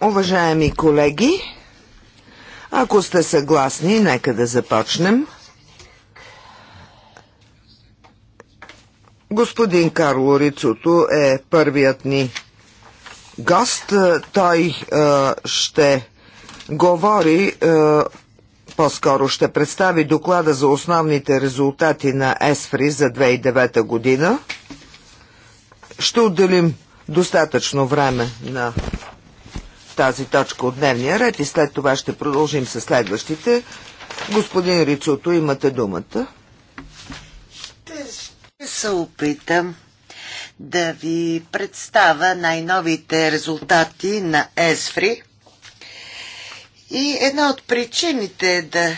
Уважаеми колеги, ако сте съгласни, нека да започнем. Господин Карло Рицото е първият ни гост. Е, той е, ще говори, е, по-скоро ще представи доклада за основните резултати на ЕСФРИ за 2009 година. Ще отделим достатъчно време на тази точка от дневния ред и след това ще продължим с следващите. Господин Рицото, имате думата. Ще се опитам да ви представя най-новите резултати на ЕСФРИ. И една от причините да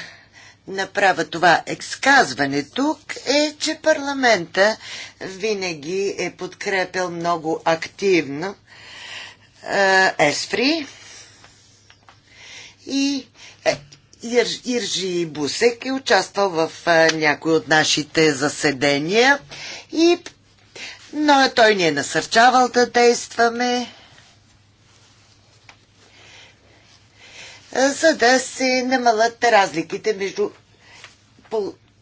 направя това ексказване тук е, че парламента винаги е подкрепил много активно е, Есфри и е, Иржи Бусек е участвал в е, някои от нашите заседения и но той ни е насърчавал да действаме за да се намалят разликите между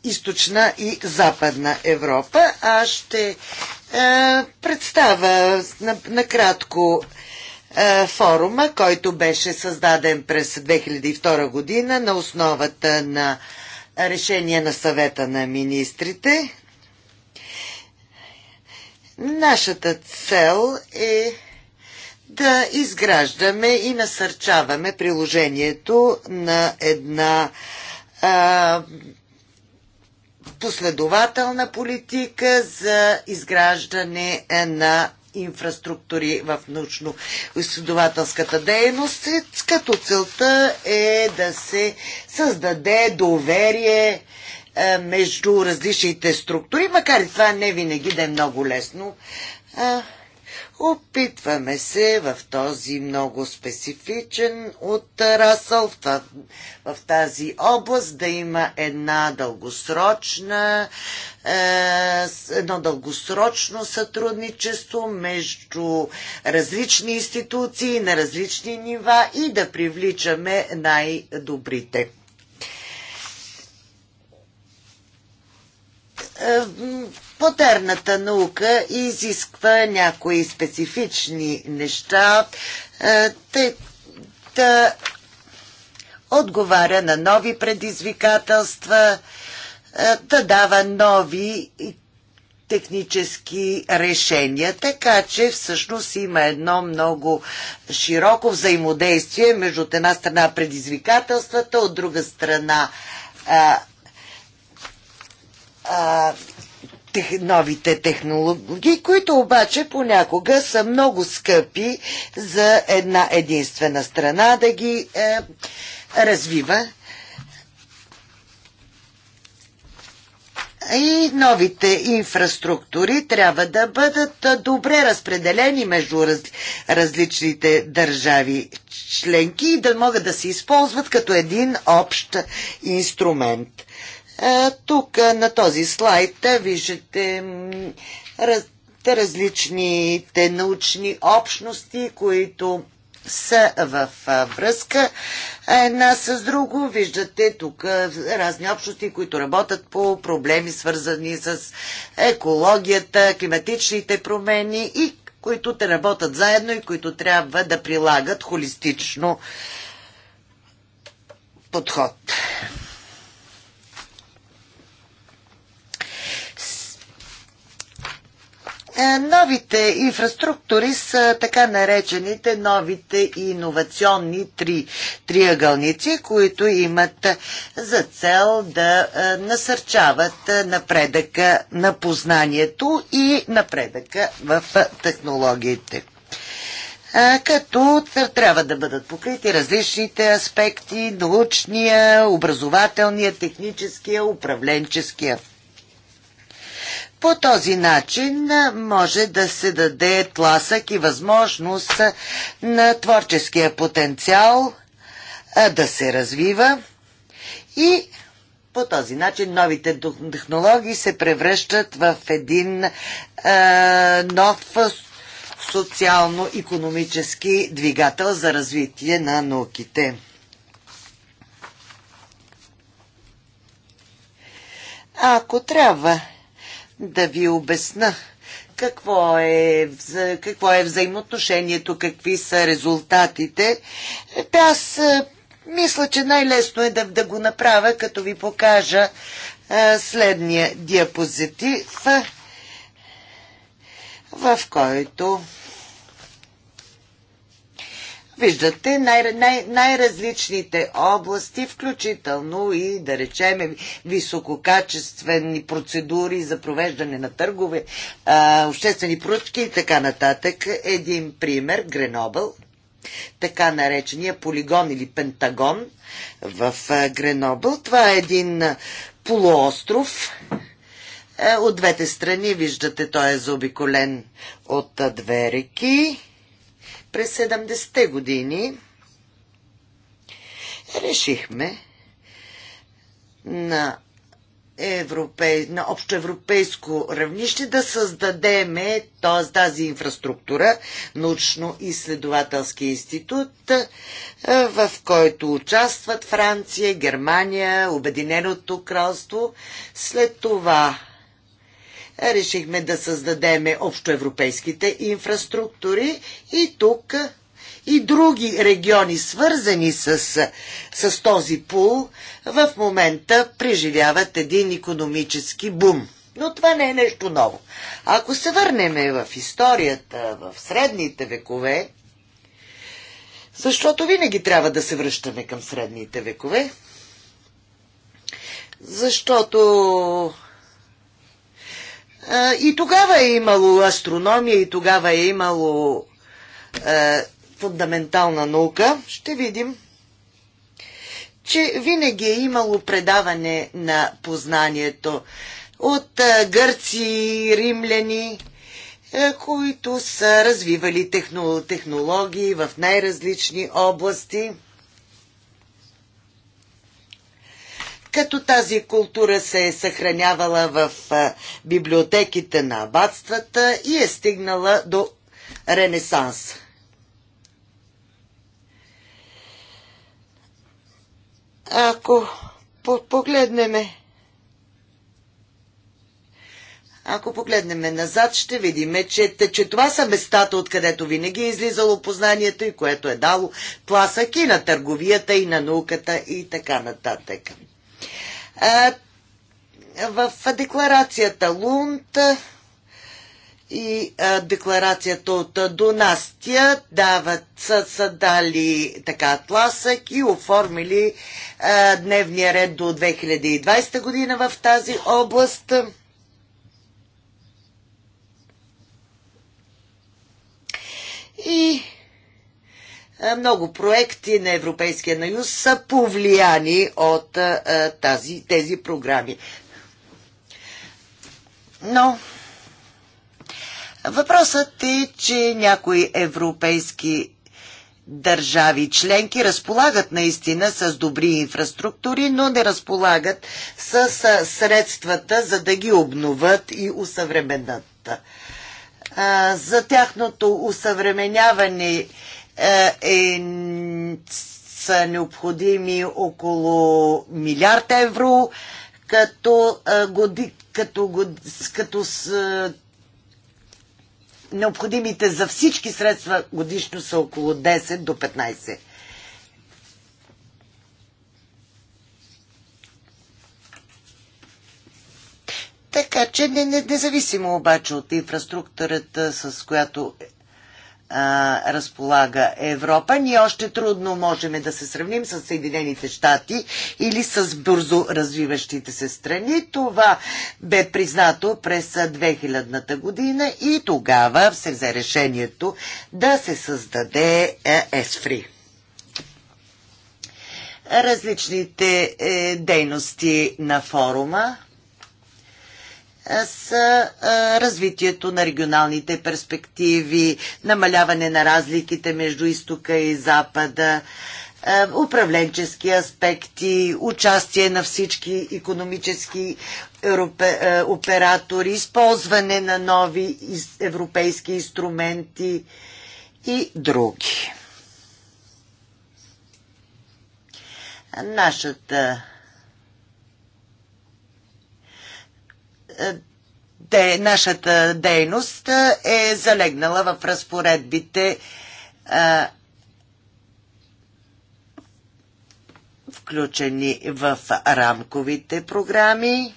източна и западна Европа. Аз ще е, представя накратко е, форума, който беше създаден през 2002 година на основата на решение на съвета на министрите. Нашата цел е да изграждаме и насърчаваме приложението на една е, последователна политика за изграждане е, на инфраструктури в научно-изследователската дейност, е, като целта е да се създаде доверие е, между различните структури, макар и това не винаги да е много лесно. Опитваме се в този много специфичен отрасъл, в, в тази област да има една дългосрочна, е, едно дългосрочно сътрудничество между различни институции на различни нива и да привличаме най-добрите. Е, Модерната наука изисква някои специфични неща, е, тъй да отговаря на нови предизвикателства, е, да дава нови технически решения. Така че всъщност има едно много широко взаимодействие между от една страна предизвикателствата, от друга страна а, е, а, тех, новите технологии, които обаче понякога са много скъпи за една единствена страна да ги е, развива. И новите инфраструктури трябва да бъдат е, добре разпределени между раз, различните държави членки и да могат да се използват като един общ инструмент. Е, тук е, на този слайд е, виждате раз, различните научни общности, които са в връзка една с друго. Виждате тук разни общности, които работят по проблеми, свързани с екологията, климатичните промени и които те работят заедно и които трябва да прилагат холистично подход. Е, новите инфраструктури са така наречените новите иновационни три, триъгълници, които имат за цел да е, насърчават напредъка на познанието и напредъка в технологиите. Е, като трябва да бъдат покрити различните аспекти, научния, образователния, техническия, управленческия по този начин може да се даде тласък и възможност на творческия потенциал да се развива и по този начин новите технологии се превръщат в един е, нов социално-економически двигател за развитие на науките. Ако трябва да ви обясна какво е, какво е взаимоотношението, какви са резултатите. Та аз е, мисля, че най-лесно е да, да го направя, като ви покажа а, е, следния диапозитив, в който Виждате най- най- най-различните области, включително и, да речеме, висококачествени процедури за провеждане на търгове, а, обществени поръчки и така нататък. Един пример, Гренобъл, така наречения полигон или пентагон в Гренобъл. Това е един полуостров. Е, от двете страни, виждате, той е заобиколен от две реки през 70-те години решихме на, европей, на общоевропейско равнище да създадеме тази инфраструктура, научно-изследователски институт, е, в който участват Франция, Германия, Обединеното кралство. След това решихме да създадеме общоевропейските инфраструктури и тук и други региони, свързани с, с този пул, в момента преживяват един економически бум. Но това не е нещо ново. Ако се върнем в историята, в средните векове, защото винаги трябва да се връщаме към средните векове, защото и тогава е имало астрономия, и тогава е имало е, фундаментална наука. Ще видим, че винаги е имало предаване на познанието от гърци, римляни, е, които са развивали технологии в най-различни области – като тази култура се е съхранявала в библиотеките на абатствата и е стигнала до Ренесанс. Ако погледнеме ако погледнем назад, ще видим, че, че това са местата, откъдето винаги е излизало познанието и което е дало пласък и на търговията, и на науката, и така нататък. В декларацията Лунд и а, декларацията от Донастия дават, са, са дали така тласък и оформили а, дневния ред до 2020 година в тази област. И е, много проекти на Европейския наюз са повлияни от е, е, тази, тези програми. Но въпросът е, че някои европейски държави членки разполагат наистина с добри инфраструктури, но не разполагат с средствата, за да ги обноват и усъвременят. За тяхното усъвременяване е, е, са необходими около милиард евро, като, е, годи, като, като с, е, необходимите за всички средства годишно са около 10 до 15. Така че не, не, независимо обаче от инфраструктурата, с която а, разполага Европа. Ние още трудно можем да се сравним с Съединените щати или с бързо развиващите се страни. Това бе признато през 2000-та година и тогава се взе решението да се създаде е, ЕСФРИ. Различните е, дейности на форума с развитието на регионалните перспективи, намаляване на разликите между изтока и запада, управленчески аспекти, участие на всички економически оператори, използване на нови европейски инструменти и други. Нашата де, нашата дейност е залегнала в разпоредбите а, включени в рамковите програми.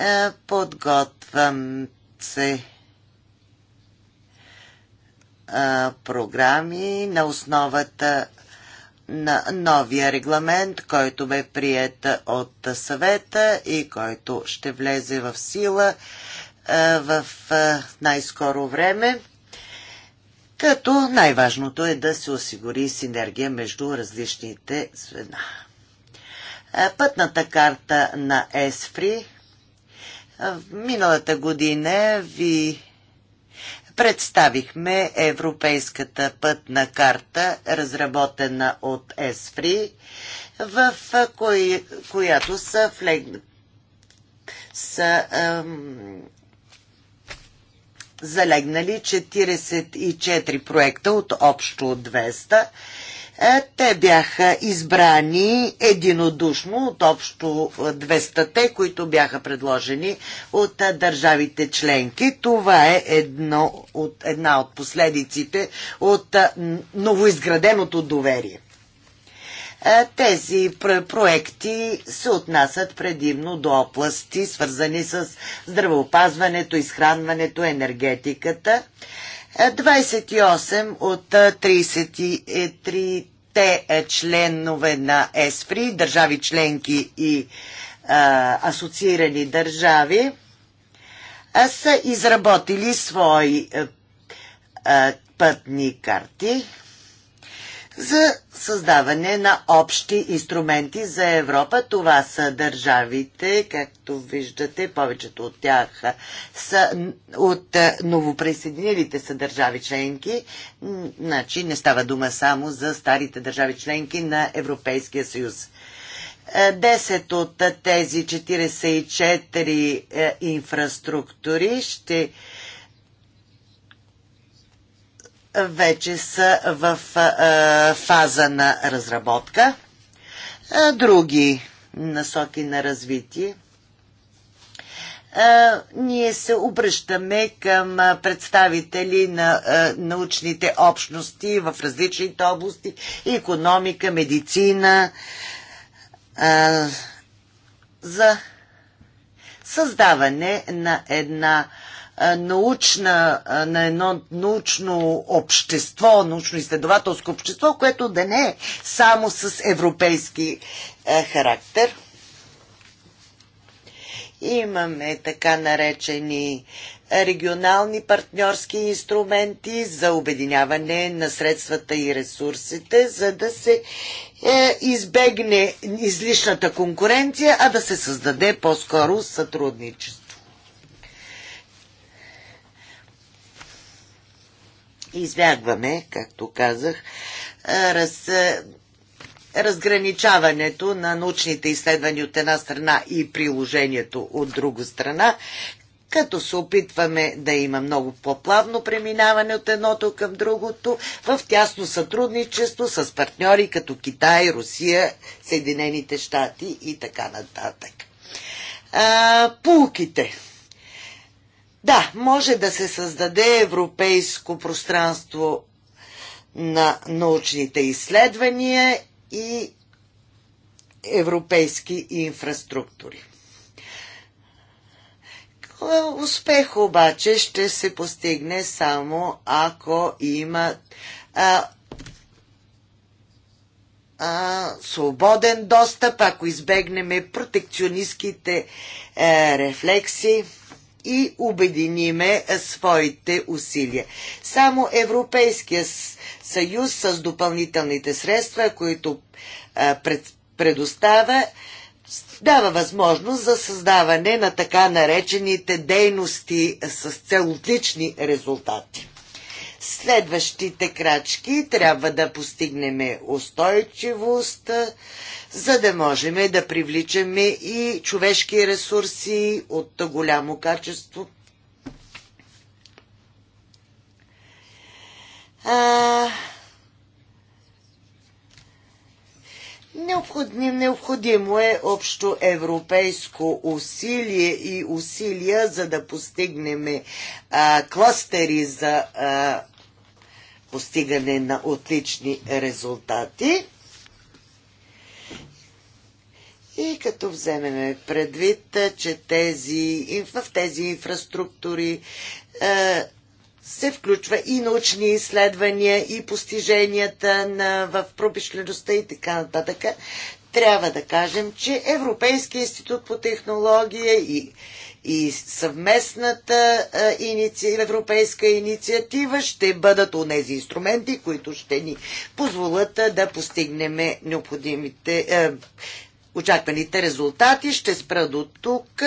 А, подготвям се програми на основата на новия регламент, който бе прият от съвета и който ще влезе в сила е, в е, най-скоро време, като най-важното е да се осигури синергия между различните звена. Е, пътната карта на ЕСФРИ миналата година ви представихме Европейската пътна карта, разработена от ЕСФРИ, в кои, която са, флег... са ам... залегнали 44 проекта от общо 200 е, те бяха избрани единодушно от общо 200-те, е, които бяха предложени от е, държавите членки. Това е едно от, една от последиците от новоизграденото доверие. Тези проекти се отнасят предимно до области, свързани с здравеопазването, изхранването, енергетиката. 28 от 33-те членове на ЕСФРИ, държави членки и а, асоциирани държави, а са изработили свои а, пътни карти за създаване на общи инструменти за Европа. Това са държавите, както виждате, повечето от тях са от е, новоприсъединилите са държави членки. Значи не става дума само за старите държави членки на Европейския съюз. 10 е, от тези 44 е, инфраструктури ще вече са в фаза на разработка. Други насоки на развитие ние се обръщаме към представители на научните общности в различните области економика, медицина за създаване на една научна, на едно научно общество, научно-изследователско общество, което да не е само с европейски характер. Имаме така наречени регионални партньорски инструменти за обединяване на средствата и ресурсите, за да се е, избегне излишната конкуренция, а да се създаде по-скоро сътрудничество. избягваме, както казах, раз, разграничаването на научните изследвания от една страна и приложението от друга страна, като се опитваме да има много по-плавно преминаване от едното към другото, в тясно сътрудничество с партньори като Китай, Русия, Съединените щати и така нататък. А, пулките. Да, може да се създаде европейско пространство на научните изследвания и европейски инфраструктури. Успех обаче ще се постигне само ако има а, а, свободен достъп, ако избегнеме протекционистските е, рефлекси и обединиме е, своите усилия. Само Европейския съюз с допълнителните средства, които е, предоставя, дава възможност за създаване на така наречените дейности с цел отлични резултати. Следващите крачки трябва да постигнем устойчивост, за да можем да привличаме и човешки ресурси от голямо качество. А... Необходим, необходимо е общо европейско усилие и усилия, за да постигнем а, кластери за а, постигане на отлични резултати. И като вземеме предвид, че тези, в тези инфраструктури е, се включва и научни изследвания, и постиженията на, в промишлеността и така нататък, трябва да кажем, че Европейския институт по технология и и съвместната иници... европейска инициатива ще бъдат онези инструменти, които ще ни позволят да постигнем необходимите очакваните резултати. Ще спра до тук.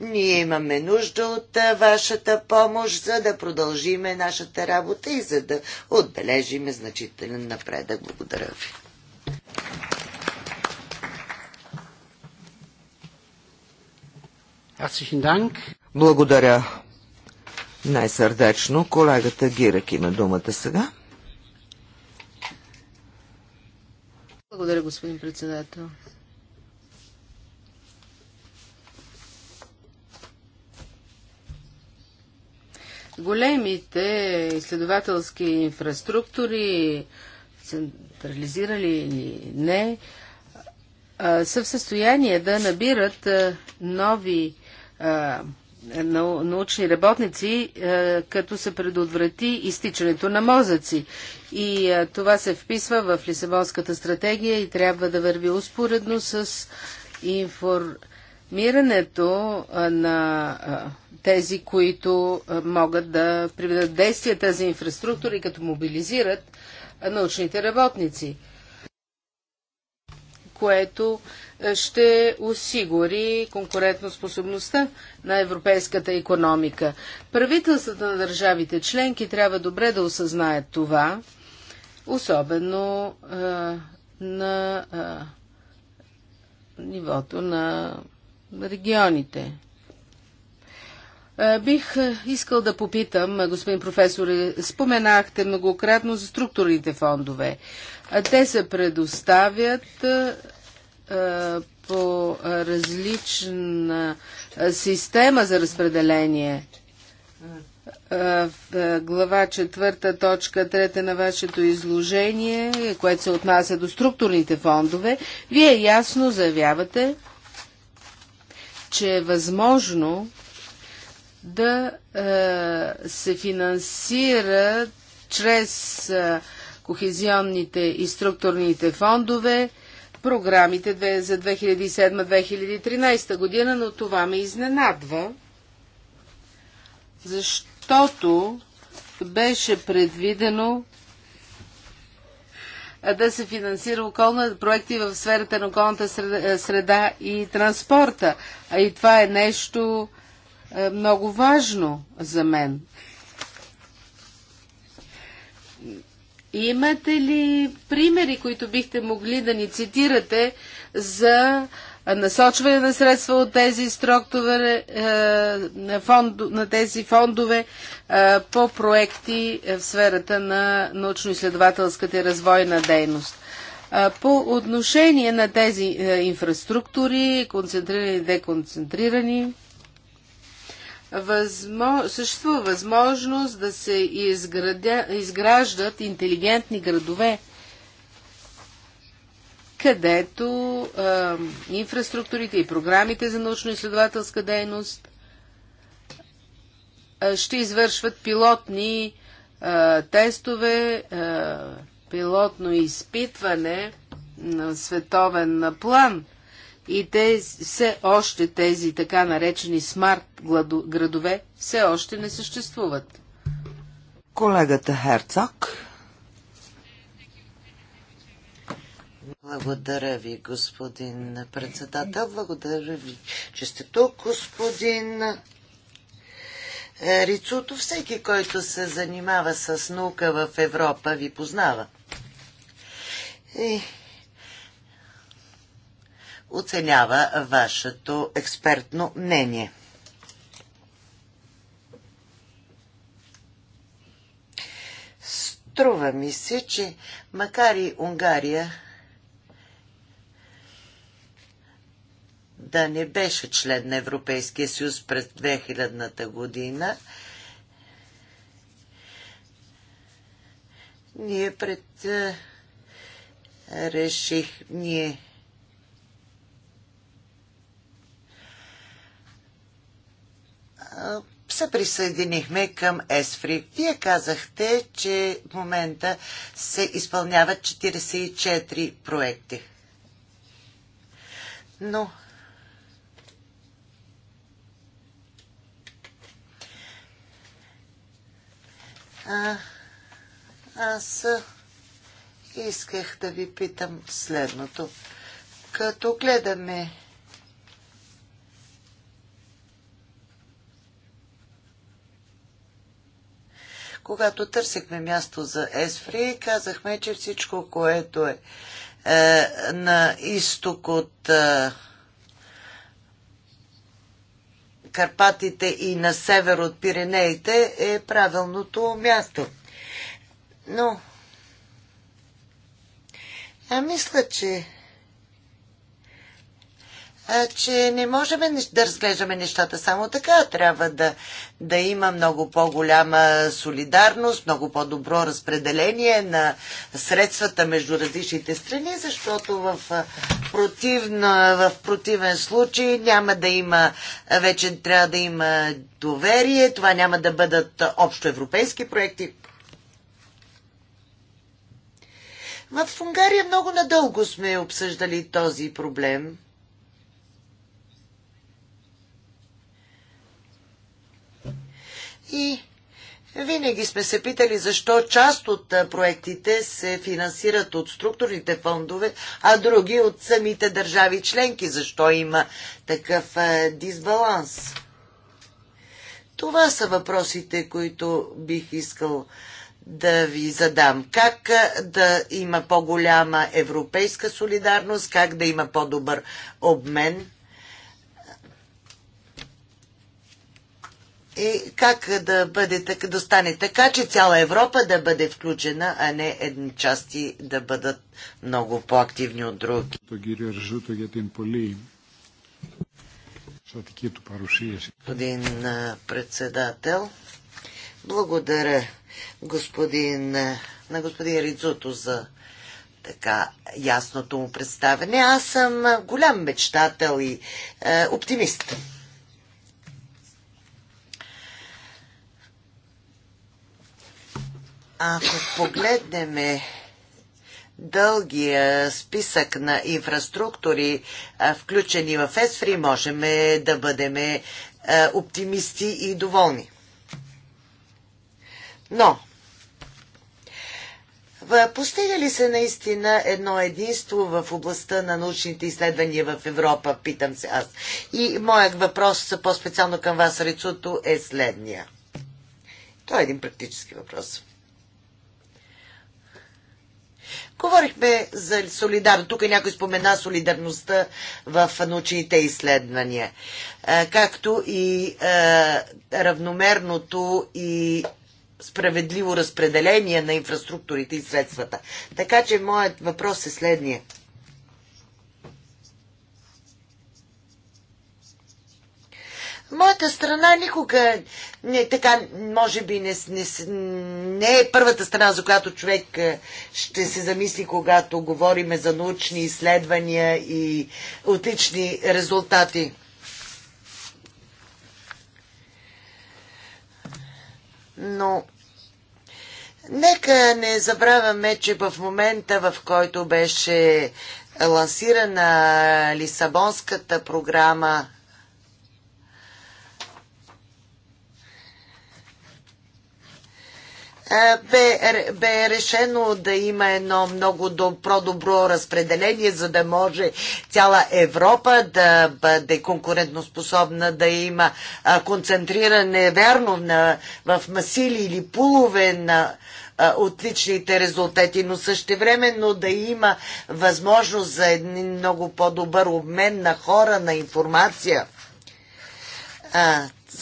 Ние имаме нужда от вашата помощ, за да продължиме нашата работа и за да отбележиме значителен напредък. Благодаря ви. Благодаря най-сърдечно. Колегата Гирек има думата сега. Благодаря, господин председател. Големите изследователски инфраструктури, централизирали или не, са в състояние да набират нови научни работници, като се предотврати изтичането на мозъци. И това се вписва в Лисабонската стратегия и трябва да върви успоредно с информирането на тези, които могат да приведат действия тази инфраструктура и като мобилизират научните работници което е, ще осигури конкурентоспособността на европейската економика. Правителствата на държавите членки трябва добре да осъзнаят това, особено а, е, на а, е, нивото на регионите. Бих искал да попитам, господин професор, споменахте многократно за структурните фондове. Те се предоставят по различна система за разпределение. В глава 4, точка 3 на вашето изложение, което се отнася до структурните фондове, вие ясно заявявате, че е възможно да се финансира чрез кохезионните и структурните фондове, програмите за 2007-2013 година, но това ме изненадва, защото беше предвидено да се финансира околна, проекти в сферата на околната среда, и транспорта. и това е нещо е, много важно за мен. Имате ли примери, които бихте могли да ни цитирате за насочване на средства от тези структури, е, на тези фондове е, по проекти в сферата на научно-изследователската и развойна дейност. Е, по отношение на тези инфраструктури, концентрирани и деконцентрирани, възмо... съществува възможност да се изградя... изграждат интелигентни градове, където а, инфраструктурите и програмите за научно-изследователска дейност а, ще извършват пилотни а, тестове, а, пилотно изпитване на световен план и те все още тези така наречени смарт градове все още не съществуват. Колегата Херцог. Благодаря ви, господин председател. Благодаря ви, че сте тук, господин Рицуто. Всеки, който се занимава с наука в Европа, ви познава. И оценява вашето експертно мнение. Струва ми се, че макар и Унгария да не беше член на Европейския съюз през 2000-та година, ние пред е, реших, ние се присъединихме към ЕСФРИ. Вие казахте, че в момента се изпълняват 44 проекти. Но а, аз исках да ви питам следното. Като гледаме Когато търсехме място за Есфри, казахме, че всичко, което е, е на изток от е, Карпатите и на север от Пиренеите е правилното място. Но а мисля, че че не можем да разглеждаме нещата само така. Трябва да, да има много по-голяма солидарност, много по-добро разпределение на средствата между различните страни, защото в, противна, в противен случай няма да има, вече трябва да има доверие, това няма да бъдат общо европейски проекти. В Унгария много надълго сме обсъждали този проблем – и винаги сме се питали защо част от проектите се финансират от структурните фондове, а други от самите държави членки. Защо има такъв дисбаланс? Това са въпросите, които бих искал да ви задам. Как да има по-голяма европейска солидарност, как да има по-добър обмен И е как да, бъде, така, да стане така, че цяла Европа да бъде включена, а не едни части да бъдат много по-активни от други. Господин председател, благодаря господин, на господин Рицуто за така ясното му представяне, Аз съм голям мечтател и е, оптимист. Ако погледнем дългия списък на инфраструктури, включени в ЕСФРИ, можем да бъдем оптимисти и доволни. Но, Постига ли се наистина едно единство в областта на научните изследвания в Европа, питам се аз. И моят въпрос по-специално към вас, Рецуто, е следния. Той е един практически въпрос. Говорихме за солидарност. Тук някой спомена солидарността в научните изследвания, както и равномерното и справедливо разпределение на инфраструктурите и средствата. Така че моят въпрос е следния. Моята страна никога не така, може би не, не, не е първата страна, за която човек е, ще се замисли, когато говориме за научни изследвания и отлични резултати. Но нека не забравяме, че в момента, в който беше лансирана Лисабонската програма, Е, бе, бе решено да има едно много добро, добро разпределение, за да може цяла Европа да бъде конкурентоспособна, да има концентриране вярно на, в масили или пулове на отличните резултати, но същевременно да има възможност за един много по-добър обмен на хора, на информация.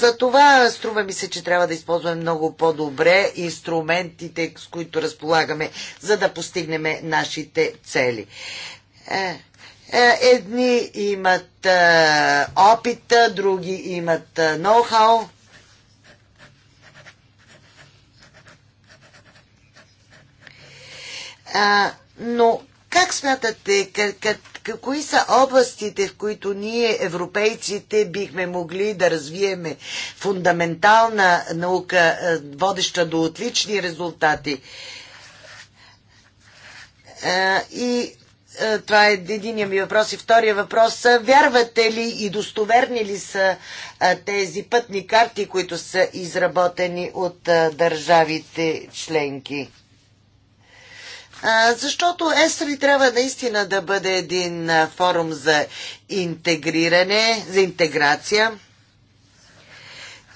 За това струва ми се, че трябва да използваме много по-добре инструментите, с които разполагаме, за да постигнем нашите цели. Е, е, едни имат е, опита, други имат ноу-хау. но как смятате, как, как, кои са областите, в които ние, европейците, бихме могли да развиеме фундаментална наука, е, водеща до отлични резултати. Е, и е, това е единия ми въпрос. И втория въпрос. Вярвате ли и достоверни ли са тези пътни карти, които са изработени от държавите членки? защото ЕСРИ трябва наистина да бъде един форум за интегриране, за интеграция,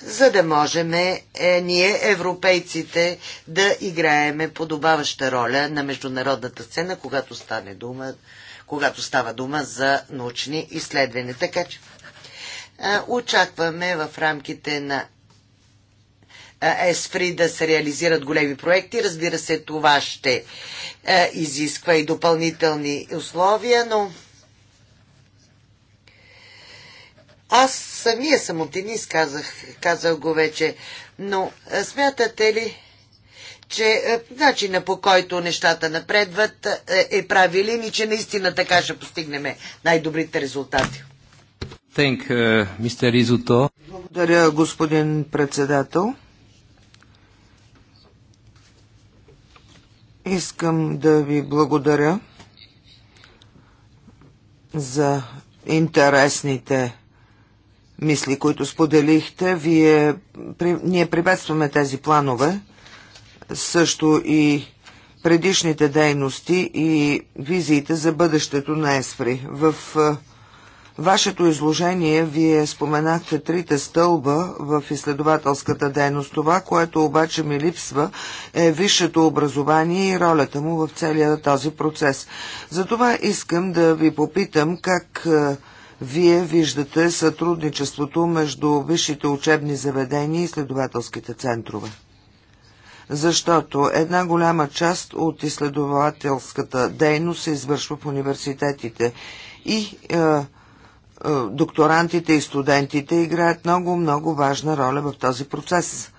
за да можем е, е, ние, европейците, да играеме подобаваща роля на международната сцена, когато, стане дума, когато става дума за научни изследвания. Така че очакваме в рамките на ЕСФРИ да се реализират големи проекти. Разбира се, това ще изисква и допълнителни условия, но аз самия съм оптимист, казах, казах го вече, но смятате ли, че начина по който нещата напредват е правилен и че наистина така ще постигнем най-добрите резултати? Uh, Благодаря, господин председател. Искам да ви благодаря за интересните мисли, които споделихте. Вие, при, ние приветстваме тези планове, също и предишните дейности и визиите за бъдещето на ЕСФРИ. В вашето изложение вие споменахте трите стълба в изследователската дейност. Това, което обаче ми липсва, е висшето образование и ролята му в целия този процес. Затова искам да ви попитам как е, вие виждате сътрудничеството между висшите учебни заведения и изследователските центрове защото една голяма част от изследователската дейност се извършва в университетите и е, е, докторантите и студентите играят много, много важна роля в този процес.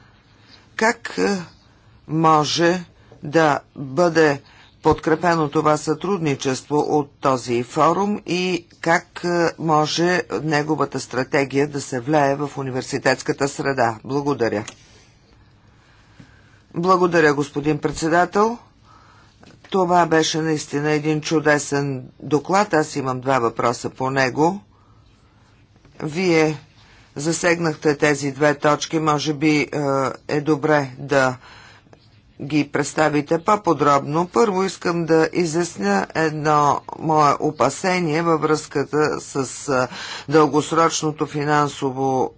Как е, може да бъде подкрепено това сътрудничество от този форум и как е, може неговата стратегия да се влее в университетската среда. Благодаря. Благодаря, господин председател. Това беше наистина един чудесен доклад. Аз имам два въпроса по него. Вие засегнахте тези две точки. Може би е, е добре да ги представите по-подробно. Първо искам да изясня едно мое опасение във връзката с е, дългосрочното финансово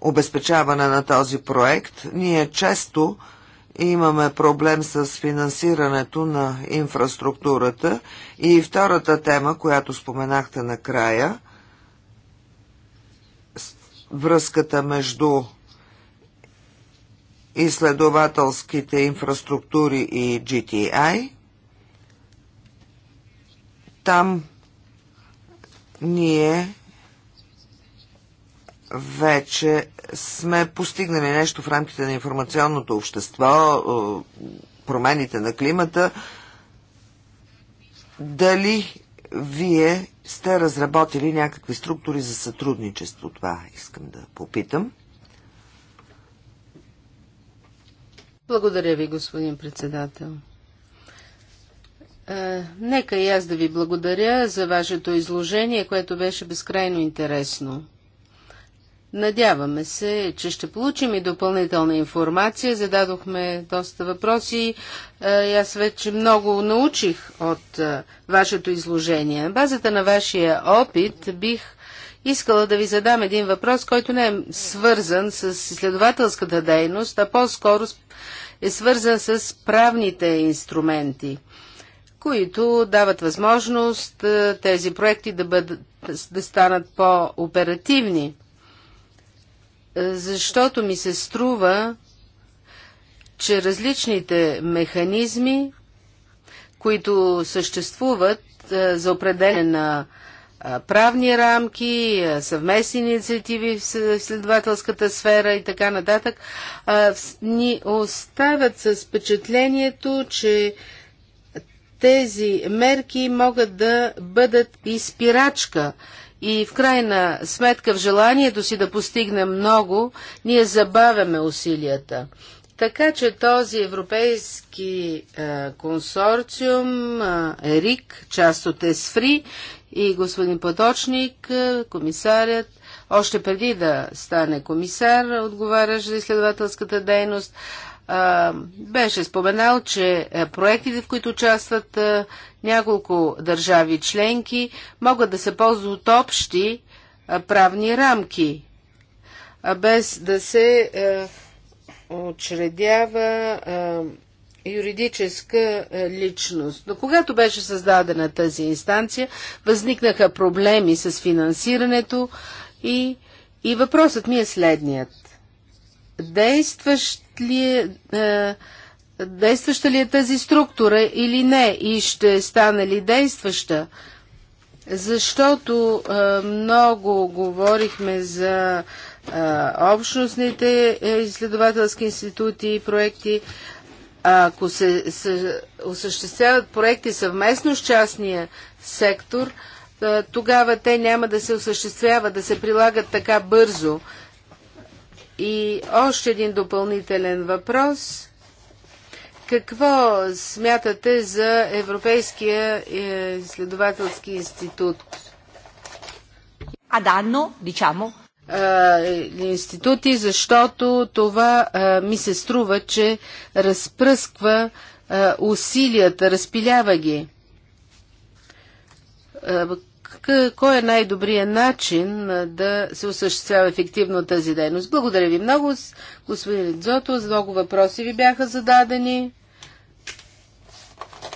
обезпечаване на този проект. Ние често имаме проблем с финансирането на инфраструктурата. И втората тема, която споменахте накрая – връзката между изследователските инфраструктури и GTI. Там ние вече сме постигнали нещо в рамките на информационното общество, промените на климата. Дали вие сте разработили някакви структури за сътрудничество? Това искам да попитам. Благодаря ви, господин председател. Е, нека и аз да ви благодаря за вашето изложение, което беше безкрайно интересно. Надяваме се, че ще получим и допълнителна информация. Зададохме доста въпроси е, и аз вече много научих от е, вашето изложение. Базата на вашия опит бих искала да ви задам един въпрос, който не е свързан с изследователската дейност, а по-скоро е свързан с правните инструменти, които дават възможност е, тези проекти да, бъдат, да станат по-оперативни защото ми се струва, че различните механизми, които съществуват за определене на правни рамки, съвместни инициативи в следователската сфера и така нататък, ни оставят с впечатлението, че тези мерки могат да бъдат и спирачка и в крайна сметка в желанието си да постигнем много, ние забавяме усилията. Така че този европейски е, консорциум, е, ЕРИК, част от ЕСФРИ и господин Поточник, е, комисарят, още преди да стане комисар, отговарящ за изследователската дейност, беше споменал, че проектите, в които участват няколко държави членки могат да се ползват общи правни рамки, без да се очредява юридическа личност. Но когато беше създадена тази инстанция, възникнаха проблеми с финансирането и, и въпросът ми е следният. Действащ ли е, е действаща ли е тази структура или не и ще стане ли действаща. Защото много говорихме за общностните изследователски институти и проекти. Ако се, се осъществяват проекти съвместно с частния сектор, тогава те няма да се осъществяват, да се прилагат така бързо. И още един допълнителен въпрос – какво смятате за Европейския е, изследователски институт? А дичамо. Е, институти, защото това ми се струва, че разпръсква усилията, разпилява ги. кой е най-добрият начин да се осъществява ефективно тази дейност. Благодаря ви много, господин Лидзото. Много въпроси ви бяха зададени.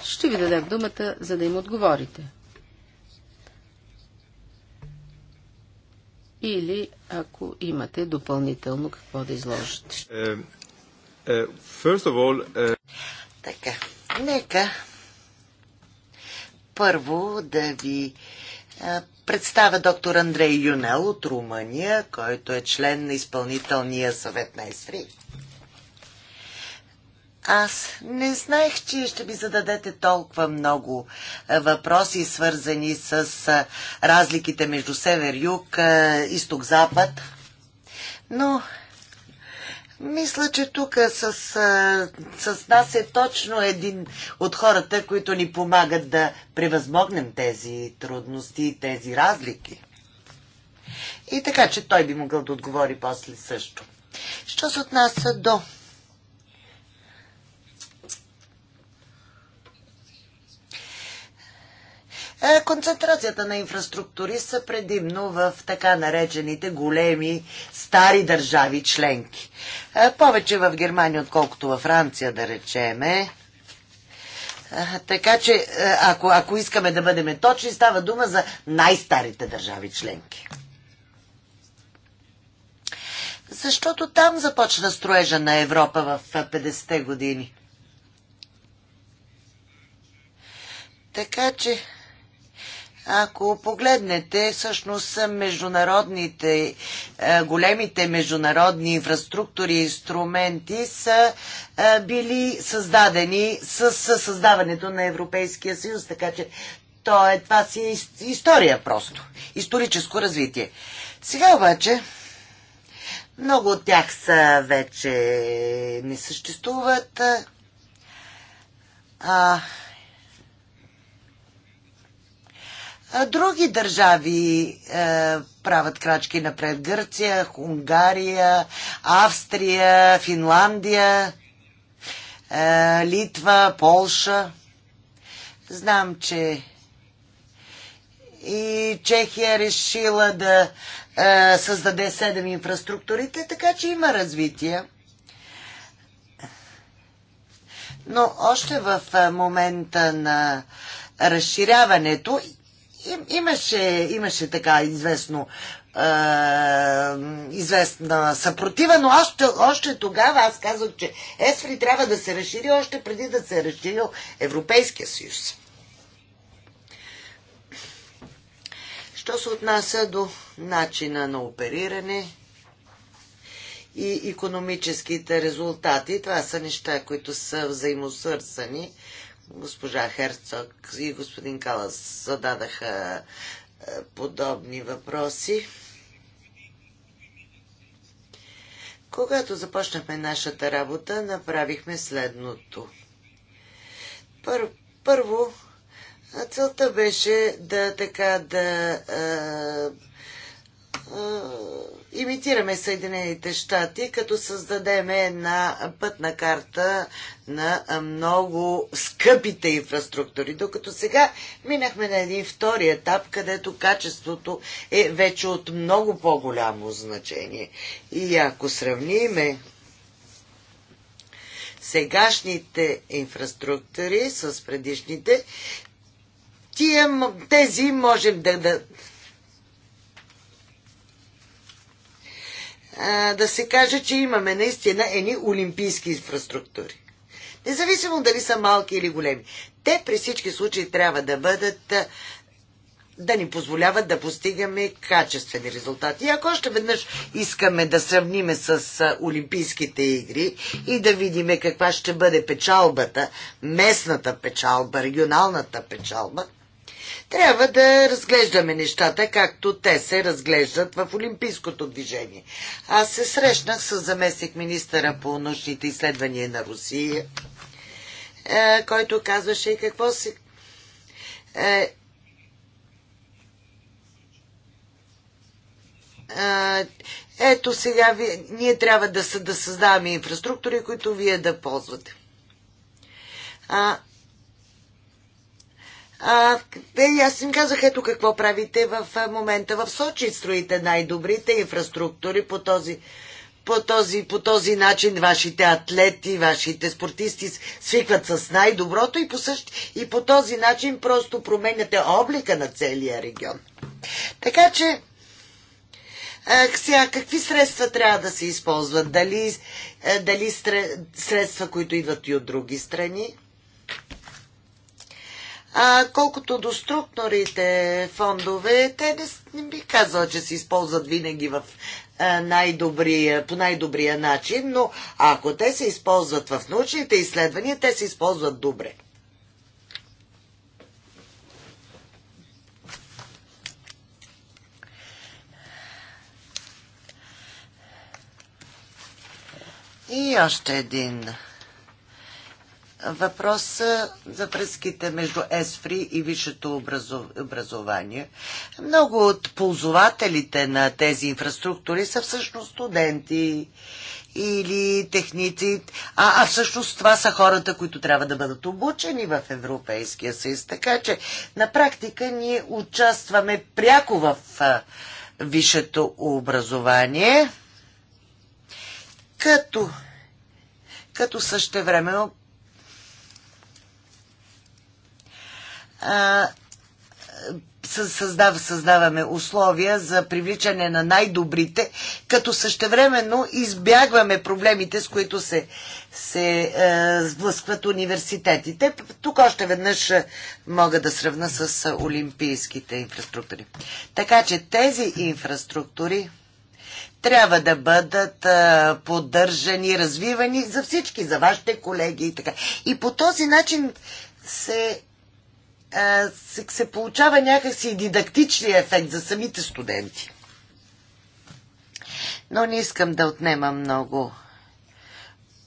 Ще ви дадем думата, за да им отговорите. Или ако имате допълнително какво да изложите. Uh, uh, all, uh... Така, нека първо да ви представя доктор Андрей Юнел от Румъния, който е член на изпълнителния съвет на ЕСРИ аз не знаех, че ще ми зададете толкова много е, въпроси, свързани с е, разликите между север-юг, е, изток-запад. Но мисля, че тук с, с нас е точно един от хората, които ни помагат да превъзмогнем тези трудности, тези разлики. И така, че той би могъл да отговори после също. Що се отнася до Е, концентрацията на инфраструктури са предимно в така наречените големи стари държави членки. Е, повече в Германия, отколкото във Франция, да речеме. Е, така че, ако, ако искаме да бъдем точни, става дума за най-старите държави членки. Защото там започна строежа на Европа в 50-те години. Така че ако погледнете, всъщност международните, е, големите международни инфраструктури и инструменти са е, били създадени с създаването на Европейския съюз, така че то е, това си е история просто, историческо развитие. Сега обаче, много от тях са вече не съществуват. А, Други държави е, правят крачки напред. Гърция, Унгария, Австрия, Финландия, е, Литва, Полша. Знам, че и Чехия решила да е, създаде седем инфраструктурите, така че има развитие. Но още в е, момента на разширяването им, имаше, имаше така известно известна съпротива, но още, още тогава аз казах, че ЕСФРИ трябва да се разшири още преди да се е разширил Европейския съюз. Що се отнася до начина на опериране и економическите резултати, това са неща, които са взаимосърсани. Госпожа Херцог и господин Калас зададаха е, подобни въпроси. Когато започнахме нашата работа, направихме следното. Пър, първо, целта беше да така да. Е, е, имитираме Съединените щати, като създадем една пътна карта на много скъпите инфраструктури. Докато сега минахме на един втори етап, където качеството е вече от много по-голямо значение. И ако сравниме сегашните инфраструктури с предишните, тези можем да, да, а, да се каже, че имаме наистина едни олимпийски инфраструктури. Независимо дали са малки или големи. Те при всички случаи трябва да бъдат да ни позволяват да постигаме качествени резултати. И ако още веднъж искаме да сравниме с Олимпийските игри и да видим каква ще бъде печалбата, местната печалба, регионалната печалба, трябва да разглеждаме нещата, както те се разглеждат в Олимпийското движение. Аз се срещнах с заместник министъра по научните изследвания на Русия, е, който казваше и какво се... Е, е, ето сега ви, ние трябва да, да създаваме инфраструктури, които вие да ползвате. А, а, те, аз им казах, ето какво правите в момента в Сочи. Строите най-добрите инфраструктури по този, по този, по този начин вашите атлети, вашите спортисти свикват с най-доброто и по, и по този начин просто променяте облика на целия регион. Така че, сега, какви средства трябва да се използват? Дали, е, дали средства, които идват и от други страни? А, колкото до структурите фондове, те не, не би казала, че се използват винаги в най-добрия, по най-добрия начин, но ако те се използват в научните изследвания, те се използват добре. И още един въпрос за връзките между ЕСФРИ и висшето образование. Много от ползователите на тези инфраструктури са всъщност студенти или техници, а, а всъщност това са хората, които трябва да бъдат обучени в Европейския съюз. Така че на практика ние участваме пряко в висшето образование, като, като същевременно създав, създаваме условия за привличане на най-добрите, като същевременно избягваме проблемите, с които се, се е, сблъскват университетите. Тук още веднъж мога да сравна с олимпийските инфраструктури. Така че тези инфраструктури трябва да бъдат а, поддържани, развивани за всички, за вашите колеги и така. И по този начин се се, се получава някакси дидактичния ефект за самите студенти. Но не искам да отнема много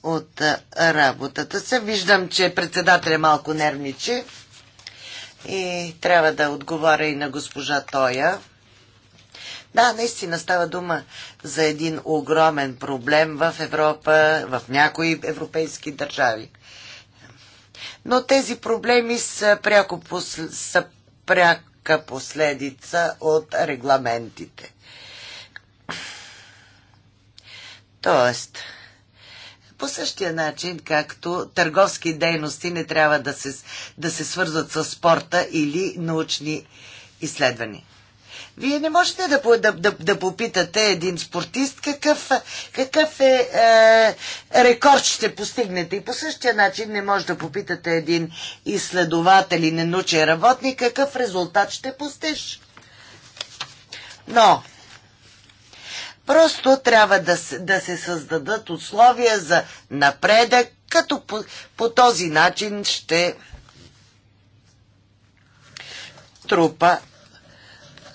от работата се. Виждам, че председател е малко нервничи и трябва да отговоря и на госпожа Тоя. Да, наистина става дума за един огромен проблем в Европа, в някои европейски държави но тези проблеми са, пряко посл... са пряка последица от регламентите. Тоест, по същия начин, както търговски дейности не трябва да се, да се свързват с спорта или научни изследвания. Вие не можете да, да, да, да попитате един спортист какъв, какъв е, е рекорд ще постигнете. И по същия начин не може да попитате един изследовател и ненучен работник какъв резултат ще постиж. Но Просто трябва да се, да се създадат условия за напредък, като по, по този начин ще трупа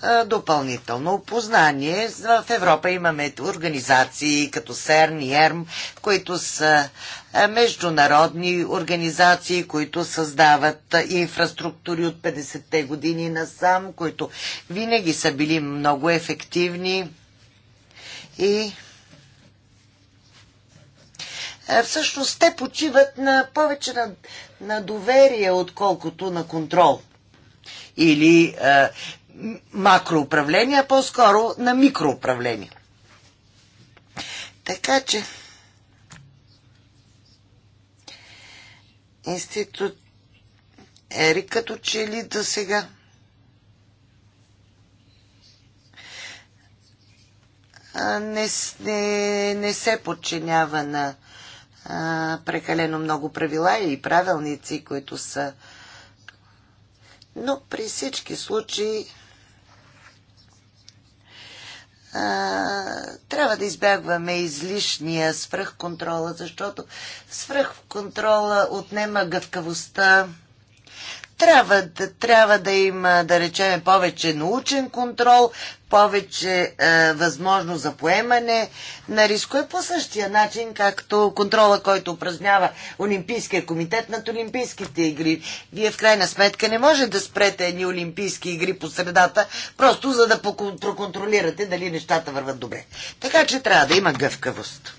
е, допълнително познание. В Европа имаме организации като СЕРН и ЕРМ, които са е, международни организации, които създават е, инфраструктури от 50-те години насам, които винаги са били много ефективни и всъщност те почиват на повече на, на доверие, отколкото на контрол или макроуправление, а по-скоро на микроуправление. Така че институт Ери като че ли до сега не, не, не се подчинява на а, прекалено много правила и правилници, които са. Но при всички случаи трябва да избягваме излишния свръхконтрола, защото свръхконтрола отнема гъвкавостта, трябва да, трябва да има, да речем, повече научен контрол, повече е, възможност за поемане на рискове по същия начин, както контрола, който упражнява Олимпийския комитет над Олимпийските игри. Вие в крайна сметка не може да спрете едни Олимпийски игри по средата, просто за да проконтролирате дали нещата върват добре. Така че трябва да има гъвкавост.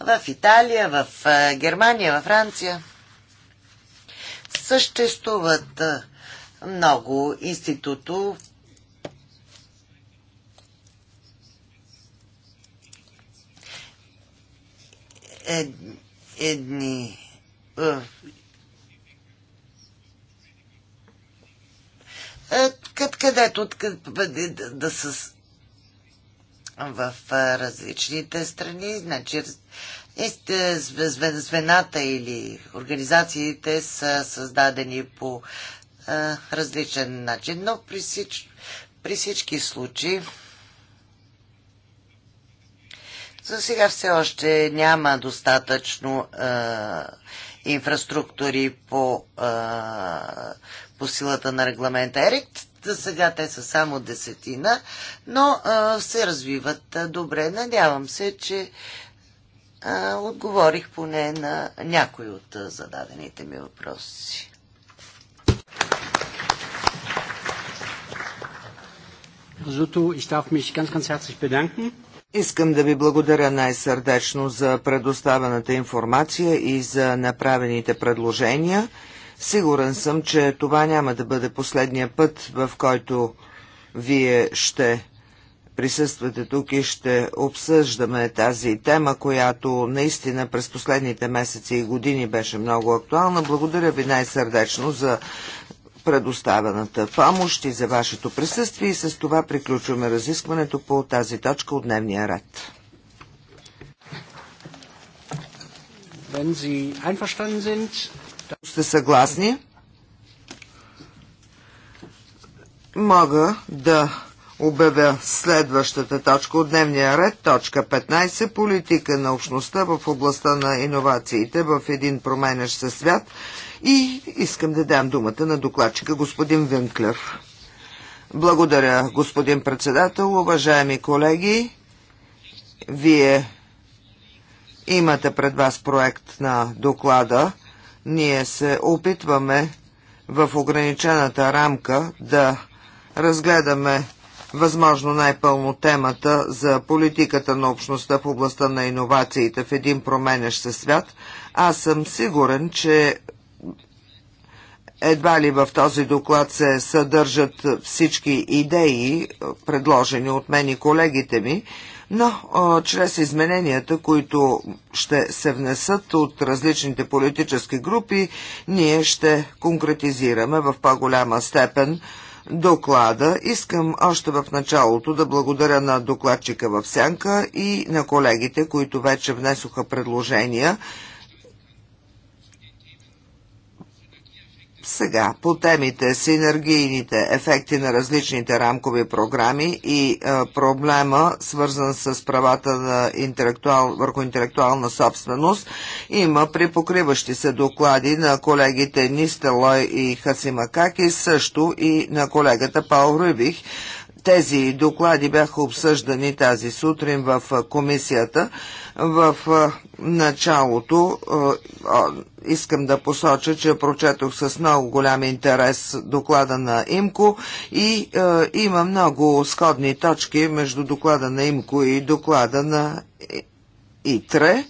В Италия, в е, Германия, във Франция. Съществуват много институто, ед, едни къд където да, да с в различните страни, значи е, звената или организациите са създадени по а, различен начин, но при, всич, при всички случаи за сега все още няма достатъчно а, инфраструктури по, а, по силата на регламента ЕРИКТ. За сега те са само десетина, но а, се развиват а, добре. Надявам се, че а, отговорих поне на някои от а, зададените ми въпроси. Искам да ви благодаря най-сърдечно за предоставената информация и за направените предложения. Сигурен съм, че това няма да бъде последния път, в който вие ще присъствате тук и ще обсъждаме тази тема, която наистина през последните месеци и години беше много актуална. Благодаря ви най-сърдечно за предоставената помощ и за вашето присъствие и с това приключваме разискването по тази точка от дневния ред. Сте съгласни? Мога да обявя следващата точка от дневния ред, точка 15, политика на общността в областта на иновациите в един променящ се свят и искам да дам думата на докладчика господин Винклев. Благодаря, господин председател, уважаеми колеги. Вие имате пред вас проект на доклада. Ние се опитваме в ограничената рамка да разгледаме възможно най-пълно темата за политиката на общността в областта на иновациите в един променещ се свят, аз съм сигурен, че едва ли в този доклад се съдържат всички идеи, предложени от мен и колегите ми, но а, чрез измененията, които ще се внесат от различните политически групи, ние ще конкретизираме в по-голяма степен доклада. Искам още в началото да благодаря на докладчика в Сянка и на колегите, които вече внесоха предложения. Сега по темите синергийните ефекти на различните рамкови програми и е, проблема, свързан с правата на интелектуал, върху интелектуална собственост, има припокриващи се доклади на колегите Нистелой и Хасимакаки, също и на колегата Пал Рубих. Тези доклади бяха обсъждани тази сутрин в комисията. В началото искам да посоча, че прочетох с много голям интерес доклада на ИМКО и има много сходни точки между доклада на ИМКО и доклада на ИТРЕ.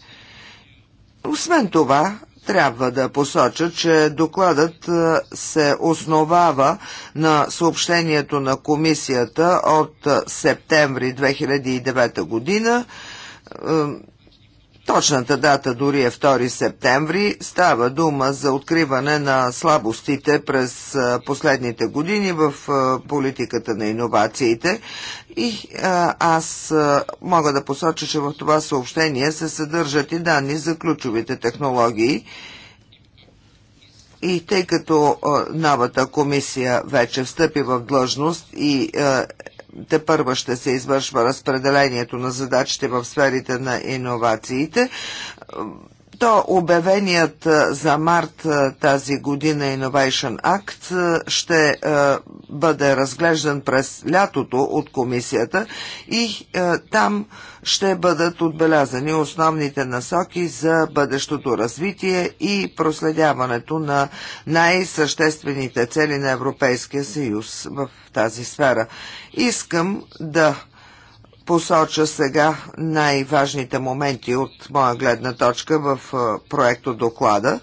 Освен това, трябва да посоча, че докладът се основава на съобщението на комисията от септември 2009 година Точната дата дори е 2 септември. Става дума за откриване на слабостите през последните години в политиката на иновациите. И а, аз а, мога да посоча, че в това съобщение се съдържат и данни за ключовите технологии. И тъй като новата комисия вече встъпи в длъжност и а, те първа ще се извършва разпределението на задачите в сферите на иновациите току обявеният за март тази година Innovation Act ще бъде разглеждан през лятото от комисията и там ще бъдат отбелязани основните насоки за бъдещото развитие и проследяването на най-съществените цели на Европейския съюз в тази сфера. Искам да посоча сега най-важните моменти от моя гледна точка в проекто доклада.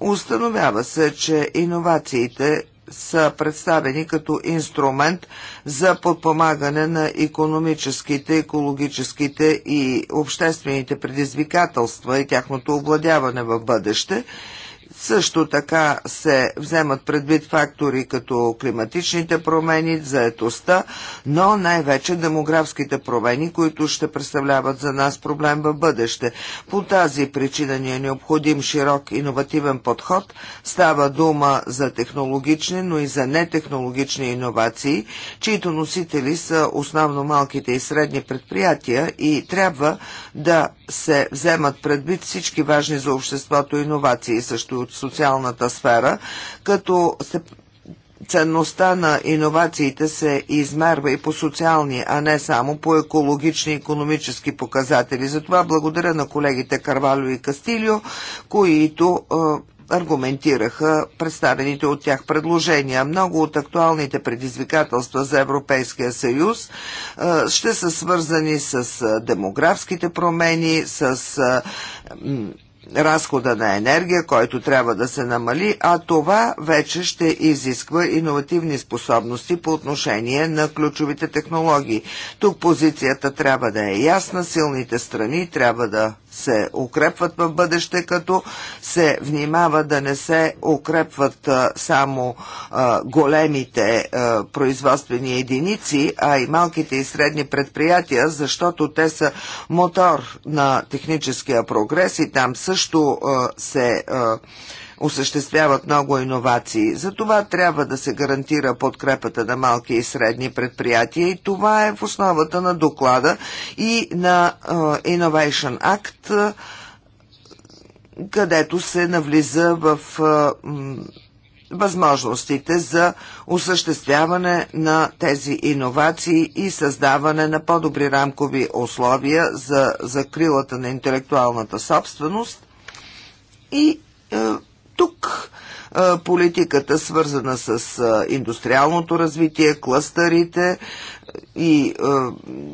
Установява се, че иновациите са представени като инструмент за подпомагане на економическите, екологическите и обществените предизвикателства и тяхното обладяване в бъдеще – също така се вземат предвид фактори като климатичните промени, заетостта, но най-вече демографските промени, които ще представляват за нас проблем в бъдеще. По тази причина ни е необходим широк иновативен подход. Става дума за технологични, но и за нетехнологични иновации, чието носители са основно малките и средни предприятия и трябва да се вземат предвид всички важни за обществото иновации, също от социалната сфера, като се Ценността на иновациите се измерва и по социални, а не само по екологични и економически показатели. Затова благодаря на колегите Карвалю и Кастилио, които е, аргументираха представените от тях предложения. Много от актуалните предизвикателства за Европейския съюз ще са свързани с демографските промени, с разхода на енергия, който трябва да се намали, а това вече ще изисква иновативни способности по отношение на ключовите технологии. Тук позицията трябва да е ясна, силните страни трябва да се укрепват в бъдеще, като се внимава да не се укрепват само големите производствени единици, а и малките и средни предприятия, защото те са мотор на техническия прогрес и там също се осъществяват много иновации. За това трябва да се гарантира подкрепата на малки и средни предприятия и това е в основата на доклада и на Innovation Act, където се навлиза в възможностите за осъществяване на тези иновации и създаване на по-добри рамкови условия за закрилата на интелектуалната собственост и е, тук политиката, свързана с индустриалното развитие, клъстерите, и е,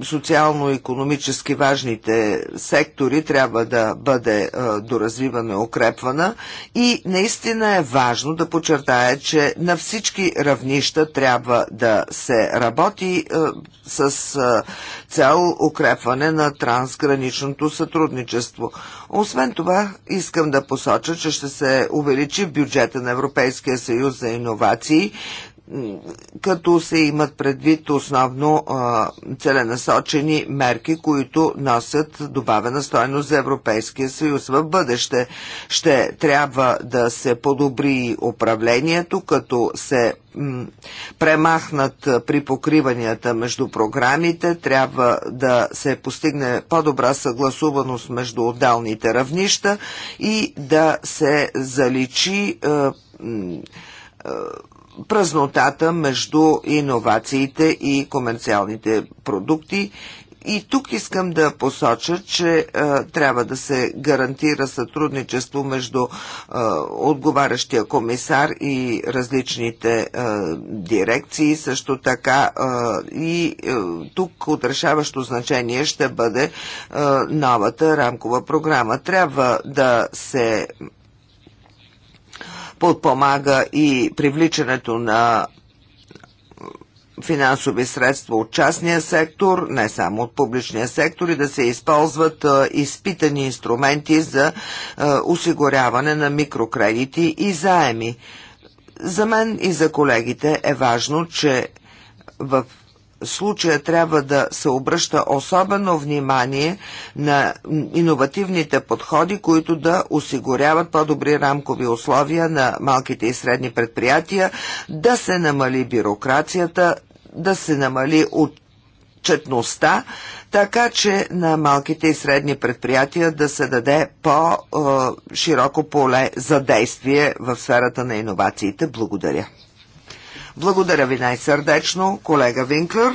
социално-економически важните сектори трябва да бъде е, доразвивана и укрепвана и наистина е важно да подчертая, че на всички равнища трябва да се работи е, с е, цел укрепване на трансграничното сътрудничество. Освен това, искам да посоча, че ще се увеличи бюджета на Европейския съюз за иновации, като се имат предвид основно а, целенасочени мерки, които носят добавена стойност за Европейския съюз. В бъдеще ще трябва да се подобри управлението, като се премахнат при покриванията между програмите, трябва да се постигне по-добра съгласуваност между отдалните равнища и да се заличи а, а, празнотата между иновациите и комерциалните продукти. И тук искам да посоча, че е, трябва да се гарантира сътрудничество между е, отговарящия комисар и различните е, дирекции. Също така е, и е, тук отрешаващо значение ще бъде е, новата рамкова програма. Трябва да се подпомага и привличането на финансови средства от частния сектор, не само от публичния сектор и да се използват изпитани инструменти за осигуряване на микрокредити и заеми. За мен и за колегите е важно, че в случая трябва да се обръща особено внимание на иновативните подходи, които да осигуряват по-добри рамкови условия на малките и средни предприятия, да се намали бюрокрацията, да се намали отчетността, така че на малките и средни предприятия да се даде по-широко е, поле за действие в сферата на иновациите. Благодаря. Благодаря ви най-сърдечно, колега Винклер.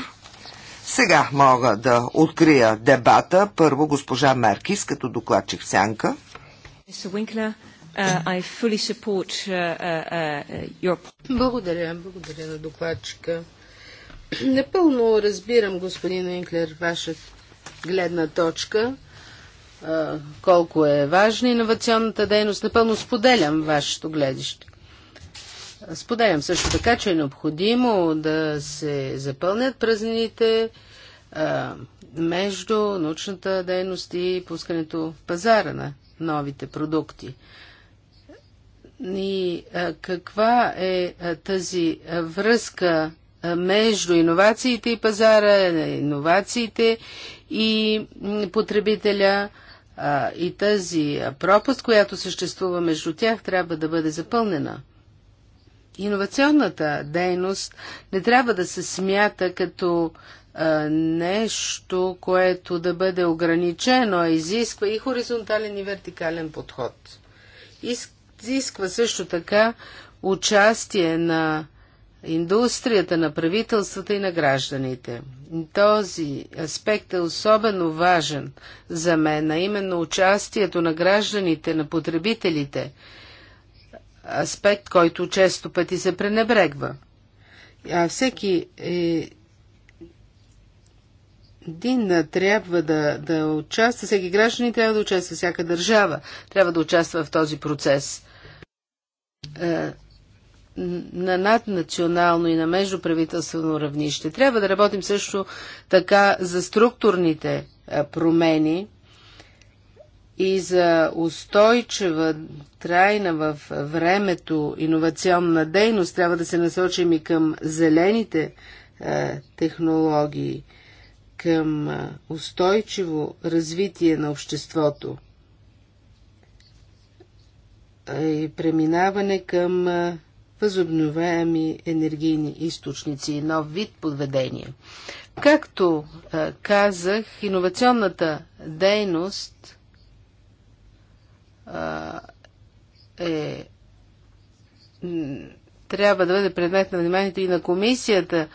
Сега мога да открия дебата. Първо госпожа Меркис, като докладчик в сянка. Uh, uh, uh, благодаря, благодаря на докладчика. Непълно разбирам, господин Инклер, ваша гледна точка, колко е важна иновационната дейност. Напълно споделям вашето гледище. Споделям също така, че е необходимо да се запълнят празнините а, между научната дейност и пускането в пазара на новите продукти. И а, каква е а, тази връзка между иновациите и пазара, иновациите и потребителя? и тази пропаст, която съществува между тях, трябва да бъде запълнена иновационната дейност не трябва да се смята като нещо, което да бъде ограничено, а изисква и хоризонтален и вертикален подход. Изисква също така участие на индустрията, на правителствата и на гражданите. Този аспект е особено важен за мен, а именно участието на гражданите, на потребителите – аспект, който често пъти се пренебрегва. А всеки е, един трябва да, да участва, всеки гражданин трябва да участва, всяка държава трябва да участва в този процес. Е, на наднационално и на междуправителствено равнище. Трябва да работим също така за структурните промени, и за устойчива, трайна в времето иновационна дейност, трябва да се насочим и към зелените е, технологии, към е, устойчиво развитие на обществото е, и преминаване към е, възобновяеми енергийни източници и нов вид подведение. Както е, казах, иновационната дейност – е, е, трябва да бъде предмет на вниманието и на комисията.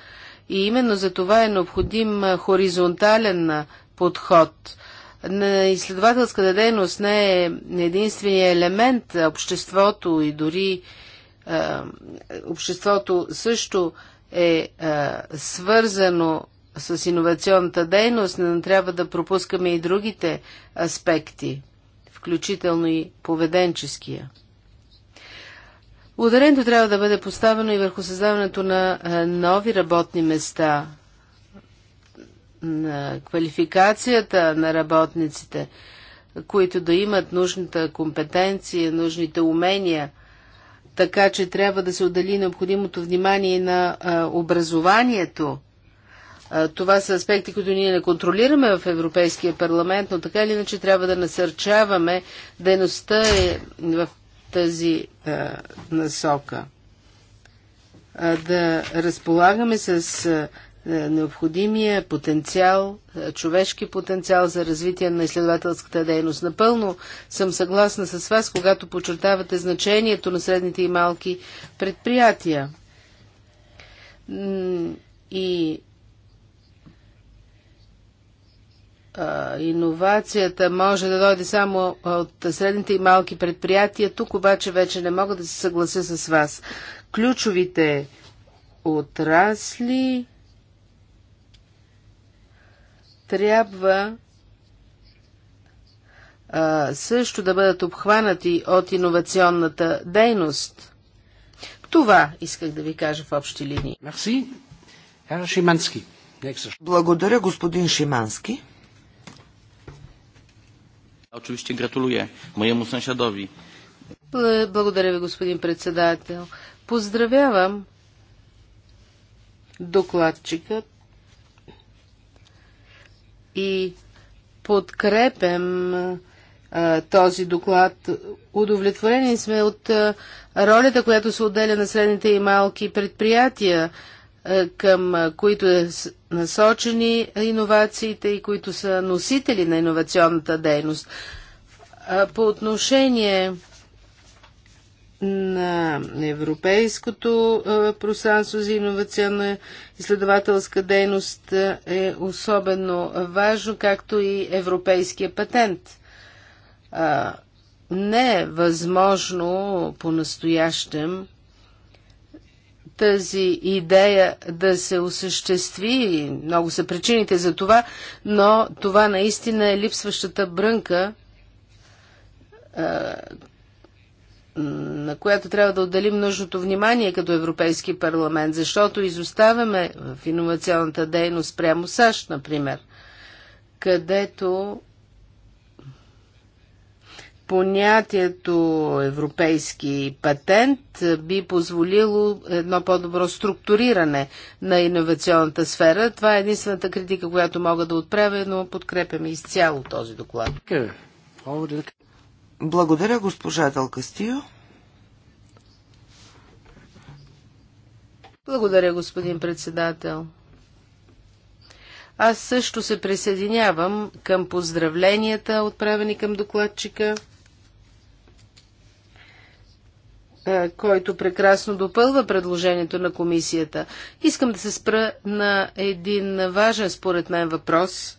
И именно за това е необходим хоризонтален подход. На изследователската дейност не е единствения елемент. Обществото и дори е, обществото също е, е свързано с иновационната дейност, но трябва да пропускаме и другите аспекти включително и поведенческия. Ударението трябва да бъде поставено и върху създаването на нови работни места, на квалификацията на работниците, които да имат нужната компетенция, нужните умения, така че трябва да се отдели необходимото внимание на образованието това са аспекти, които ние не контролираме в Европейския парламент, но така или иначе трябва да насърчаваме дейността е в тази насока. А, да разполагаме с необходимия потенциал, човешки потенциал за развитие на изследователската дейност. Напълно съм съгласна с вас, когато подчертавате значението на средните и малки предприятия. И иновацията може да дойде само от средните и малки предприятия, тук обаче вече не мога да се съглася с вас. Ключовите отрасли трябва а, също да бъдат обхванати от иновационната дейност. Това исках да ви кажа в общи линии. Благодаря, господин Шимански. Oczywiście gratuluję mojemu sąsiadowi. Благодаря ви, господин председател. Поздравявам докладчика, и подкрепям а, този доклад. Удовлетворени сме от а, ролята, която се отделя на средните и малки предприятия е, към е, които е насочени иновациите и които са носители на иновационната дейност. Е, по отношение на европейското пространство за иновационна изследователска дейност е особено важно, както и европейския патент. Не е възможно по-настоящем тази идея да се осъществи. Много са причините за това, но това наистина е липсващата брънка, на която трябва да отделим нужното внимание като Европейски парламент, защото изоставяме в иновационната дейност прямо САЩ, например, където понятието европейски патент би позволило едно по-добро структуриране на иновационната сфера. Това е единствената критика, която мога да отправя, но подкрепяме изцяло този доклад. Благодаря, госпожа Дълкастио. Благодаря, господин председател. Аз също се присъединявам към поздравленията, отправени към докладчика. Е, който прекрасно допълва предложението на комисията. Искам да се спра на един важен според мен въпрос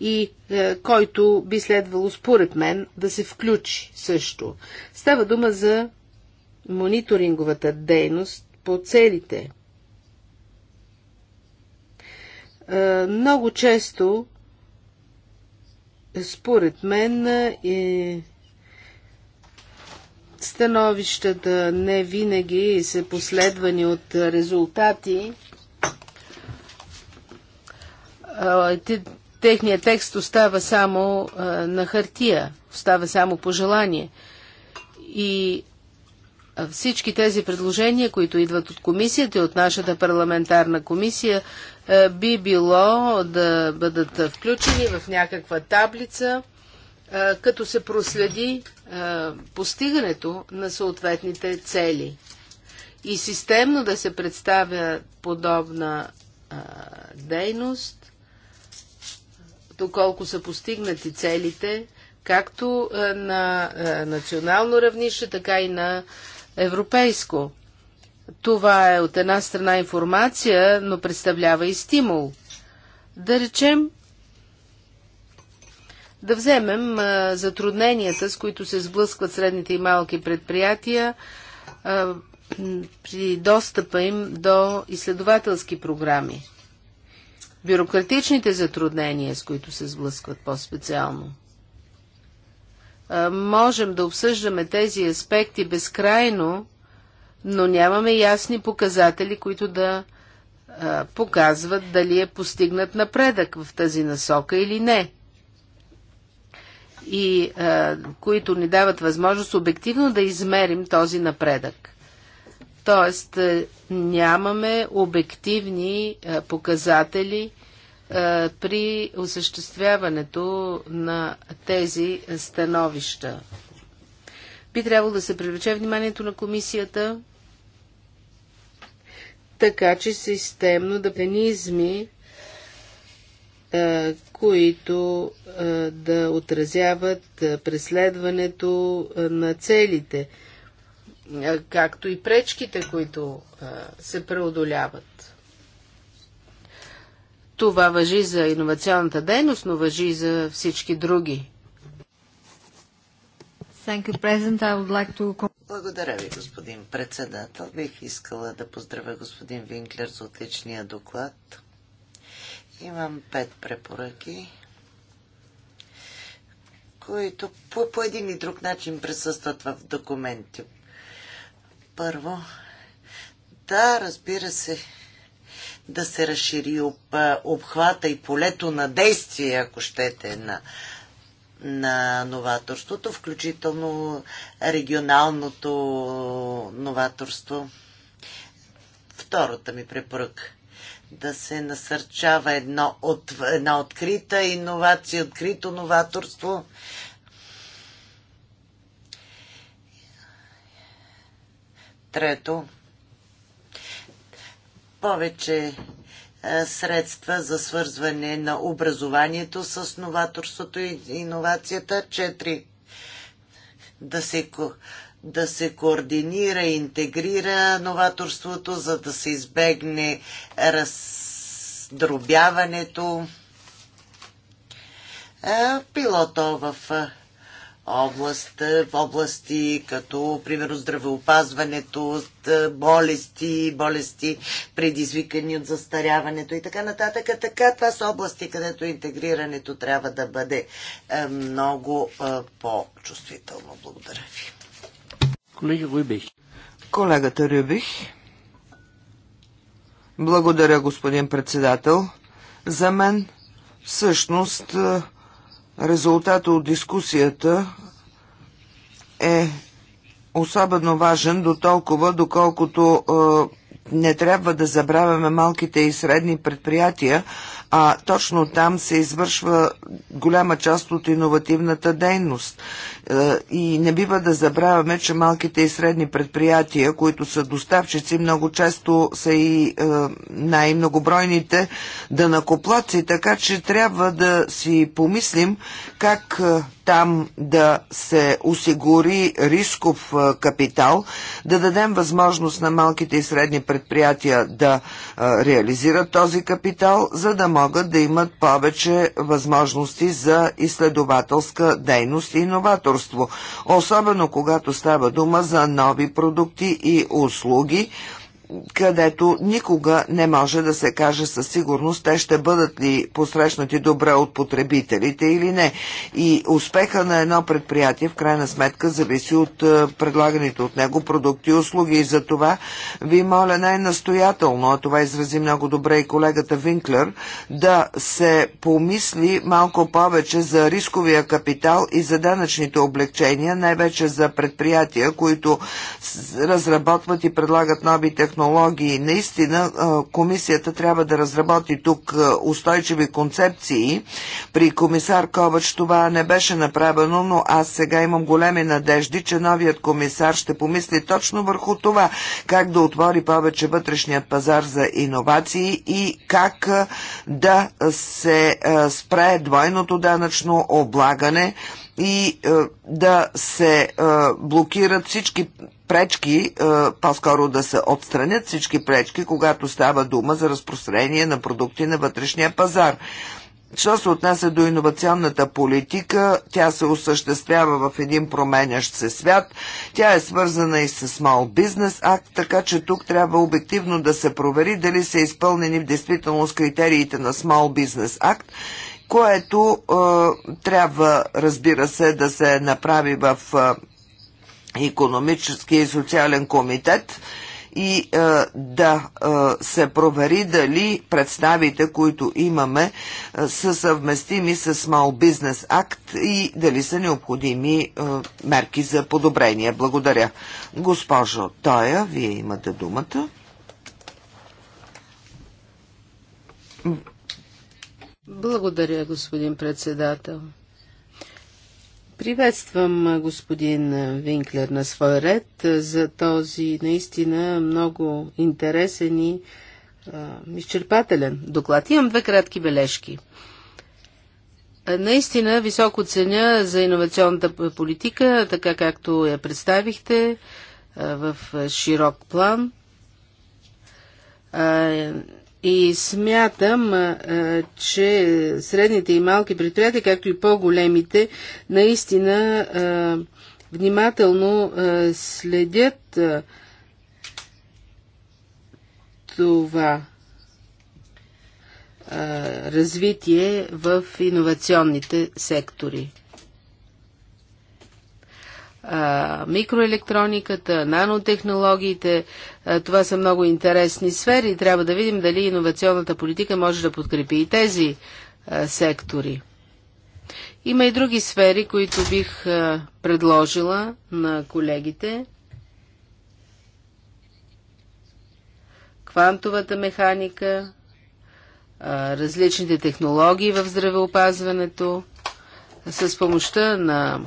и е, който би следвало според мен да се включи също. Става дума за мониторинговата дейност по целите. Е, много често, според мен, е, Становищата не винаги са последвани от резултати. Техният текст остава само на хартия, остава само пожелание. И всички тези предложения, които идват от комисията и от нашата парламентарна комисия, би било да бъдат включени в някаква таблица – като се проследи постигането на съответните цели. И системно да се представя подобна дейност, доколко са постигнати целите, както на национално равнище, така и на европейско. Това е от една страна информация, но представлява и стимул. Да речем, да вземем затрудненията, с които се сблъскват средните и малки предприятия при достъпа им до изследователски програми. Бюрократичните затруднения, с които се сблъскват по-специално. Можем да обсъждаме тези аспекти безкрайно, но нямаме ясни показатели, които да показват дали е постигнат напредък в тази насока или не и а, е, които ни дават възможност обективно да измерим този напредък. Тоест, е, нямаме обективни а, е, показатели а, при осъществяването на тези становища. Би трябвало да се привлече вниманието на комисията, така че системно да механизми, които а, да отразяват а, преследването а, на целите, а, както и пречките, които а, се преодоляват. Това въжи за иновационната дейност, но въжи и за всички други. Благодаря ви, господин председател. Бих искала да поздравя господин Винклер за отличния доклад. Имам пет препоръки, които по, по един и друг начин присъстват в документи. Първо, да, разбира се, да се разшири об, обхвата и полето на действие, ако щете, на, на новаторството, включително регионалното новаторство. Втората ми препоръка да се насърчава едно от, една открита иновация, открито новаторство. Трето, повече средства за свързване на образованието с новаторството и иновацията. Четири, да се да се координира и интегрира новаторството, за да се избегне раздробяването. Било то в област, в области като, примерно, здравеопазването, болести, болести предизвикани от застаряването и така нататък. Така, това са области, където интегрирането трябва да бъде много по-чувствително. Благодаря ви. Колега Рубих. Колегата Рюбих. Благодаря, господин председател. За мен, всъщност, е, резултата от дискусията е особено важен до толкова, доколкото е, не трябва да забравяме малките и средни предприятия, а точно там се извършва голяма част от иновативната дейност. Е, и не бива да забравяме, че малките и средни предприятия, които са доставчици, много често са и е, най-многобройните дънакоплаци, така че трябва да си помислим как е, там да се осигури рисков капитал, да дадем възможност на малките и средни предприятия да реализират този капитал, за да може могат да имат повече възможности за изследователска дейност и новаторство, особено когато става дума за нови продукти и услуги, където никога не може да се каже със сигурност те ще бъдат ли посрещнати добре от потребителите или не. И успеха на едно предприятие в крайна сметка зависи от е, предлаганите от него продукти и услуги. И за това ви моля най-настоятелно, а това изрази много добре и колегата Винклер, да се помисли малко повече за рисковия капитал и за данъчните облегчения, най-вече за предприятия, които разработват и предлагат нови технологии технологии. Наистина комисията трябва да разработи тук устойчиви концепции. При комисар Ковач това не беше направено, но аз сега имам големи надежди, че новият комисар ще помисли точно върху това, как да отвори повече вътрешният пазар за иновации и как да се спре двойното данъчно облагане и да се блокират всички пречки, е, по-скоро да се отстранят всички пречки, когато става дума за разпространение на продукти на вътрешния пазар. Що се отнася до иновационната политика, тя се осъществява в един променящ се свят. Тя е свързана и с Small Business Act, така че тук трябва обективно да се провери дали са изпълнени в действителност критериите на Small Business Act, което е, трябва, разбира се, да се направи в е, економически и социален комитет и е, да е, се провери дали представите, които имаме, е, са съвместими с Small Business Act и дали са необходими е, мерки за подобрение. Благодаря. Госпожо Тоя, вие имате думата. Благодаря, господин председател. Приветствам господин Винклер на свой ред за този наистина много интересен и а, изчерпателен доклад. Имам две кратки бележки. Наистина високо ценя за иновационната политика, така както я представихте в широк план. И смятам, че средните и малки предприятия, както и по-големите, наистина внимателно следят това развитие в иновационните сектори микроелектрониката, нанотехнологиите. Това са много интересни сфери. Трябва да видим дали иновационната политика може да подкрепи и тези сектори. Има и други сфери, които бих предложила на колегите. Квантовата механика, различните технологии в здравеопазването, с помощта на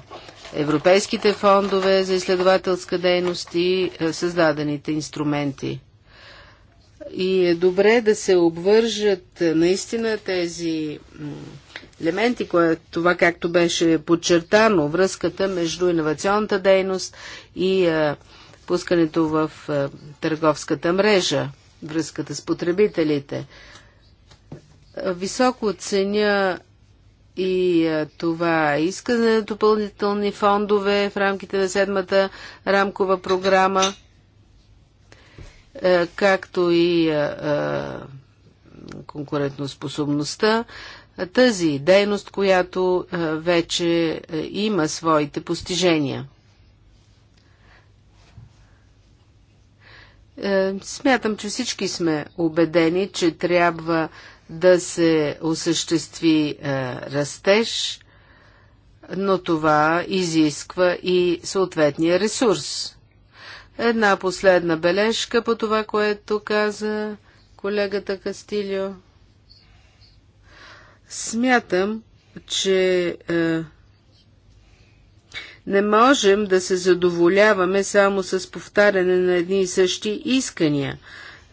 европейските фондове за изследователска дейност и е, създадените инструменти. И е добре да се обвържат е, наистина тези елементи, кое, това както беше подчертано, връзката между иновационната дейност и а, е, пускането в а, търговската мрежа, връзката с потребителите. Високо оценя и това искане на допълнителни фондове в рамките на седмата рамкова програма, както и конкурентоспособността. Тази дейност, която вече има своите постижения. Е, смятам, че всички сме убедени, че трябва да се осъществи е, растеж, но това изисква и съответния ресурс. Една последна бележка по това, което каза колегата Кастилио. Смятам, че е, не можем да се задоволяваме само с повтаряне на едни и същи искания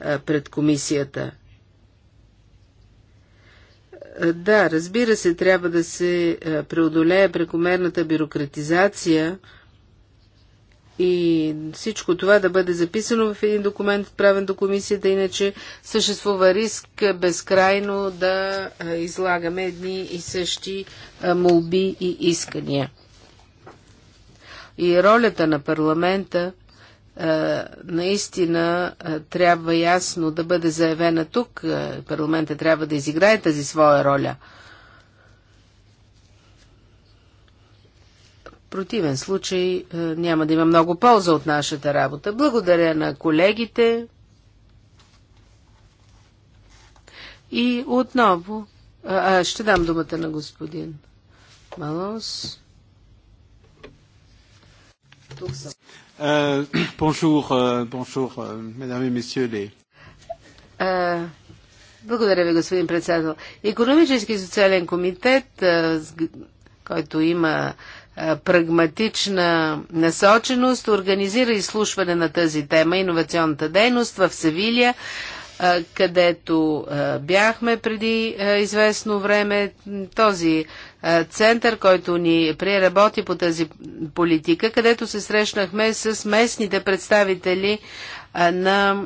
е, пред комисията – е, да, разбира се, трябва да се е, преодолее прекомерната бюрократизация и всичко това да бъде записано в един документ, отправен до комисията, иначе съществува риск е, безкрайно да излагаме едни и същи молби и искания. И ролята на парламента – е, наистина е, трябва ясно да бъде заявена тук. Е, Парламента трябва да изиграе тази своя роля. В противен случай няма да има много полза от нашата работа. Благодаря на колегите. И отново а, а, ще дам думата на господин Малос. Тук съм. Euh, bonjour, euh, bonjour, euh, mesdames et messieurs les. Е, благодаря ви, господин председател. Економически и социален комитет, е, който има е, прагматична насоченост, организира изслушване на тази тема, иновационната дейност в Севилия където бяхме преди известно време. Този център, който ни преработи по тази политика, където се срещнахме с местните представители на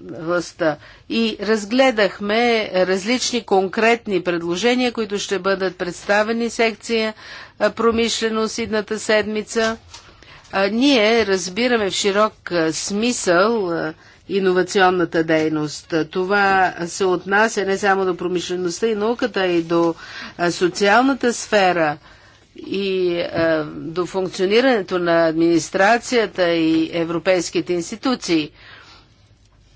властта. И разгледахме различни конкретни предложения, които ще бъдат представени секция промишленост идната седмица ние разбираме в широк смисъл иновационната дейност. Това се отнася не само до промишлеността и науката, и до социалната сфера и до функционирането на администрацията и европейските институции.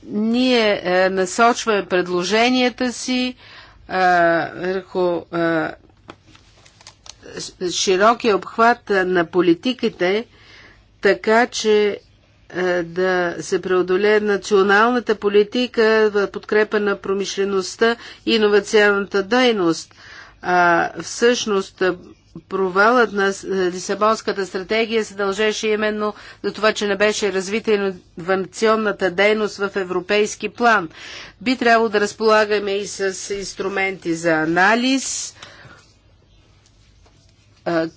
Ние насочваме предложенията си върху широкия обхват на политиките така че е, да се преодолее националната политика в подкрепа на промишлеността и иновационната дейност. А, всъщност е, провалът на е, Лисабонската стратегия се дължеше именно за това, че не беше развита инновационната дейност в европейски план. Би трябвало да разполагаме и с инструменти за анализ,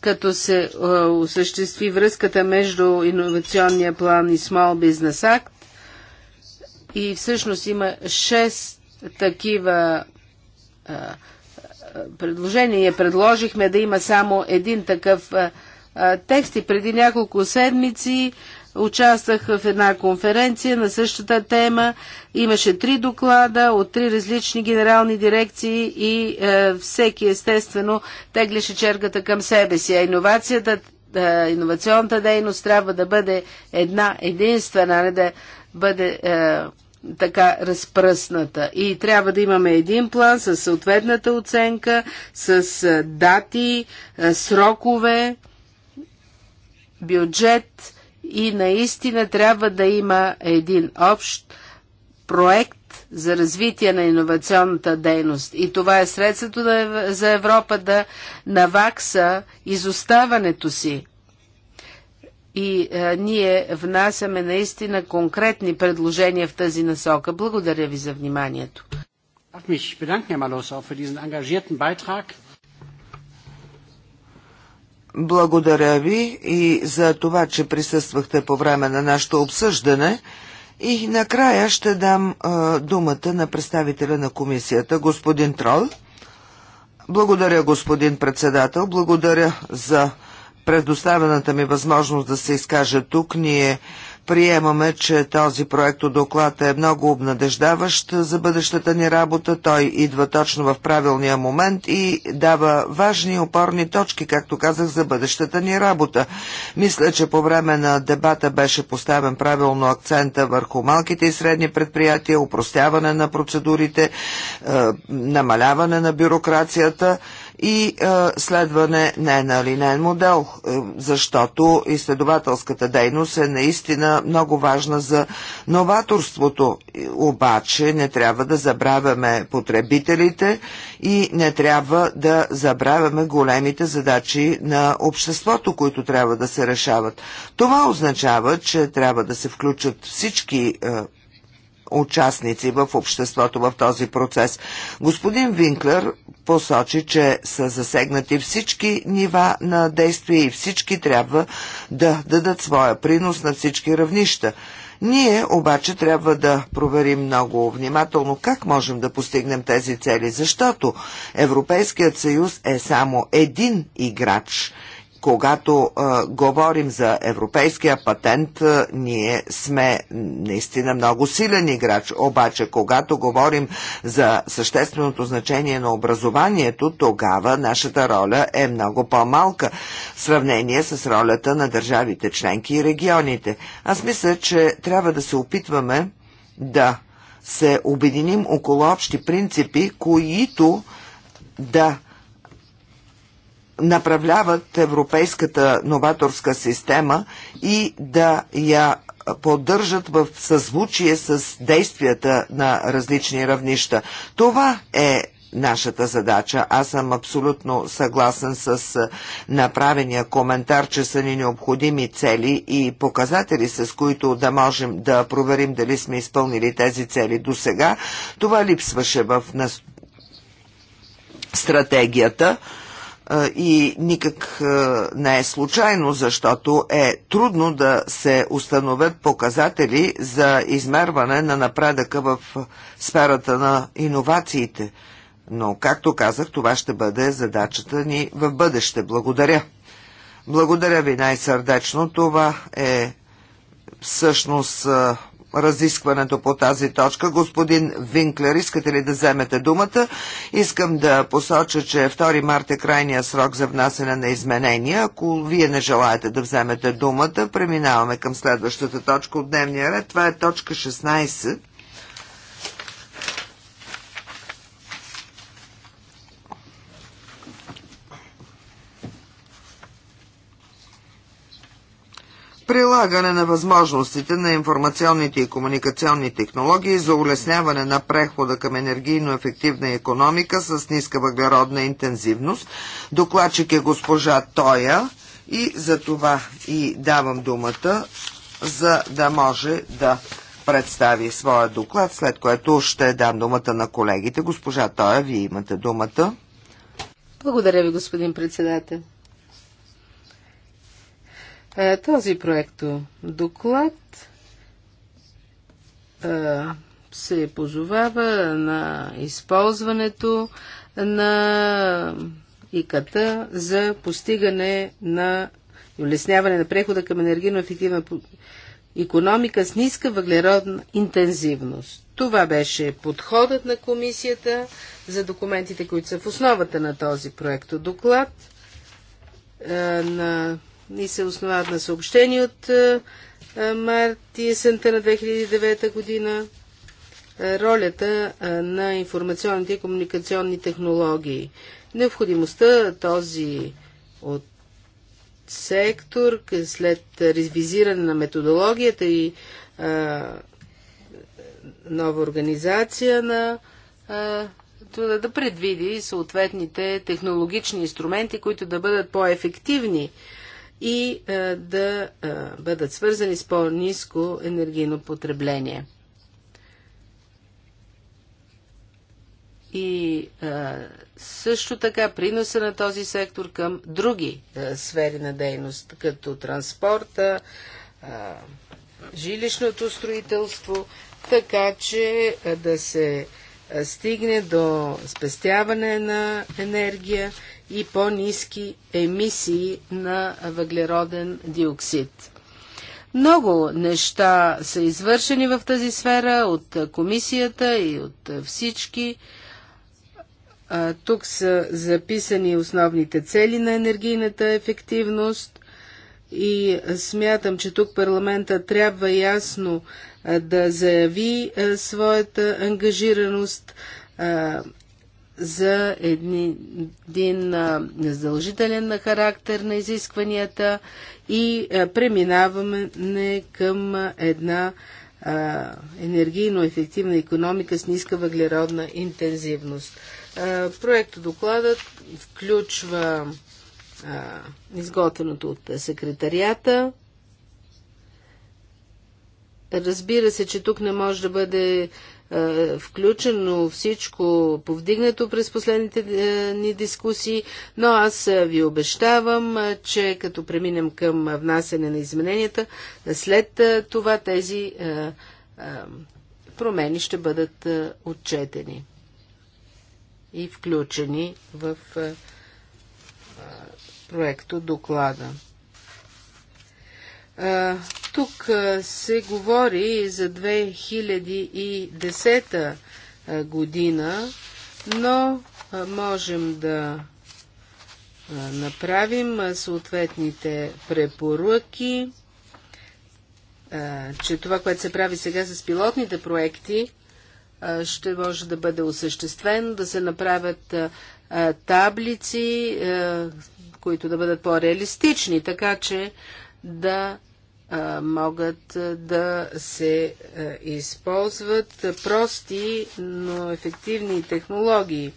като се осъществи връзката между иновационния план и Small Business Act. И всъщност има 6 такива предложения. предложихме да има само един такъв текст и преди няколко седмици Участвах в една конференция на същата тема. Имаше три доклада от три различни генерални дирекции и е, всеки естествено теглеше черката към себе си. А иновацията, е, иновационната дейност трябва да бъде една единствена, не да бъде е, така разпръсната. И трябва да имаме един план с съответната оценка, с е, дати, е, срокове, бюджет и наистина трябва да има един общ проект за развитие на иновационната дейност. И това е средството за Европа да навакса изоставането си. И а, е, ние внасяме наистина конкретни предложения в тази насока. Благодаря ви за вниманието. Благодаря ви и за това, че присъствахте по време на нашето обсъждане. И накрая ще дам а, думата на представителя на комисията, господин Трол. Благодаря, господин председател. Благодаря за предоставената ми възможност да се изкажа тук. Ние Приемаме, че този проект от доклад е много обнадеждаващ за бъдещата ни работа. Той идва точно в правилния момент и дава важни опорни точки, както казах, за бъдещата ни работа. Мисля, че по време на дебата беше поставен правилно акцента върху малките и средни предприятия, упростяване на процедурите, е, намаляване на бюрокрацията и а, е, следване не на линейен модел, е, защото изследователската дейност е наистина много важна за новаторството. Обаче не трябва да забравяме потребителите и не трябва да забравяме големите задачи на обществото, които трябва да се решават. Това означава, че трябва да се включат всички е, участници в обществото в този процес. Господин Винклер посочи, че са засегнати всички нива на действие и всички трябва да дадат своя принос на всички равнища. Ние обаче трябва да проверим много внимателно как можем да постигнем тези цели, защото Европейският съюз е само един играч – когато а, говорим за европейския патент, а, ние сме наистина много силен играч. Обаче, когато говорим за същественото значение на образованието, тогава нашата роля е много по-малка в сравнение с ролята на държавите членки и регионите. Аз мисля, че трябва да се опитваме да се обединим около общи принципи, които да направляват европейската новаторска система и да я поддържат в съзвучие с действията на различни равнища. Това е нашата задача. Аз съм абсолютно съгласен с направения коментар, че са ни необходими цели и показатели, с които да можем да проверим дали сме изпълнили тези цели до сега. Това липсваше в стратегията и никак не е случайно, защото е трудно да се установят показатели за измерване на напредъка в сферата на иновациите. Но, както казах, това ще бъде задачата ни в бъдеще. Благодаря. Благодаря ви най-сърдечно. Това е всъщност разискването по тази точка. Господин Винклер, искате ли да вземете думата? Искам да посоча, че 2 марта е крайния срок за внасене на изменения. Ако вие не желаете да вземете думата, преминаваме към следващата точка от дневния ред. Това е точка 16. прилагане на възможностите на информационните и комуникационни технологии за улесняване на прехода към енергийно ефективна економика с ниска въглеродна интензивност. Докладчик е госпожа Тоя и за това и давам думата, за да може да представи своя доклад, след което ще дам думата на колегите. Госпожа Тоя, вие имате думата. Благодаря ви, господин председател. Е, този проекто доклад е, се позовава на използването на ИКТ за постигане на улесняване на прехода към енергийно ефективна економика с ниска въглеродна интензивност. Това беше подходът на комисията за документите, които са в основата на този проект доклад. Е, на и се основават на съобщение от е, е, март и есента на 2009 година. Е, ролята на информационните и комуникационни технологии. Необходимостта този от сектор след ревизиране на методологията и нова организация на да, да предвиди съответните технологични инструменти, които да бъдат по-ефективни и е, да е, бъдат свързани с по-низко енергийно потребление. И е, също така приноса на този сектор към други сфери на дейност, като транспорта, жилищното строителство, така че да се стигне до спестяване на енергия и по-низки емисии на въглероден диоксид. Много неща са извършени в тази сфера от комисията и от всички. Тук са записани основните цели на енергийната ефективност и смятам, че тук парламента трябва ясно да заяви своята ангажираност за един, задължителен на характер на изискванията и преминаваме към една енергийно ефективна економика с ниска въглеродна интензивност. Проектът докладът включва изготвеното от секретарията Разбира се, че тук не може да бъде е, включено всичко повдигнато през последните е, ни дискусии, но аз ви обещавам, че като преминем към внасене на измененията, след това тези промени ще бъдат отчетени и включени в проекто доклада. Тук се говори за 2010 година, но можем да направим съответните препоръки, че това, което се прави сега с пилотните проекти, ще може да бъде осъществено, да се направят таблици, които да бъдат по-реалистични, така че да могат да се използват прости, но ефективни технологии.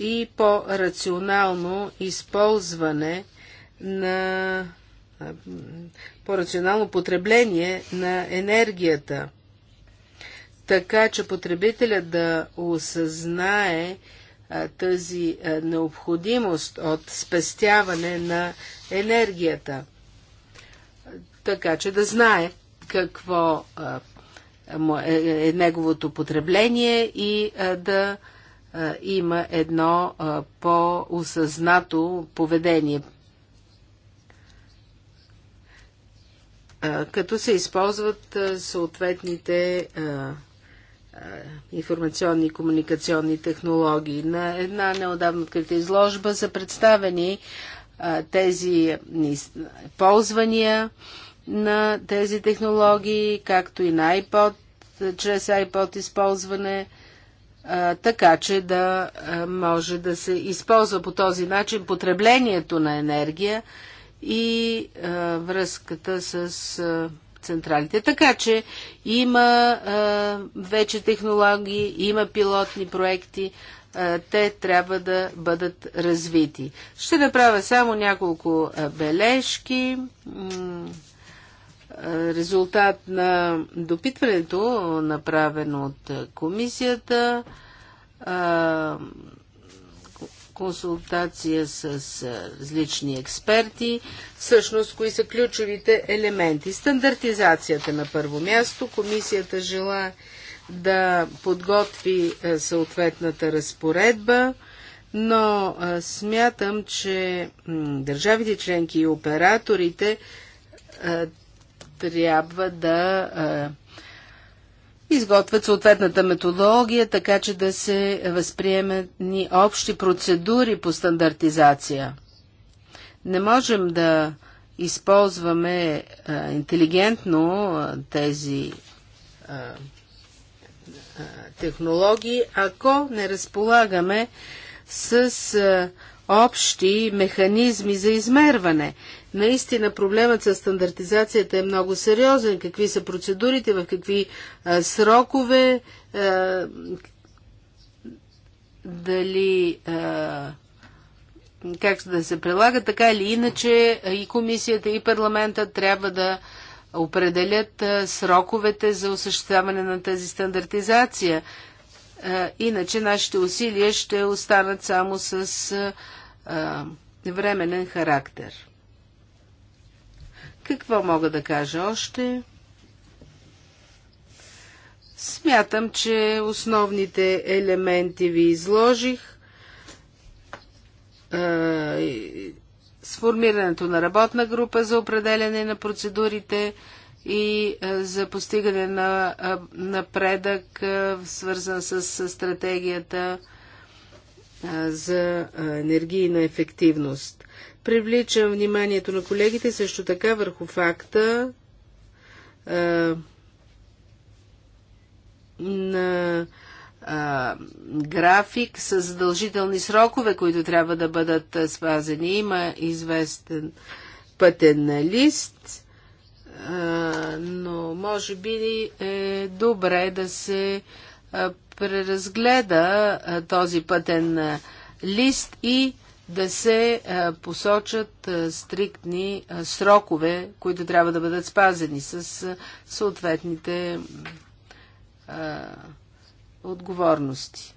И по-рационално използване на по-рационално потребление на енергията, така че потребителят да осъзнае, тази необходимост от спестяване на енергията, така че да знае какво е, е неговото потребление и да има едно по-осъзнато поведение. Като се използват съответните е, информационни и комуникационни технологии. На една неодавно открита изложба са представени е, тези ползвания на тези технологии, както и на iPod, е, чрез iPod използване, така че да може да се използва по този начин потреблението на енергия и връзката с централите. Така че има вече технологии, има пилотни проекти, те трябва да бъдат развити. Ще направя само няколко бележки. Резултат на допитването, направено от комисията, консултация с различни експерти, всъщност кои са ключовите елементи. Стандартизацията на първо място. Комисията жела да подготви съответната разпоредба, но смятам, че държавите членки и операторите трябва да изготвят съответната методология, така че да се възприемат ни общи процедури по стандартизация. Не можем да използваме а, интелигентно а, тези а, технологии, ако не разполагаме с общи механизми за измерване. Наистина проблемът с стандартизацията е много сериозен. Какви са процедурите, в какви а, срокове, а, дали а, как да се прилага, така или иначе и комисията, и парламента трябва да определят сроковете за осъществяване на тази стандартизация. Иначе нашите усилия ще останат само с временен характер. Какво мога да кажа още? Смятам, че основните елементи ви изложих. Сформирането на работна група за определене на процедурите, и е, за постигане на е, напредък, е, свързан с стратегията за енергийна ефективност. Привличам вниманието на колегите също така върху факта на а, график с задължителни срокове, които трябва да бъдат спазени. Има известен пътен лист но може би е добре да се преразгледа този пътен лист и да се посочат стриктни срокове, които трябва да бъдат спазени с съответните отговорности.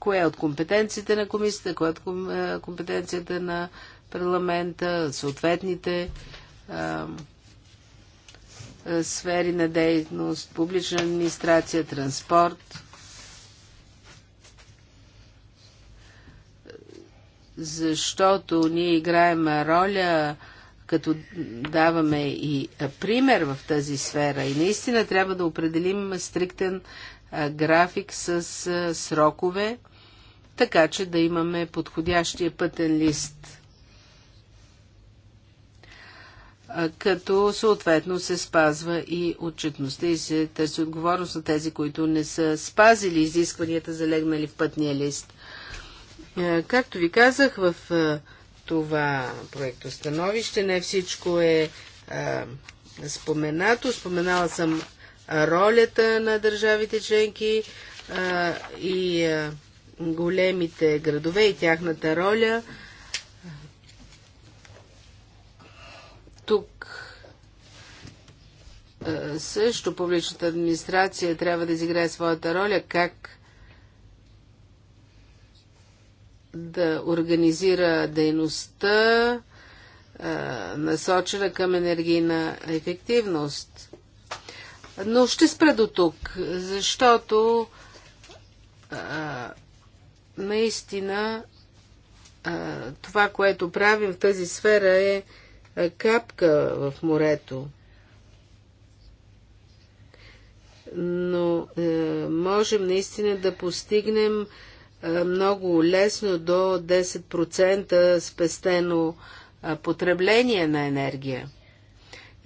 Кое е от компетенциите на комисията, кое е от компетенцията на парламента, съответните е, сфери на дейност, публична администрация, транспорт. Защото ние играем роля, като даваме и пример в тази сфера. И наистина трябва да определим стриктен е, график с е, срокове, така че да имаме подходящия пътен лист. като съответно се спазва и отчетността и се търси отговорност на тези, които не са спазили изискванията, залегнали в пътния лист. Както ви казах, в това проекто становище не всичко е споменато. Споменала съм ролята на държавите членки и големите градове и тяхната роля – Е, също публичната администрация трябва да изиграе своята роля, как да организира дейността, е, насочена към енергийна ефективност. Но ще спра до тук, защото а, е, наистина а, това, което правим в тази сфера е капка в морето. но е, можем наистина да постигнем е, много лесно до 10% спестено е, потребление на енергия.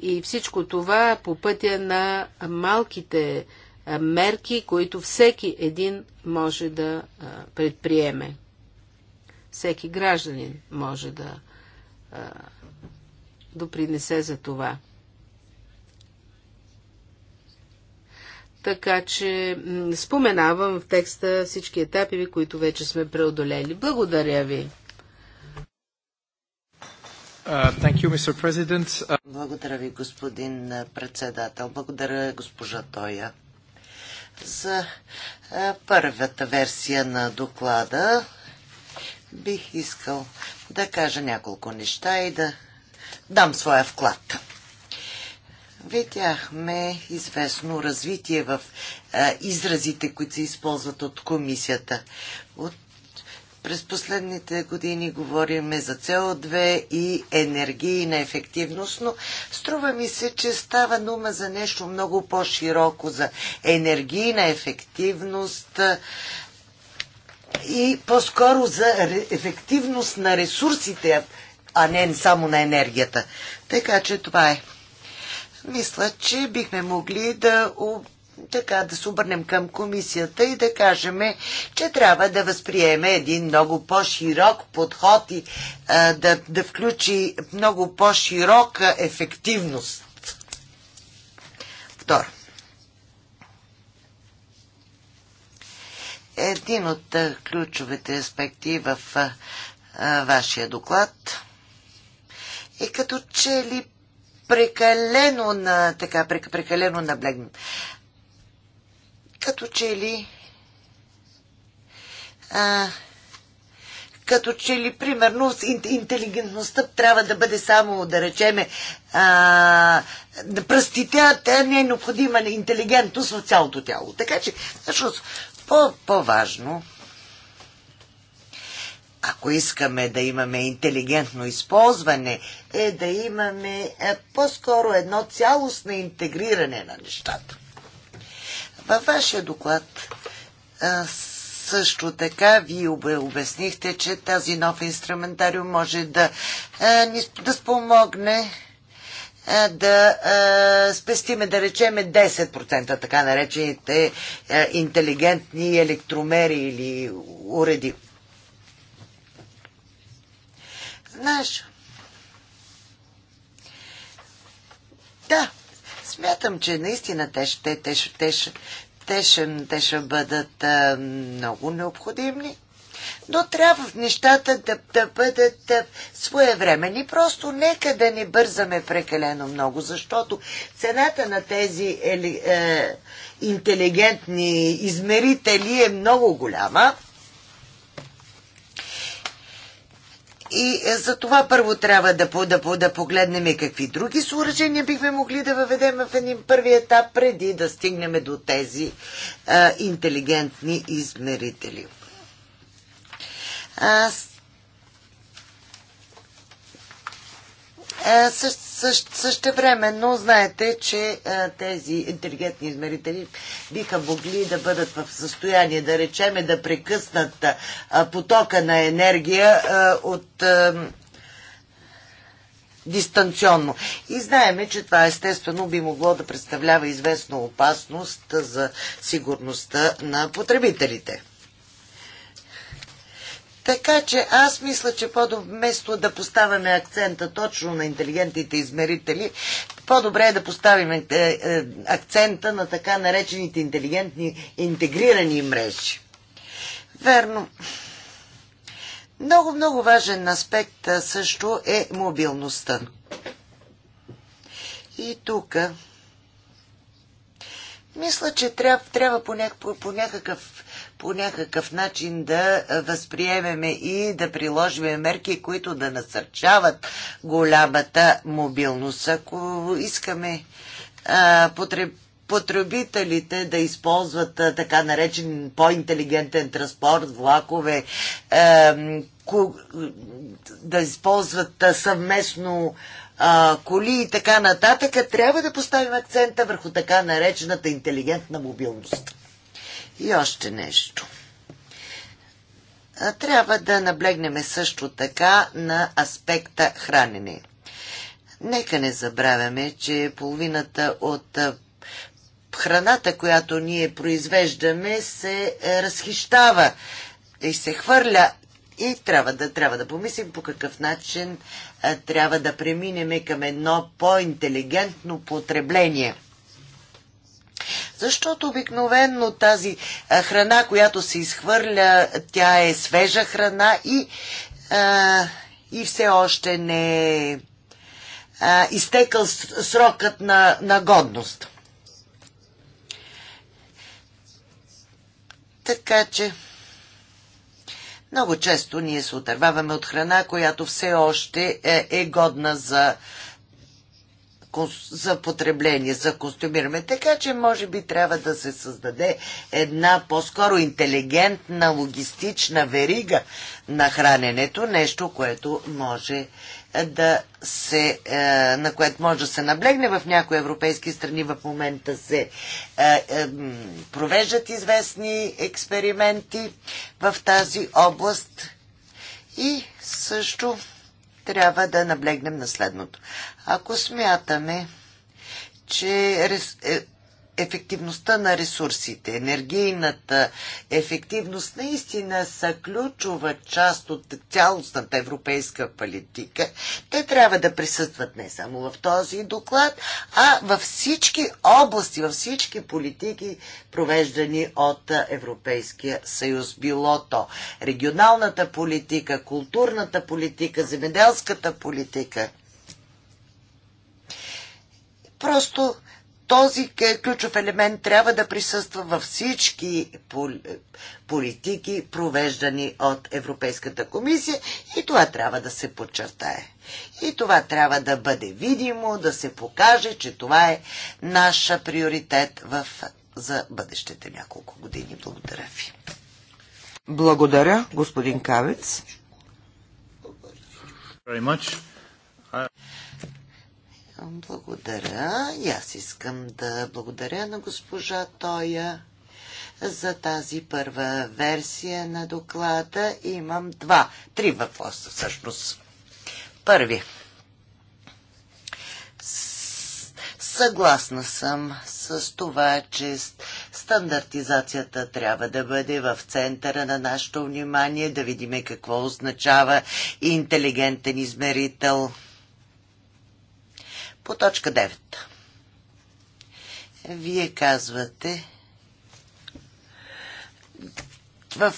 И всичко това по пътя на малките е, мерки, които всеки един може да е, предприеме. Всеки гражданин може да е, допринесе за това. Така че споменавам в текста всички етапи, които вече сме преодолели. Благодаря ви. Uh, you, uh... Благодаря ви, господин председател. Благодаря, госпожа Тоя. За първата версия на доклада бих искал да кажа няколко неща и да дам своя вклад видяхме известно развитие в а, изразите, които се използват от комисията. От, през последните години говориме за CO2 и енергийна ефективност, но струва ми се, че става дума за нещо много по-широко, за енергийна ефективност и по-скоро за ефективност на ресурсите, а не само на енергията. Така че това е. Мисля, че бихме могли да така да се обърнем към комисията и да кажем, че трябва да възприеме един много по-широк подход и а, да, да включи много по-широка ефективност. Второ. Един от а, ключовите аспекти в а, вашия доклад е като че ли прекалено на така, прекалено наблегнем. Като че ли а, като че ли, примерно, интелигентността трябва да бъде само, да речеме, а, пръстите, а тя не е необходима интелигентност в цялото тяло. Така че, всъщност, по-важно ако искаме да имаме интелигентно използване, е да имаме е, по-скоро едно цялостно интегриране на нещата. Във вашия доклад също така ви обяснихте, че тази нов инструментариум може да, да спомогне да спестиме, да речеме 10%, така наречените интелигентни електромери или уреди. знаеш. Да, смятам, че наистина те ще, те ще, те ще, те ще, те ще бъдат а, много необходими. Но трябва в нещата да, да бъдат а, своевремени. Просто нека да не бързаме прекалено много, защото цената на тези е, е, интелигентни измерители е много голяма. И е, за това първо трябва да, да, да погледнем какви други съоръжения бихме могли да въведем в един първи етап, преди да стигнем до тези а, интелигентни измерители. Аз също също, но знаете, че а, тези интелигентни измерители биха могли да бъдат в състояние, да речеме, да прекъснат а, потока на енергия а, от а, дистанционно. И знаеме, че това естествено би могло да представлява известна опасност за сигурността на потребителите. Така че аз мисля, че по-вместо да поставяме акцента точно на интелигентните измерители, по-добре е да поставим е, е, акцента на така наречените интелигентни интегрирани мрежи. Верно. Много, много важен аспект също е мобилността. И тук мисля, че трябва, трябва по, някакъв, по някакъв по някакъв начин да възприемеме и да приложиме мерки, които да насърчават голямата мобилност. Ако искаме потреб потребителите да използват така наречен по-интелигентен транспорт, влакове, да използват съвместно коли и така нататък, трябва да поставим акцента върху така наречената интелигентна мобилност. И още нещо. Трябва да наблегнем също така на аспекта хранене. Нека не забравяме, че половината от храната, която ние произвеждаме, се е, разхищава и се хвърля. И трябва да, трябва да помислим по какъв начин трябва да преминем към едно по-интелигентно потребление – защото обикновенно тази храна, която се изхвърля, тя е свежа храна и, а, и все още не е изтекал срокът на, на годност. Така че много често ние се отърваваме от храна, която все още е, е годна за за потребление, за костюмиране. Така че може би трябва да се създаде една по-скоро интелигентна логистична верига на храненето, нещо, което може е, да се, е, на което може да се наблегне в някои европейски страни. В момента се е, провеждат известни експерименти в тази област и също трябва да наблегнем на следното. Ако смятаме, че е, ефективността на ресурсите, енергийната ефективност наистина са ключова част от цялостната европейска политика. Те трябва да присъстват не само в този доклад, а във всички области, във всички политики, провеждани от Европейския съюз. Било то регионалната политика, културната политика, земеделската политика. Просто този е ключов елемент трябва да присъства във всички политики, провеждани от Европейската комисия и това трябва да се подчертае. И това трябва да бъде видимо, да се покаже, че това е наша приоритет в, за бъдещите няколко години. Благодаря ви. Благодаря, господин Кавец. Very much. Благодаря. И аз искам да благодаря на госпожа Тоя за тази първа версия на доклада. Имам два, три въпроса всъщност. Първи. Съгласна съм с това, че стандартизацията трябва да бъде в центъра на нашето внимание, да видиме какво означава интелигентен измерител – по точка 9. Вие казвате, в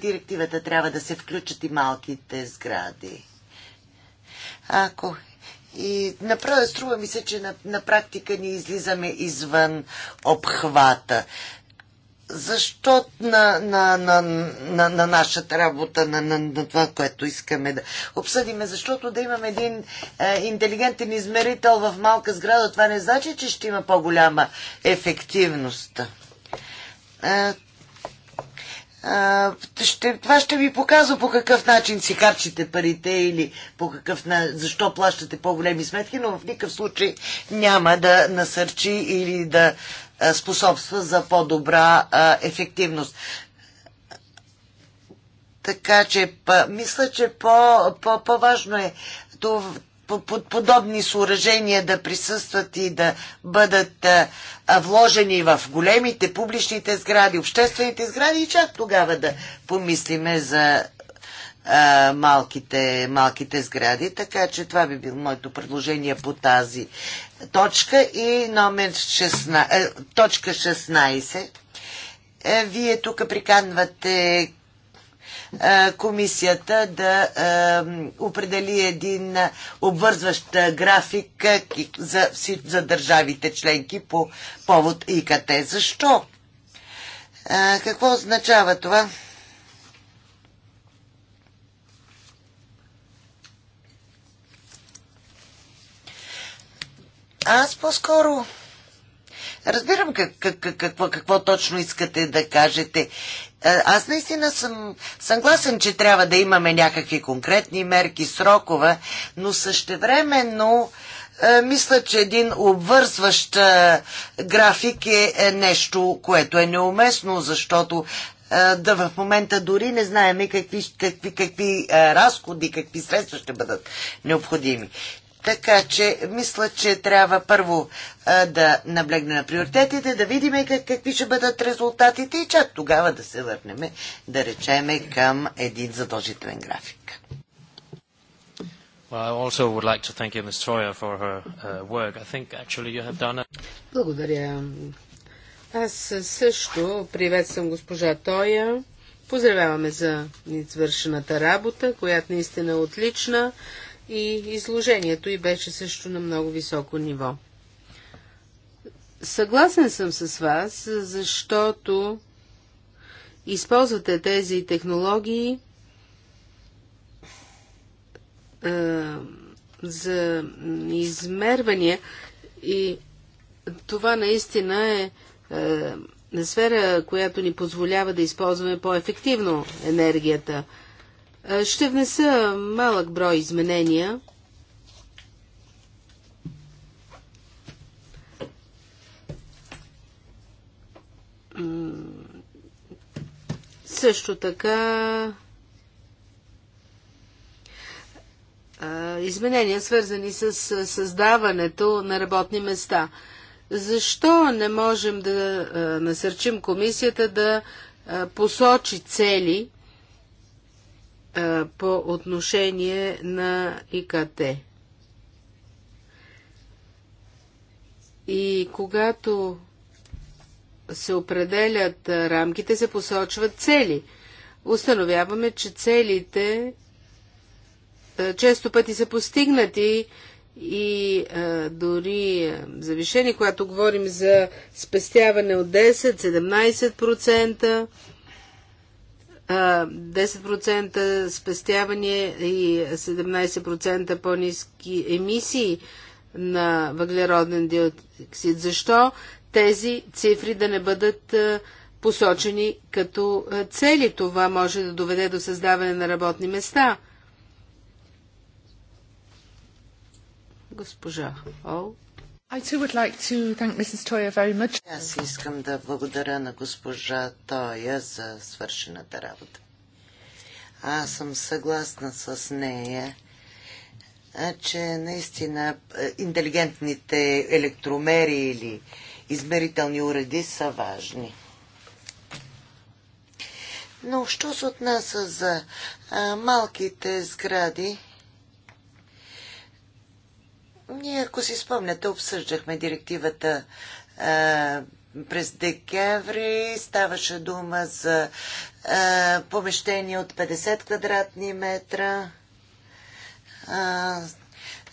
директивата трябва да се включат и малките сгради. Ако и направо струва ми се, че на, на практика ни излизаме извън обхвата защо на, на, на, на, на нашата работа, на, на, на това, което искаме да обсъдиме. Защото да имаме един е, интелигентен измерител в малка сграда, това не значи, че ще има по-голяма ефективност. Е, е, ще, това ще ви показва по какъв начин си харчите парите или по какъв, защо плащате по-големи сметки, но в никакъв случай няма да насърчи или да способства за по-добра ефективност. Така че па, мисля, че по-важно по, по, е по е подобни съоръжения да присъстват и да бъдат вложени в големите публичните сгради, обществените сгради и чак тогава да помислиме за малките, малките сгради. Така че това би било моето предложение по тази точка и номер 16, е, точка 16. Е, вие тук приканвате е, комисията да е, определи един обвързващ график е, за, за държавите членки по повод ИКТ. Защо? Е, какво означава това? Аз по-скоро разбирам как, как, какво, какво точно искате да кажете. Аз наистина съм съгласен, че трябва да имаме някакви конкретни мерки, срокове, но същевременно е, мисля, че един обвързващ график е, е нещо, което е неуместно, защото да в момента дори не знаеме какви, какви, какви разходи, какви средства ще бъдат необходими. Така че мисля, че трябва първо а, да наблегне на приоритетите, да видим как, какви ще бъдат резултатите и чак тогава да се върнем, да речеме, към един задължителен график. Uh, Благодаря. Аз също приветствам госпожа Тоя. Поздравяваме за извършената работа, която наистина е отлична и изложението и беше също на много високо ниво. Съгласен съм с вас, защото използвате тези технологии е, за измервания и това наистина е, е сфера, която ни позволява да използваме по-ефективно енергията. Е, ще внеса малък брой изменения. Също така изменения, свързани с създаването на работни места. Защо не можем да насърчим комисията да посочи цели, по отношение на ИКТ. И когато се определят рамките, се посочват цели. Установяваме, че целите често пъти са постигнати и дори завишени, когато говорим за спестяване от 10-17%, 10% спестяване и 17% по-низки емисии на въглероден диоксид. Защо тези цифри да не бъдат посочени като цели? Това може да доведе до създаване на работни места. Госпожа Ол. I too would like to thank Mrs. Toya very much. Аз искам да благодаря на госпожа Тоя за свършената работа. Аз съм съгласна с нея, че наистина интелигентните електромери или измерителни уреди са важни. Но що се отнася за а, малките сгради, ние, ако си спомняте, обсъждахме директивата а, през декември. Ставаше дума за а, помещение от 50 квадратни метра, а,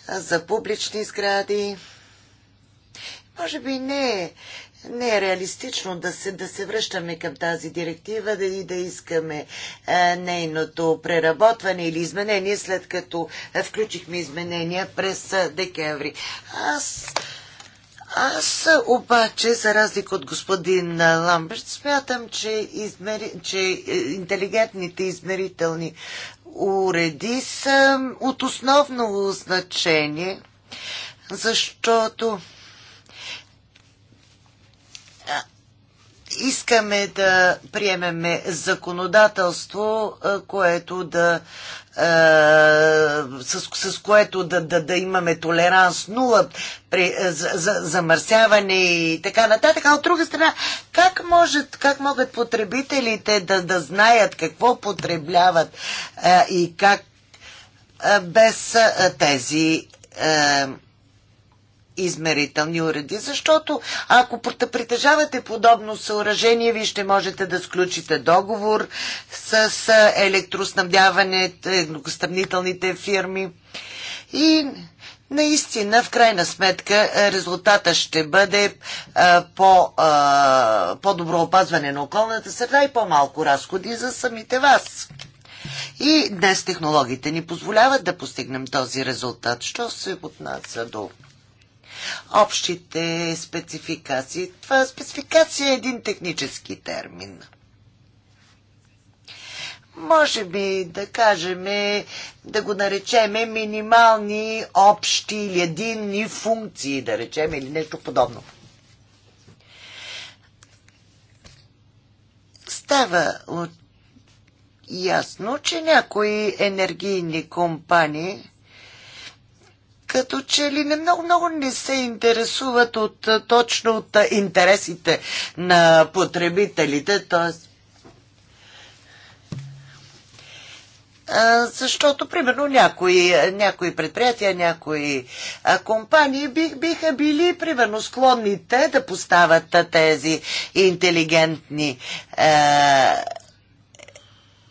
за публични сгради. Може би не е не е реалистично да се, да се връщаме към тази директива да и да искаме а, е, нейното преработване или изменение, след като е, включихме изменения през е, декември. Аз, аз обаче, за разлика от господин Ламберт, смятам, че, измери, че интелигентните измерителни уреди са от основно значение, защото искаме да приемеме законодателство, което да с, с което да, да, да имаме толеранс нула при за, за, замърсяване и така нататък. А от друга страна, как, можат, как могат потребителите да, да знаят какво потребляват а, и как а, без а, тези а, измерителни уреди, защото ако притежавате подобно съоръжение, вие ще можете да сключите договор с електроснабдяването, фирми и наистина, в крайна сметка, резултата ще бъде по, по-добро опазване на околната среда и по-малко разходи за самите вас. И днес технологиите ни позволяват да постигнем този резултат. Що се отнася до общите спецификации. Това спецификация е един технически термин. Може би да кажем, да го наречем минимални, общи или единни функции, да речем, или нещо подобно. Става ясно, че някои енергийни компании като че ли не много, много не се интересуват от, точно от интересите на потребителите, т.е. защото, примерно, някои, някои предприятия, някои компании бих, биха били, примерно, склонни те да поставят тези интелигентни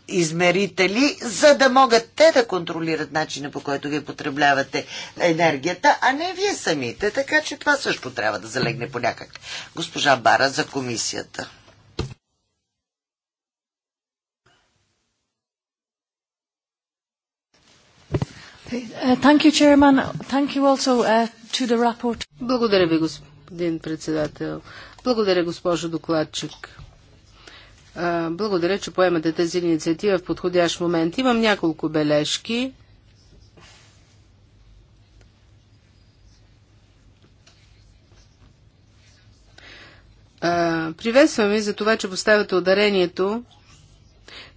измерители, за да могат те да контролират начина по който ви потреблявате енергията, а не вие самите. Така че това също трябва да залегне по някак. Госпожа Бара за комисията. Uh, Благодаря ви, господин председател. Благодаря, госпожо докладчик. Благодаря, че поемате тази инициатива в подходящ момент. Имам няколко бележки. Приветствам ви за това, че поставяте ударението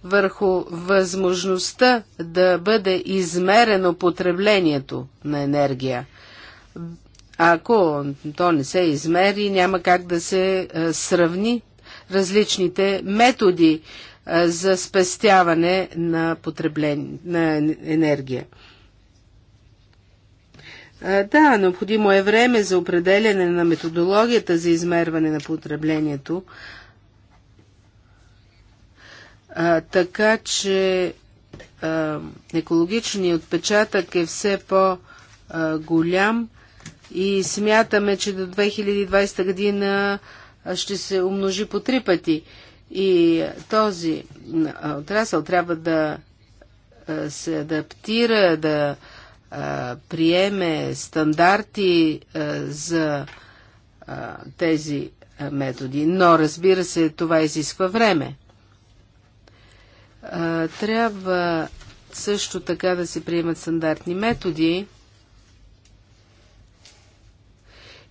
върху възможността да бъде измерено потреблението на енергия. Ако то не се измери, няма как да се сравни различните методи за спестяване на потребление на енергия. Да, необходимо е време за определяне на методологията за измерване на потреблението, а, така че а, екологичният отпечатък е все по-голям и смятаме, че до 2020 година ще се умножи по три пъти. И този отрасъл трябва да се адаптира, да приеме стандарти за тези методи. Но, разбира се, това изисква време. Трябва също така да се приемат стандартни методи,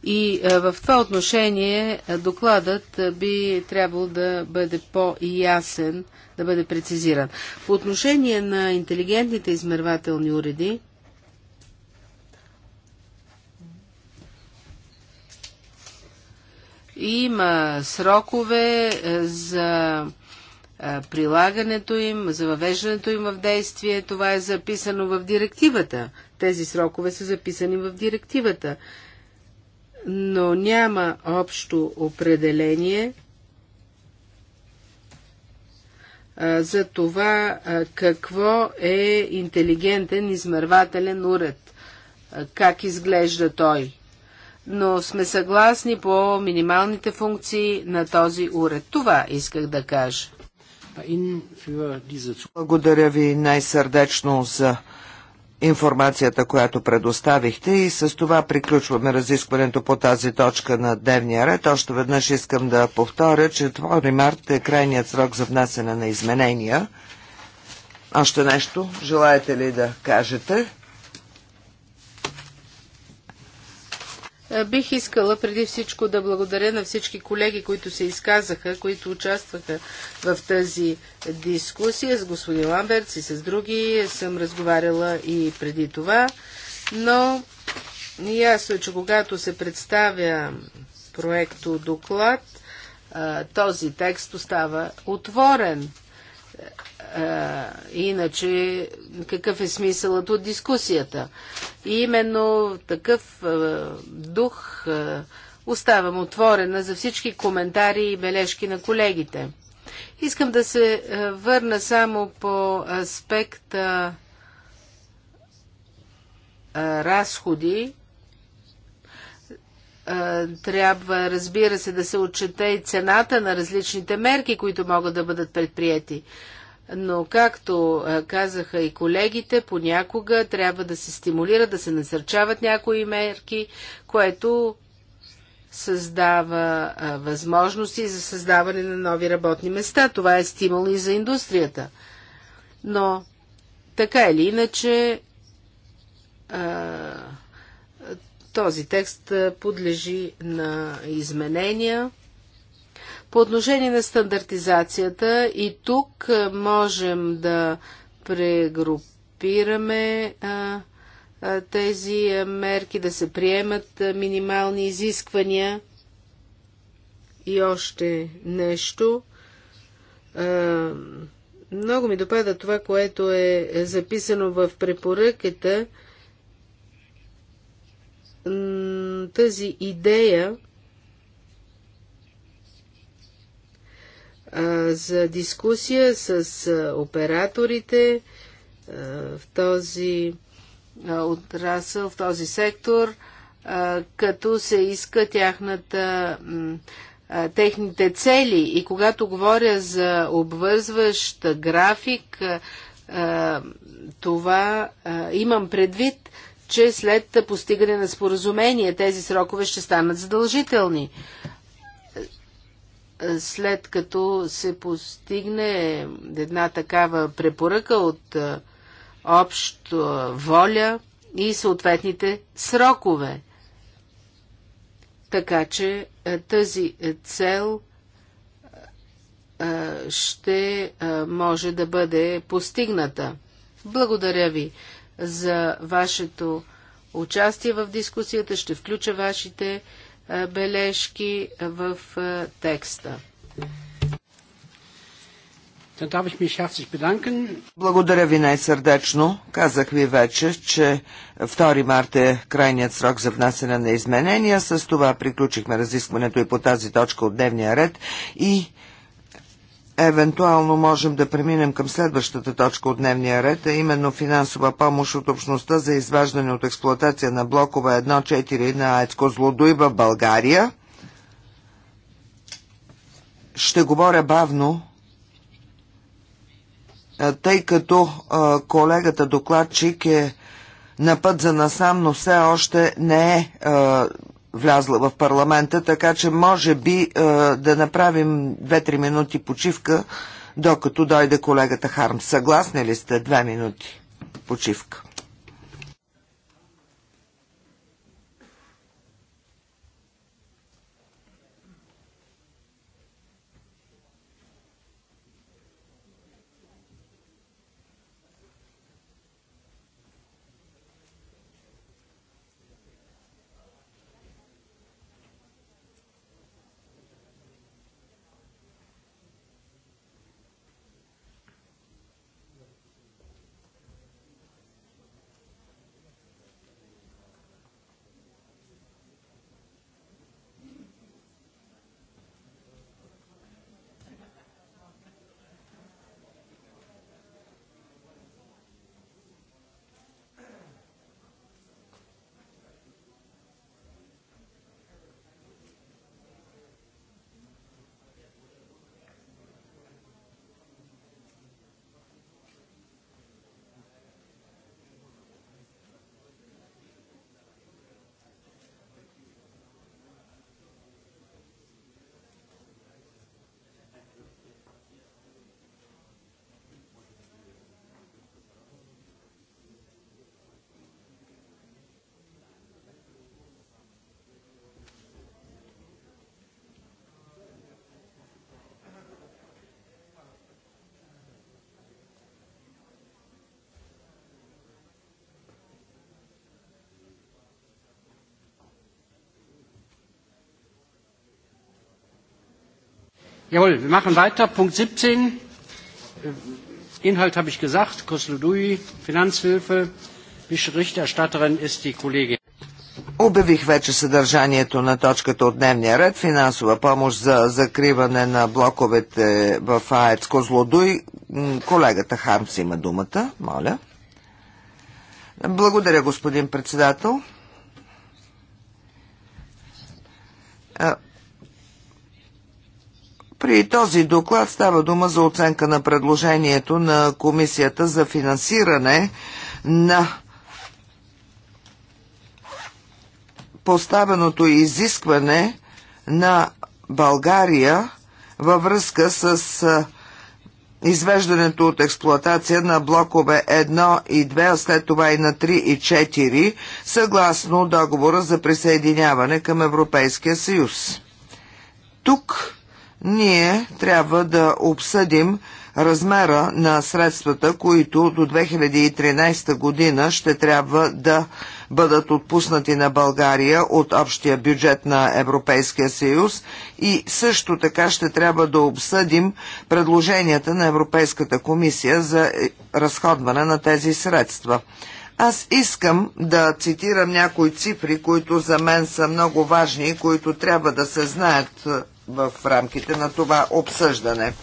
И е, в това отношение е, докладът е, би трябвало да бъде по-ясен, да бъде прецизиран. По отношение на интелигентните измервателни уреди, има срокове за прилагането им, за въвеждането им в действие. Това е записано в директивата. Тези срокове са записани в директивата но няма общо определение за това какво е интелигентен измервателен уред, как изглежда той. Но сме съгласни по минималните функции на този уред. Това исках да кажа. Благодаря ви най-сърдечно за информацията, която предоставихте и с това приключваме разискването по тази точка на дневния ред. Още веднъж искам да повторя, че 2 март е крайният срок за внасене на изменения. Още нещо желаете ли да кажете? Е, бих искала преди всичко да благодаря на всички колеги, които се изказаха, които участваха в тази дискусия с господин Ламберт и с други. Съм разговаряла и преди това, но ясно е, че когато се представя проекто доклад, този текст остава отворен иначе какъв е смисълът от дискусията? И именно такъв дух оставам отворена за всички коментари и бележки на колегите. Искам да се върна само по аспекта разходи. Трябва, разбира се, да се отчете и цената на различните мерки, които могат да бъдат предприяти но както казаха и колегите, понякога трябва да се стимулира, да се насърчават някои мерки, което създава възможности за създаване на нови работни места. Това е стимул и за индустрията. Но така или иначе този текст подлежи на изменения по отношение на стандартизацията и тук можем да прегрупираме а, а, тези мерки, да се приемат минимални изисквания и още нещо. Много ми допада това, което е записано в препоръката. Тази идея за дискусия с операторите в този отрасъл, в този сектор, като се иска тяхната, техните цели. И когато говоря за обвързващ график, това имам предвид, че след постигане на споразумение тези срокове ще станат задължителни след като се постигне една такава препоръка от обща воля и съответните срокове. Така че тази цел ще може да бъде постигната. Благодаря ви за вашето участие в дискусията. Ще включа вашите бележки в текста. Благодаря ви най-сърдечно. Казах ви вече, че 2 марта е крайният срок за внасяне на изменения. С това приключихме разискването и по тази точка от дневния ред и евентуално можем да преминем към следващата точка от дневния ред, а именно финансова помощ от общността за изваждане от експлуатация на блокове 1-4 на Ецко Козлодуй в България. Ще говоря бавно, тъй като колегата докладчик е на път за насам, но все още не е, е влязла в парламента, така че може би е, да направим 2-3 минути почивка, докато дойде колегата Харм. Съгласни ли сте? 2 минути почивка. Jawohl, wir machen weiter. Punkt 17. Inhalt habe ich gesagt. Kosludui, Finanzhilfe. Berichterstatterin ist die Kollegin. Обявих вече съдържанието на точката от дневния ред финансова помощ за закриване на блоковете в АЕЦ Козлодуй. Колегата Хармс има думата, моля. Благодаря, господин председател. При този доклад става дума за оценка на предложението на Комисията за финансиране на поставеното изискване на България във връзка с извеждането от експлоатация на блокове 1 и 2, а след това и на 3 и 4, съгласно договора за присъединяване към Европейския съюз. Тук ние трябва да обсъдим размера на средствата, които до 2013 година ще трябва да бъдат отпуснати на България от общия бюджет на Европейския съюз и също така ще трябва да обсъдим предложенията на Европейската комисия за разходване на тези средства. Аз искам да цитирам някои цифри, които за мен са много важни и които трябва да се знаят в рамките на това обсъждане.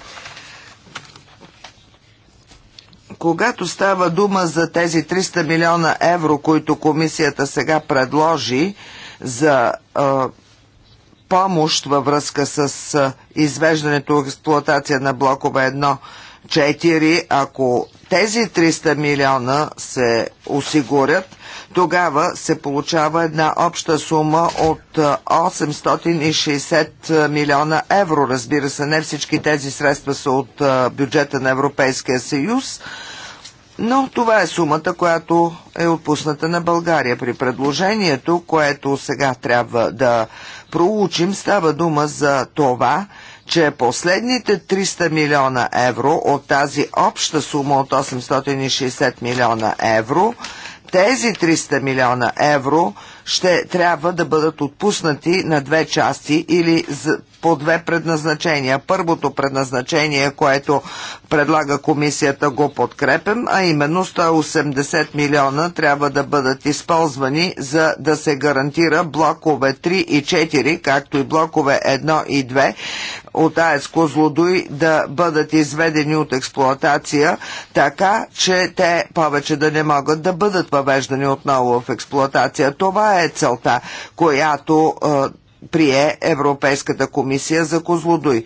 Когато става дума за тези 300 милиона евро, които комисията сега предложи за а, помощ във връзка с а, извеждането в експлуатация на блокове 1, 4, ако тези 300 милиона се осигурят, тогава се получава една обща сума от 860 милиона евро. Разбира се, не всички тези средства са от бюджета на Европейския съюз, но това е сумата, която е отпусната на България. При предложението, което сега трябва да проучим, става дума за това, че последните 300 милиона евро от тази обща сума от 860 милиона евро, тези 300 милиона евро ще трябва да бъдат отпуснати на две части или по две предназначения. Първото предназначение, което предлага комисията, го подкрепим, а именно 180 милиона трябва да бъдат използвани за да се гарантира блокове 3 и 4, както и блокове 1 и 2 от АЕЦ Козлодуй да бъдат изведени от експлоатация, така че те повече да не могат да бъдат въвеждани отново в експлоатация. Това е е целта, която прие Европейската комисия за Козлодуй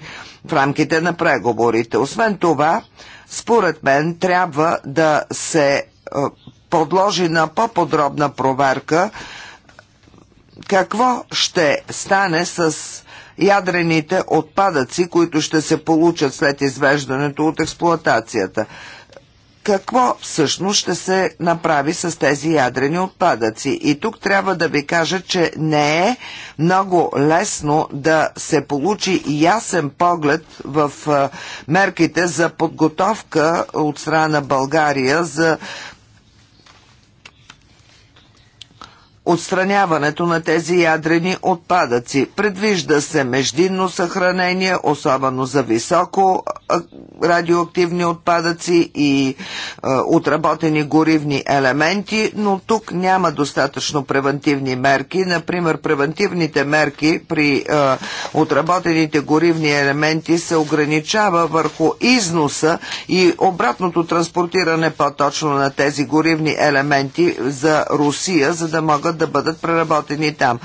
в рамките на преговорите. Освен това, според мен трябва да се подложи на по-подробна проверка какво ще стане с ядрените отпадъци, които ще се получат след извеждането от експлоатацията какво всъщност ще се направи с тези ядрени отпадъци. И тук трябва да ви кажа, че не е много лесно да се получи ясен поглед в мерките за подготовка от страна България за отстраняването на тези ядрени отпадъци. Предвижда се междинно съхранение, особено за високо радиоактивни отпадъци и е, отработени горивни елементи, но тук няма достатъчно превентивни мерки. Например, превентивните мерки при е, отработените горивни елементи се ограничава върху износа и обратното транспортиране по-точно на тези горивни елементи за Русия, за да могат могат да бъдат преработени там.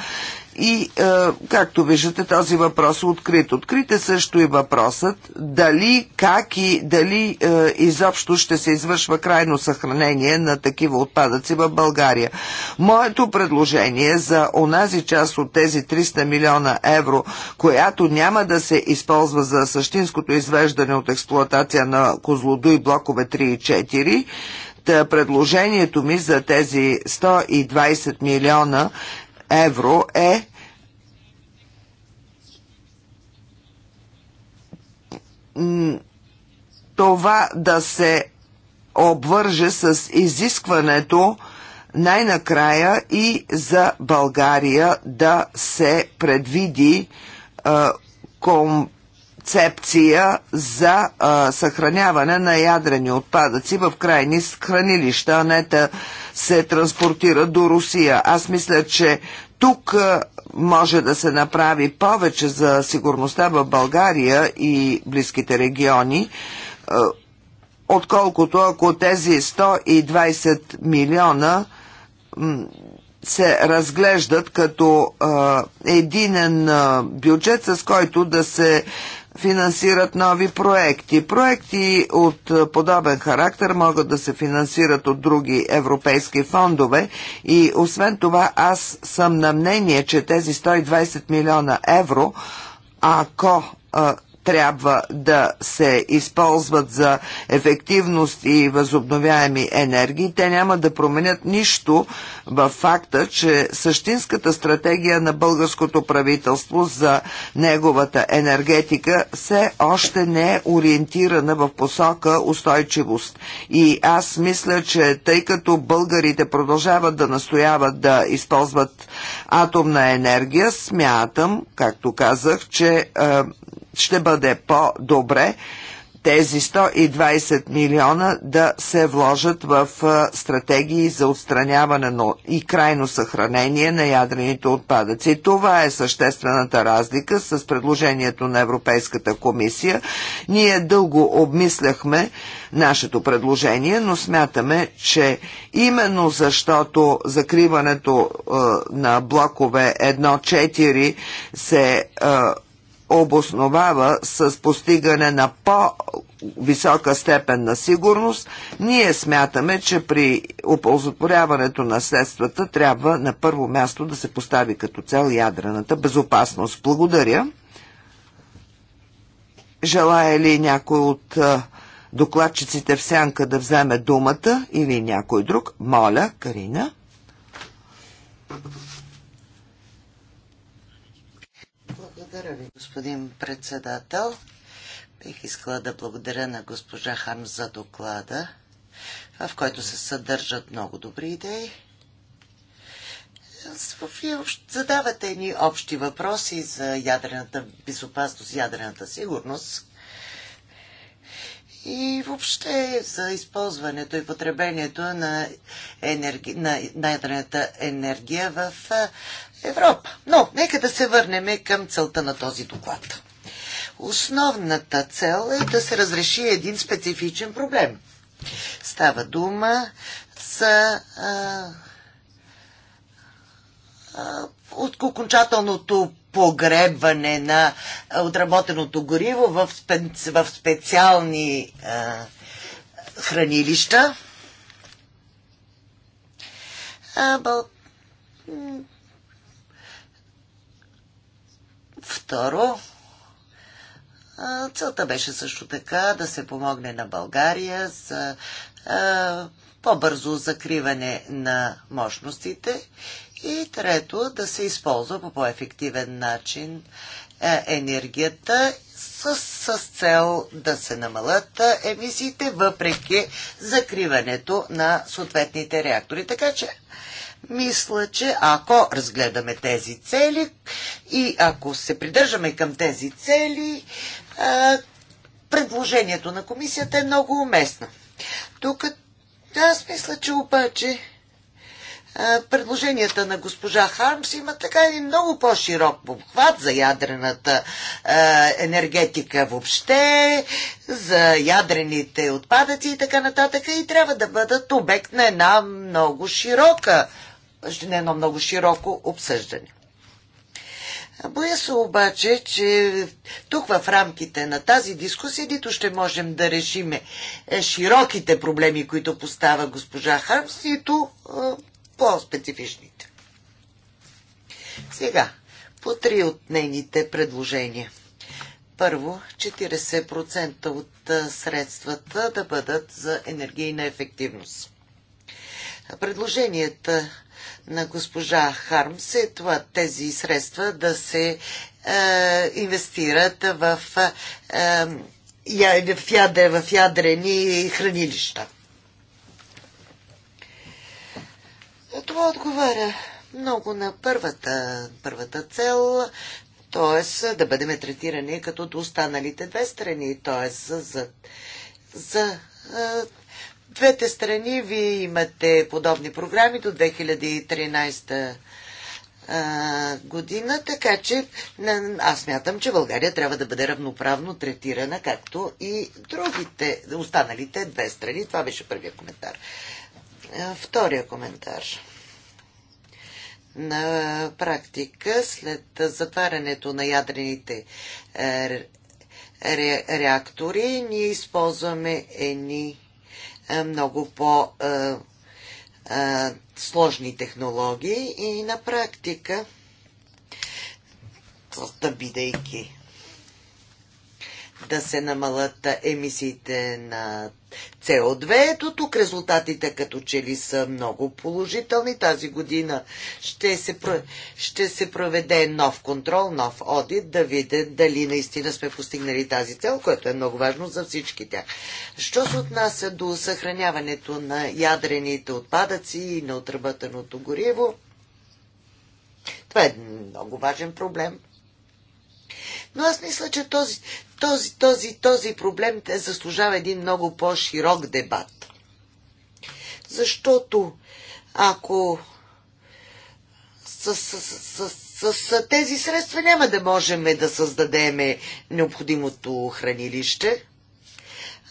И, е, както виждате, този въпрос е открит. Открит е също и въпросът дали, как и дали е, изобщо ще се извършва крайно съхранение на такива отпадъци в България. Моето предложение за онази част от тези 300 милиона евро, която няма да се използва за същинското извеждане от експлуатация на Козлодо и блокове 3 и 4, предложението ми за тези 120 милиона евро е това да се обвърже с изискването най-накрая и за България да се предвиди е, концепция за а, съхраняване на ядрени отпадъци в крайни хранилища, а не да се транспортира до Русия. Аз мисля, че тук а, може да се направи повече за сигурността в България и близките региони, а, отколкото ако тези 120 милиона се разглеждат като а, единен а, бюджет, с който да се финансират нови проекти. Проекти от е, подобен характер могат да се финансират от други европейски фондове и освен това аз съм на мнение, че тези 120 милиона евро, ако е, трябва да се използват за ефективност и възобновяеми енергии, те няма да променят нищо в факта, че същинската стратегия на българското правителство за неговата енергетика все още не е ориентирана в посока устойчивост. И аз мисля, че тъй като българите продължават да настояват да използват атомна енергия, смятам, както казах, че е, ще бъде по-добре тези 120 милиона да се вложат в стратегии за отстраняване и крайно съхранение на ядрените отпадъци. Това е съществената разлика с предложението на Европейската комисия. Ние дълго обмисляхме нашето предложение, но смятаме, че именно защото закриването на блокове 1-4 се е, обосновава с постигане на по-висока степен на сигурност, ние смятаме, че при оползотворяването на следствата трябва на първо място да се постави като цел ядрената безопасност. Благодаря. Желая ли някой от докладчиците в сянка да вземе думата или някой друг? Моля, Карина. Thank you. Благодаря ви, господин председател. Бих искала да благодаря на госпожа Хам за доклада, в който се съдържат много добри идеи. Вие задавате ни общи въпроси за ядрената безопасност, ядрената сигурност и въобще за използването и потреблението на, енерги... на ядрената енергия в Европа. Но нека да се върнем към целта на този доклад. Основната цел е да се разреши един специфичен проблем. Става дума за а, а, от окончателното погребване на отработеното гориво в, специ, в специални а, хранилища. А, бъл... Второ, целта беше също така да се помогне на България за по-бързо закриване на мощностите и трето да се използва по по-ефективен начин енергията с, с цел да се намалят емисиите, въпреки закриването на съответните реактори. Така че мисля, че ако разгледаме тези цели и ако се придържаме към тези цели, е, предложението на комисията е много уместно. Тук аз мисля, че обаче е, предложенията на госпожа Хармс има така един много по-широк обхват за ядрената е, енергетика въобще, за ядрените отпадъци и така нататък и трябва да бъдат обект на една много широка на е едно много широко обсъждане. Боя се обаче, че тук в рамките на тази дискусия нито ще можем да решиме широките проблеми, които постава госпожа Хармс, нито е, по-специфичните. Сега, по три от нейните предложения. Първо, 40% от е, средствата да бъдат за енергийна ефективност. Предложенията на госпожа Хармс е това тези средства да се е, инвестират в, е, в, ядре, в ядрени хранилища. Това отговаря много на първата, първата цел, т.е. да бъдем третирани като останалите две страни, т.е. за, за е, двете страни вие имате подобни програми до 2013 година, така че аз мятам, че България трябва да бъде равноправно третирана, както и другите, останалите две страни. Това беше първия коментар. втория коментар. На практика, след затварянето на ядрените реактори, ние използваме едни е, много по- е, е, сложни технологии и на практика, бидейки да се намалят емисиите на CO2. Ето тук резултатите като че ли са много положителни. Тази година ще се, ще се проведе нов контрол, нов одит, да видя дали наистина сме постигнали тази цел, което е много важно за всички тях. Що се отнася до съхраняването на ядрените отпадъци и на отработеното гориво, това е много важен проблем – но аз мисля, че този, този, този, този проблем те заслужава един много по-широк дебат. Защото ако с, с, с, с, с тези средства няма да можем да създадем необходимото хранилище,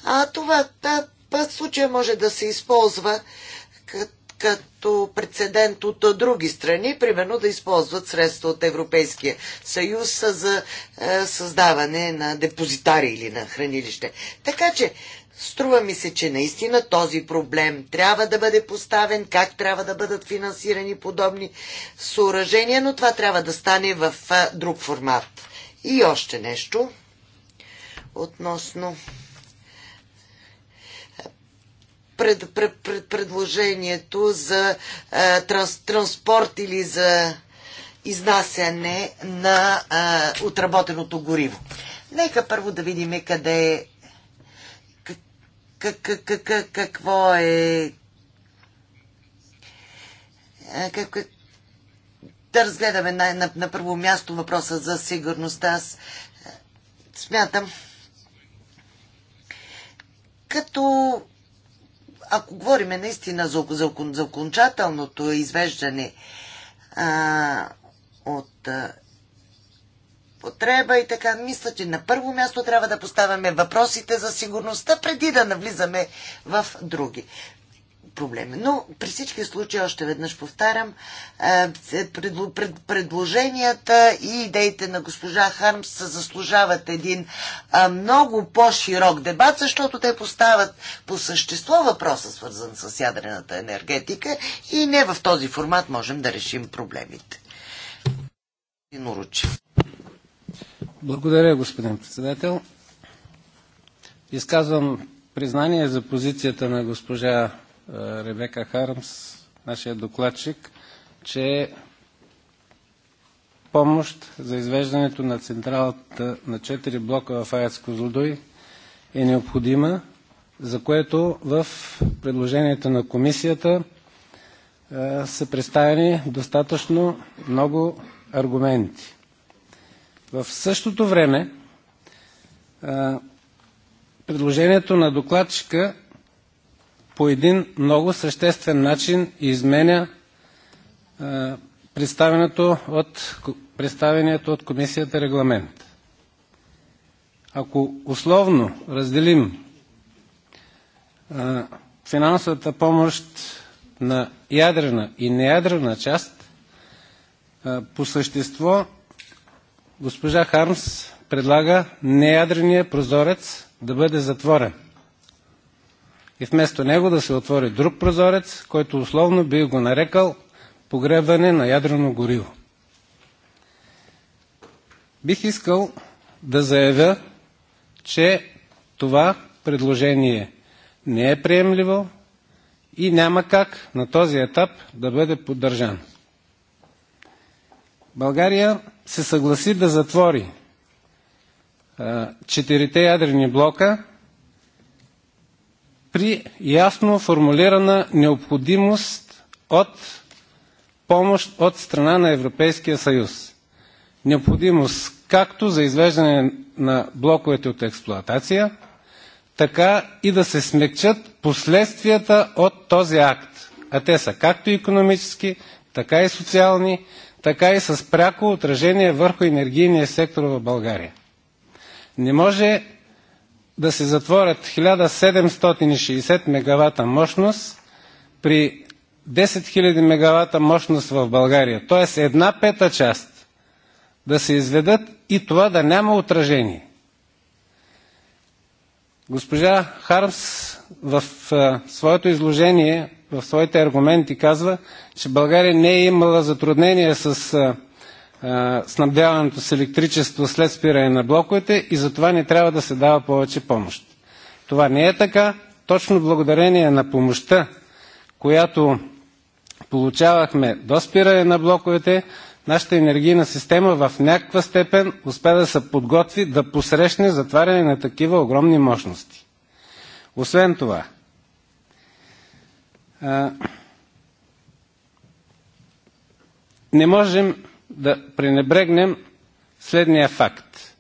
а това, та, път случая може да се използва като прецедент от други страни, примерно да използват средства от Европейския съюз за е, създаване на депозитари или на хранилище. Така че Струва ми се, че наистина този проблем трябва да бъде поставен, как трябва да бъдат финансирани подобни съоръжения, но това трябва да стане в е, друг формат. И още нещо относно пред, пред, пред предложението за а, е, транс, транспорт или за изнасяне на а, е, отработеното гориво. Нека първо да видим къде е как, как, как, какво е, е как, да разгледаме на, на, на първо място въпроса за сигурността. Аз смятам, като ако говорим наистина за, за, за окончателното извеждане а, от а, потреба и така, мисля, че на първо място трябва да поставяме въпросите за сигурността, преди да навлизаме в други проблеми. Но при всички случаи, още веднъж повтарям, е, предложенията и идеите на госпожа Хармс заслужават един е, много по-широк дебат, защото те поставят по същество въпроса, свързан с ядрената енергетика и не в този формат можем да решим проблемите. Благодаря, господин председател. Изказвам признание за позицията на госпожа Ребека Хармс, нашия докладчик, че помощ за извеждането на централата на 4 блока в АЕЦ Козлодой е необходима, за което в предложенията на комисията е, са представени достатъчно много аргументи. В същото време е, предложението на докладчика по един много съществен начин изменя е, представеното от, представеният от комисията регламент. Ако условно разделим е, финансовата помощ на ядрена и неядрена част, е, по същество госпожа Хармс предлага неядрения прозорец да бъде затворен – и вместо него да се отвори друг прозорец, който условно би го нарекал погребване на ядрено гориво. Бих искал да заявя, че това предложение не е приемливо и няма как на този етап да бъде поддържан. България се съгласи да затвори четирите ядрени блока при ясно формулирана необходимост от помощ от страна на Европейския съюз. Необходимост както за извеждане на блоковете от експлоатация, така и да се смекчат последствията от този акт. А те са както економически, така и социални, така и с пряко отражение върху енергийния сектор в България. Не може да се затворят 1760 мегавата мощност при 10 000 мегавата мощност в България. Тоест една пета част да се изведат и това да няма отражение. Госпожа Хармс в своето изложение, в своите аргументи казва, че България не е имала затруднения с снабдяването с електричество след спиране на блоковете и затова не трябва да се дава повече помощ. Това не е така. Точно благодарение на помощта, която получавахме до спиране на блоковете, нашата енергийна система в някаква степен успя да се подготви да посрещне затваряне на такива огромни мощности. Освен това, не можем да пренебрегнем следния факт.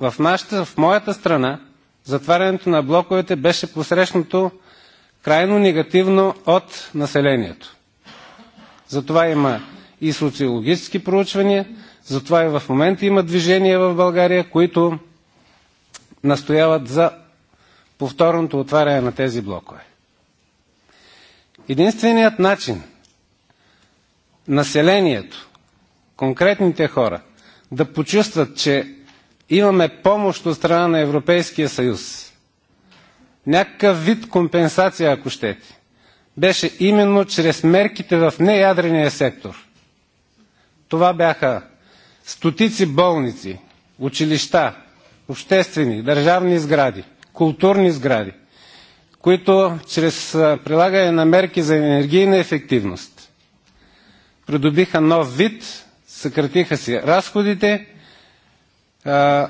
В, нашата, в моята страна затварянето на блоковете беше посрещнато крайно негативно от населението. Затова има и социологически проучвания, затова и в момента има движения в България, които настояват за повторното отваряне на тези блокове. Единственият начин населението конкретните хора да почувстват, че имаме помощ от страна на Европейския съюз. Някакъв вид компенсация, ако щете, беше именно чрез мерките в неядрения сектор. Това бяха стотици болници, училища, обществени, държавни сгради, културни сгради, които чрез прилагане на мерки за енергийна ефективност придобиха нов вид съкратиха се разходите. А,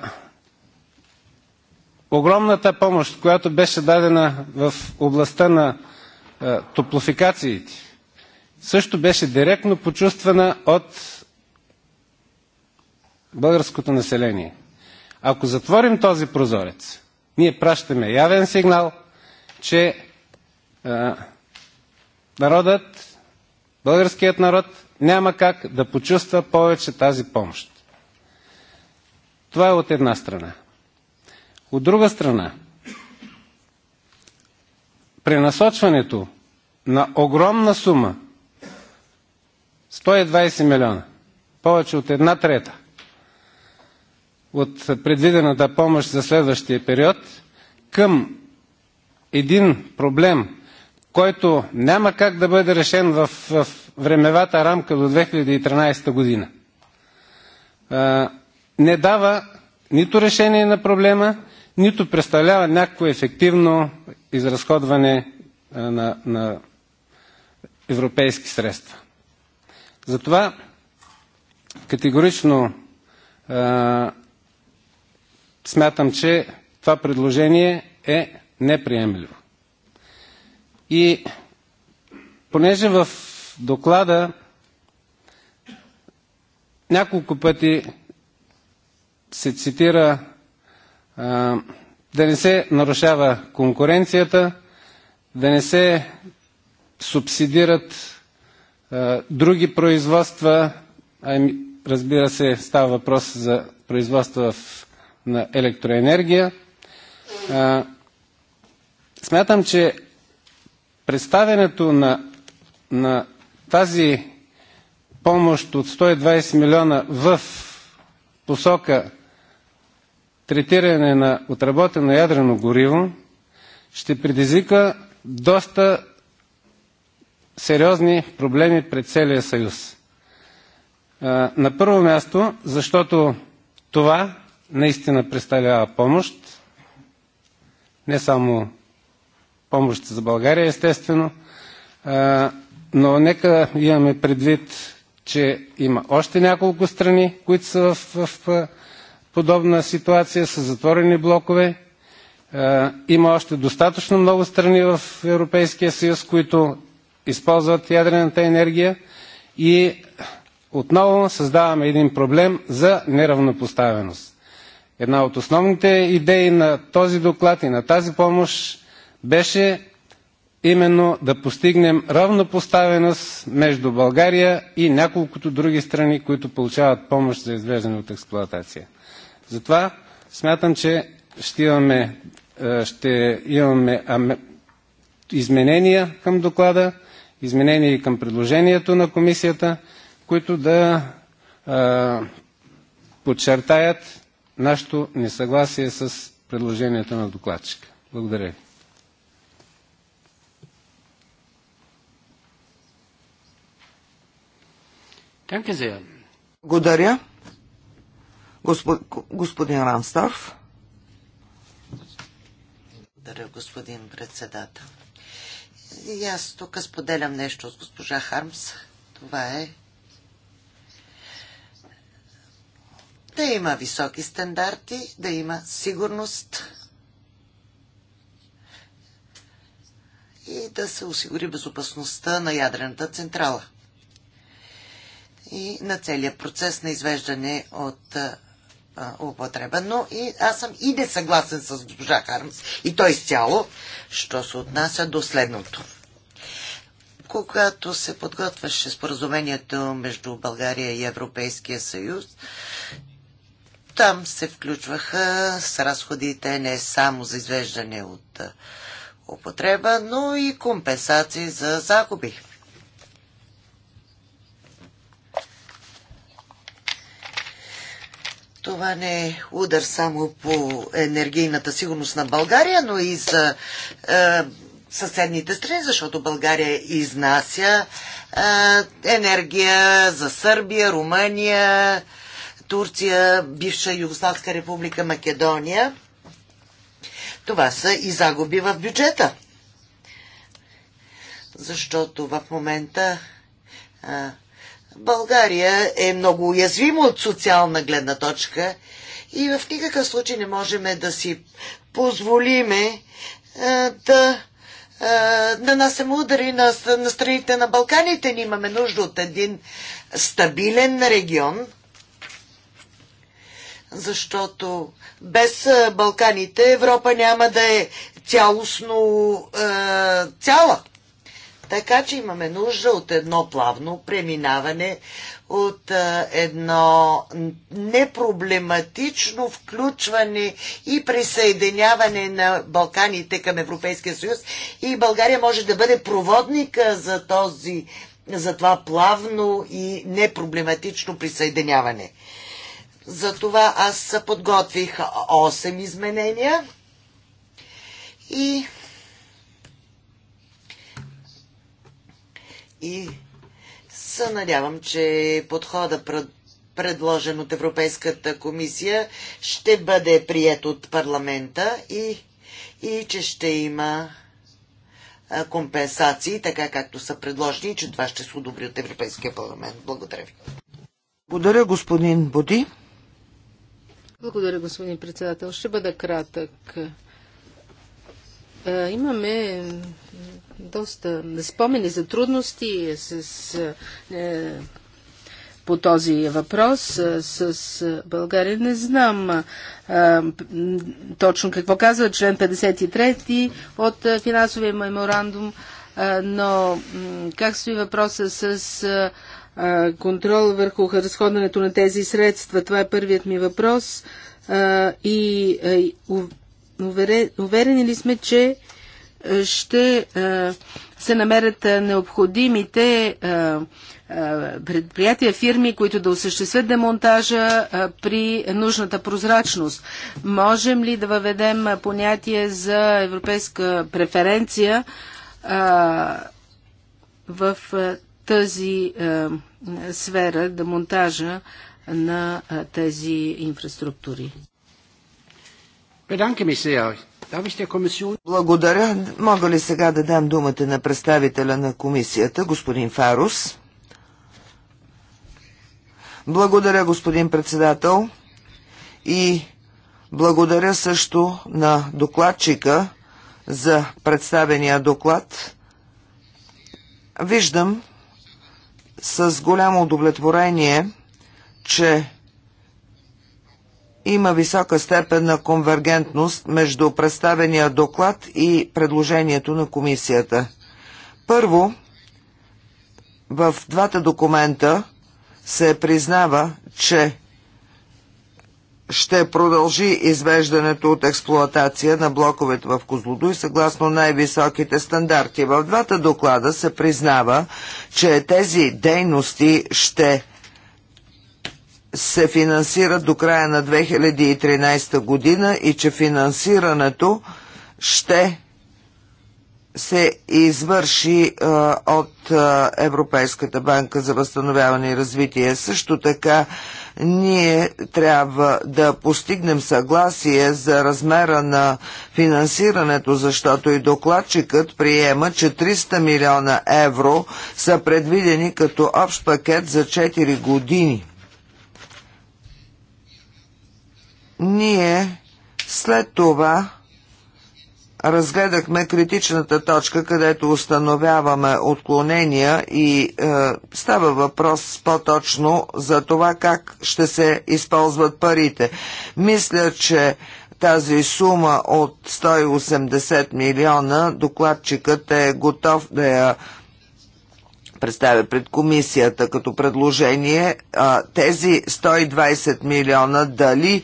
огромната помощ, която беше дадена в областта на а, топлофикациите, също беше директно почувствана от българското население. Ако затворим този прозорец, ние пращаме явен сигнал, че а, народът Българският народ няма как да почувства повече тази помощ. Това е от една страна. От друга страна, пренасочването на огромна сума 120 милиона, повече от една трета от предвидената помощ за следващия период към един проблем, който няма как да бъде решен в, в времевата рамка до 2013 година, не дава нито решение на проблема, нито представлява някакво ефективно изразходване на, на европейски средства. Затова категорично а, смятам, че това предложение е неприемливо. И понеже в доклада няколко пъти се цитира да не се нарушава конкуренцията, да не се субсидират други производства, а, разбира се, става въпрос за производства на електроенергия. смятам, че представянето на, на тази помощ от 120 милиона в посока третиране на отработено ядрено гориво ще предизвика доста сериозни проблеми пред целия съюз. На първо място, защото това наистина представлява помощ, не само помощ за България, естествено. Но нека имаме предвид, че има още няколко страни, които са в, подобна ситуация с затворени блокове. Има още достатъчно много страни в Европейския съюз, които използват ядрената енергия и отново създаваме един проблем за неравнопоставеност. Една от основните идеи на този доклад и на тази помощ беше именно да постигнем равнопоставеност между България и няколкото други страни, които получават помощ за извеждане от експлоатация. Затова смятам, че ще имаме, е, ще имаме изменения към доклада, изменения и към предложението на комисията, които да е, подчертаят нашето несъгласие с предложението на докладчика. Благодаря ви. Благодаря. Господин Рамсторф. Благодаря, господин председател. И аз тук споделям нещо с госпожа Хармс. Това е да има високи стандарти, да има сигурност и да се осигури безопасността на ядрената централа и на целия процес на извеждане от употреба. Но и аз съм и не съгласен с госпожа Хармс и той изцяло, що се отнася до следното. Когато се подготвяше споразумението между България и Европейския съюз, там се включваха с разходите не само за извеждане от употреба, но и компенсации за загуби. Това не е удар само по енергийната сигурност на България, но и за е, съседните страни, защото България изнася е, енергия за Сърбия, Румъния, Турция, бивша Югославска република Македония. Това са и загуби в бюджета. Защото в момента е, България е много уязвима от социална гледна точка и в никакъв случай не можем да си позволиме е, да е, нанасяме удари на, на страните на Балканите. Ние имаме нужда от един стабилен регион, защото без е, Балканите Европа няма да е цялостно е, цяла. Така че имаме нужда от едно плавно преминаване, от едно непроблематично включване и присъединяване на Балканите към Европейския съюз и България може да бъде проводника за този за това плавно и непроблематично присъединяване. Затова аз подготвих 8 изменения и И се надявам, че подхода пред предложен от Европейската комисия, ще бъде прият от парламента и, и че ще има компенсации, така както са предложени, че това ще се одобри от Европейския парламент. Благодаря ви. Благодаря, господин Боди. Благодаря, господин председател. Ще бъда кратък. Имаме доста спомени за трудности с, е, по този въпрос с, България. Не знам е, точно какво казва член 53 от финансовия меморандум, е, но как стои въпроса с е, контрол върху разходването на тези средства? Това е първият ми въпрос. Е, и е, уверени ли сме, че е, ще е, се намерят е, необходимите предприятия, фирми, които да осъществят демонтажа при нужната прозрачност. Можем ли да въведем понятие за европейска преференция в тази сфера, демонтажа на тези инфраструктури? Благодаря. Мога ли сега да дам думата на представителя на комисията, господин Фарус? Благодаря, господин председател. И благодаря също на докладчика за представения доклад. Виждам с голямо удовлетворение, че има висока степен на конвергентност между представения доклад и предложението на комисията. Първо, в двата документа се признава, че ще продължи извеждането от експлоатация на блоковете в Козлодуй съгласно най-високите стандарти. В двата доклада се признава, че тези дейности ще се финансира до края на 2013 година и че финансирането ще се извърши а, от а, Европейската банка за възстановяване и развитие. Също така ние трябва да постигнем съгласие за размера на финансирането, защото и докладчикът приема, че 300 милиона евро са предвидени като общ пакет за 4 години. ние след това разгледахме критичната точка, където установяваме отклонения и е, става въпрос по-точно за това как ще се използват парите. Мисля, че тази сума от 180 милиона докладчикът е готов да я представя пред комисията като предложение тези 120 милиона дали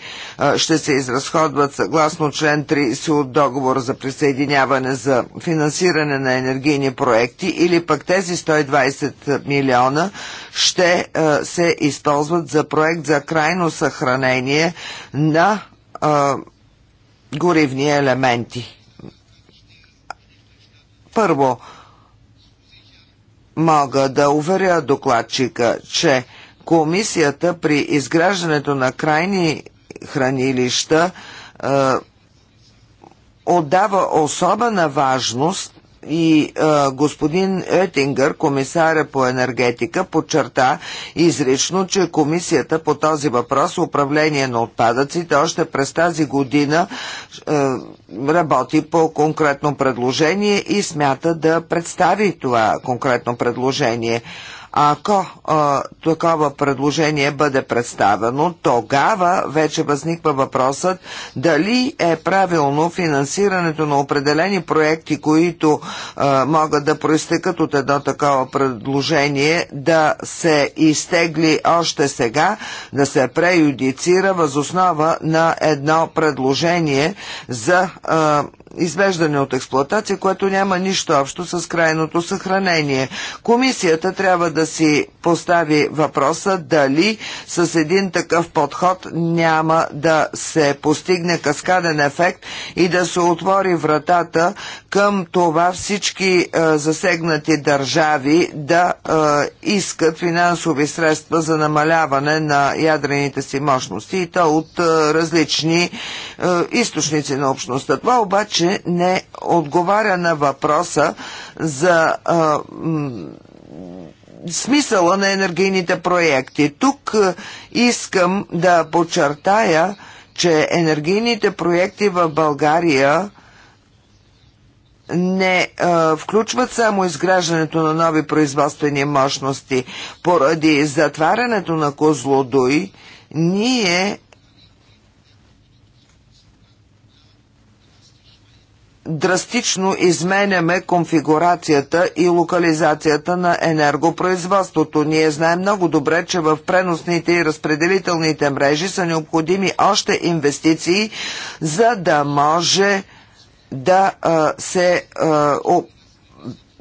ще се изразходват съгласно член 30 от договора за присъединяване за финансиране на енергийни проекти или пък тези 120 милиона ще се използват за проект за крайно съхранение на горивни елементи. Първо, мога да уверя докладчика, че комисията при изграждането на крайни хранилища е, отдава особена важност и а, господин Етингър, комисаря по енергетика, подчерта изрично, че комисията по този въпрос управление на отпадъците още през тази година а, работи по конкретно предложение и смята да представи това конкретно предложение. Ако а, такова предложение бъде представено, тогава вече възниква въпросът дали е правилно финансирането на определени проекти, които а, могат да проистекат от едно такова предложение, да се изтегли още сега, да се преюдицира възоснова на едно предложение за а, извеждане от експлоатация, което няма нищо общо с крайното съхранение. Комисията трябва да си постави въпроса дали с един такъв подход няма да се постигне каскаден ефект и да се отвори вратата към това всички е, засегнати държави да е, искат финансови средства за намаляване на ядрените си мощности и то от е, различни е, източници на общността. Това обаче обаче не отговаря на въпроса за а, смисъла на енергийните проекти. Тук искам да подчертая, че енергийните проекти в България не а, включват само изграждането на нови производствени мощности. Поради затварянето на Козлодуй, ние драстично изменяме конфигурацията и локализацията на енергопроизводството. Ние знаем много добре, че в преносните и разпределителните мрежи са необходими още инвестиции, за да може да се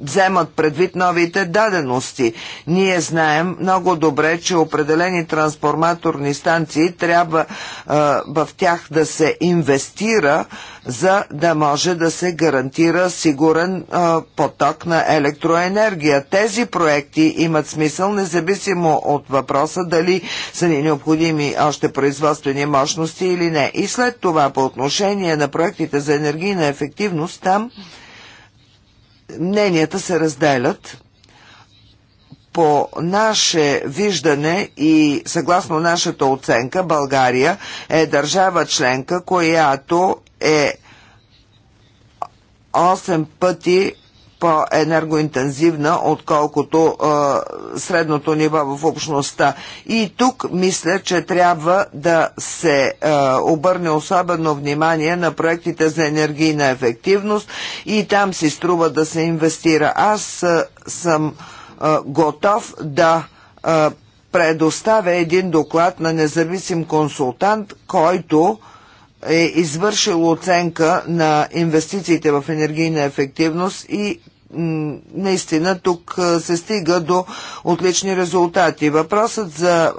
вземат предвид новите дадености. Ние знаем много добре, че определени трансформаторни станции трябва а, в тях да се инвестира, за да може да се гарантира сигурен а, поток на електроенергия. Тези проекти имат смисъл, независимо от въпроса дали са ни необходими още производствени мощности или не. И след това по отношение на проектите за енергийна ефективност там мненията се разделят. По наше виждане и съгласно нашата оценка, България е държава членка, която е 8 пъти по-енергоинтензивна, отколкото е, средното ниво в общността. И тук мисля, че трябва да се е, обърне особено внимание на проектите за енергийна ефективност и там си струва да се инвестира. Аз е, съм е, готов да е, предоставя един доклад на независим консултант, който е извършил оценка на инвестициите в енергийна ефективност и наистина тук се стига до отлични резултати. Въпросът за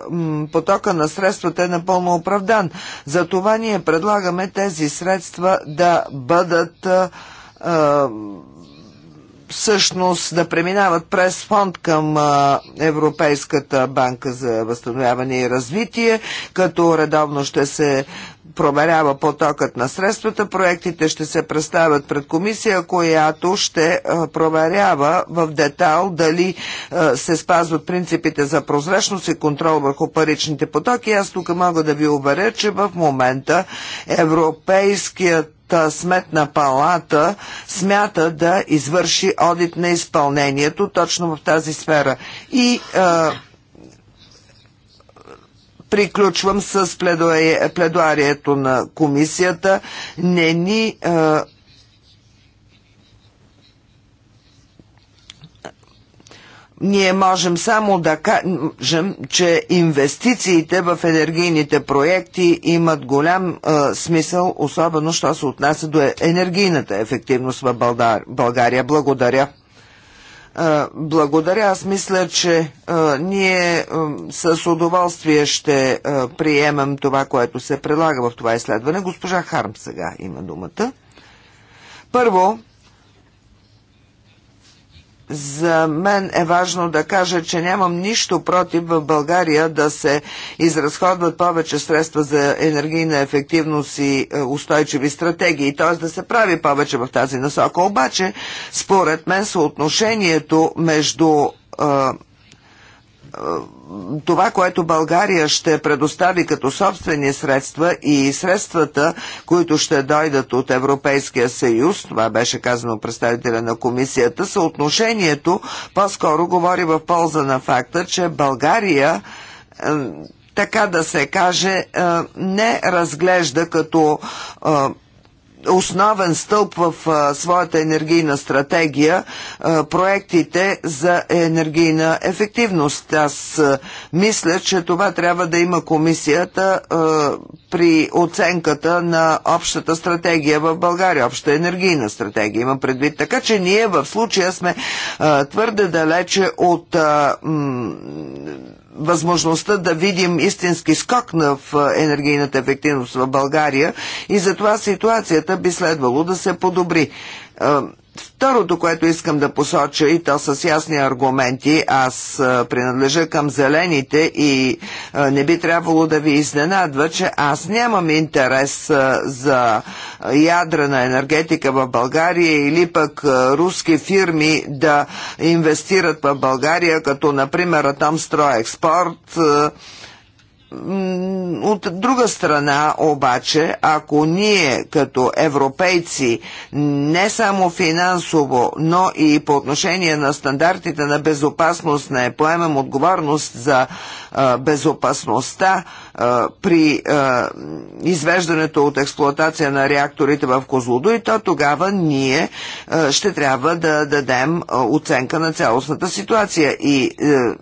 потока на средствата е напълно оправдан. За това ние предлагаме тези средства да бъдат всъщност да преминават през фонд към Европейската банка за възстановяване и развитие, като редовно ще се проверява потокът на средствата. Проектите ще се представят пред комисия, която ще е, проверява в детал дали е, се спазват принципите за прозрачност и контрол върху паричните потоки. Аз тук мога да ви уверя, че в момента Европейският е, сметна палата смята да извърши одит на изпълнението точно в тази сфера. И е, Приключвам с пледуарието на комисията. Не ни ние можем само да кажем, че инвестициите в енергийните проекти имат голям е, смисъл, особено що се отнася до енергийната ефективност в България. Благодаря. Благодаря. Аз мисля, че ние с удоволствие ще приемам това, което се предлага в това изследване. Госпожа Харм сега има думата. Първо, за мен е важно да кажа, че нямам нищо против в България да се изразходват повече средства за енергийна ефективност и е, устойчиви стратегии, т.е. да се прави повече в тази насока. Обаче, според мен, съотношението между е, е, това, което България ще предостави като собствени средства и средствата, които ще дойдат от Европейския съюз, това беше казано представителя на комисията, съотношението по-скоро говори в полза на факта, че България е, така да се каже, е, не разглежда като е, основен стълб в а, своята енергийна стратегия а, проектите за енергийна ефективност. Аз а, мисля, че това трябва да има комисията при оценката на общата стратегия в България, обща енергийна стратегия има предвид. Така че ние в случая сме твърде далече от възможността да видим истински скок на в енергийната ефективност в България и затова ситуацията би следвало да се подобри. Второто, което искам да посоча и то с ясни аргументи, аз принадлежа към зелените и не би трябвало да ви изненадва, че аз нямам интерес за ядрена енергетика в България или пък руски фирми да инвестират в България, като например Атомстроекспорт, експорт от друга страна, обаче, ако ние като европейци не само финансово, но и по отношение на стандартите на безопасност не поемем отговорност за а, безопасността а, при а, извеждането от експлуатация на реакторите в Козлодо и то тогава ние а, ще трябва да дадем а, оценка на цялостната ситуация. И а,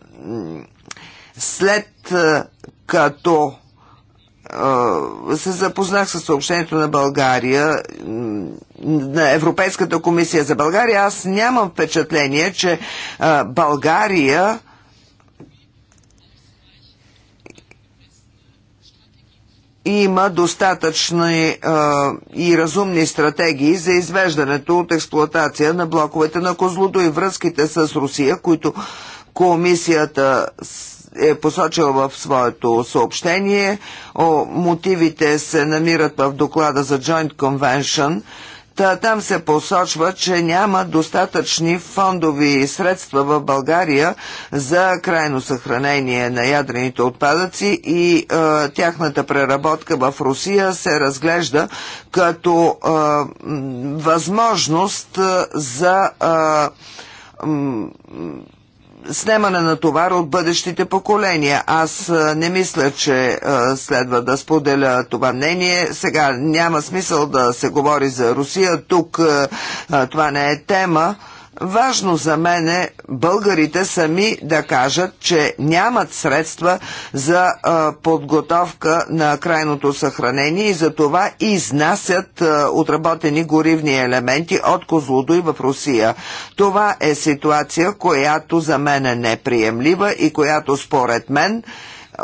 след а, като се запознах с съобщението на България, на Европейската комисия за България, аз нямам впечатление, че България има достатъчни а, и разумни стратегии за извеждането от експлоатация на блоковете на Козлодо и връзките с Русия, които комисията е посочил в своето съобщение. О, мотивите се намират в доклада за Joint Convention. Та, там се посочва, че няма достатъчни фондови средства в България за крайно съхранение на ядрените отпадъци и е, тяхната преработка в Русия се разглежда като е, възможност е, за. Е, снемане на товар от бъдещите поколения. Аз не мисля, че следва да споделя това мнение. Сега няма смисъл да се говори за Русия. Тук това не е тема. Важно за мен е българите сами да кажат, че нямат средства за а, подготовка на крайното съхранение и за това изнасят а, отработени горивни елементи от Козлодой в Русия. Това е ситуация, която за мен е неприемлива и която според мен,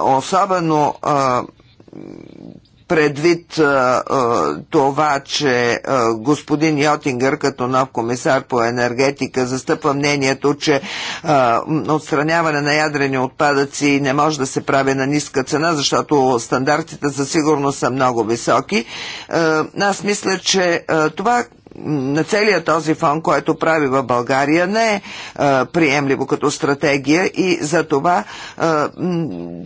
особено а, предвид а, а, това, че а, господин Йотингър като нов комисар по енергетика застъпва мнението, че а, отстраняване на ядрени отпадъци не може да се прави на ниска цена, защото стандартите за сигурност са много високи. А, аз мисля, че а, това на целият този фон, който прави в България, не е приемливо като стратегия и за това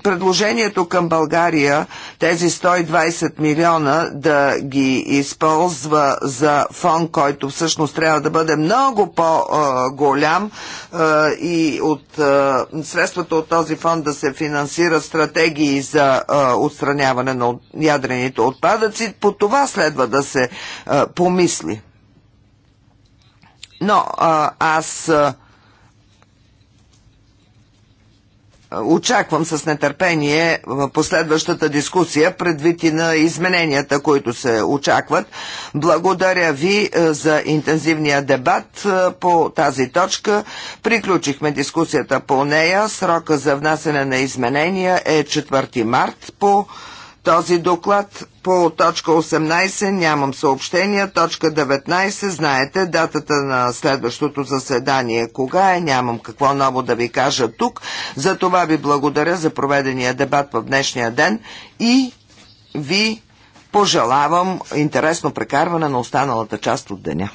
предложението към България тези 120 милиона да ги използва за фон, който всъщност трябва да бъде много по-голям и от средствата от този фонд да се финансират стратегии за отстраняване на ядрените отпадъци, по това следва да се помисли. Но а, аз а, очаквам с нетърпение последващата дискусия предвид и на измененията, които се очакват. Благодаря ви за интензивния дебат по тази точка. Приключихме дискусията по нея. Срока за внасене на изменения е 4 март по този доклад. По точка 18 нямам съобщения. Точка 19 знаете датата на следващото заседание. Кога е? Нямам какво ново да ви кажа тук. За това ви благодаря за проведения дебат в днешния ден и ви пожелавам интересно прекарване на останалата част от деня.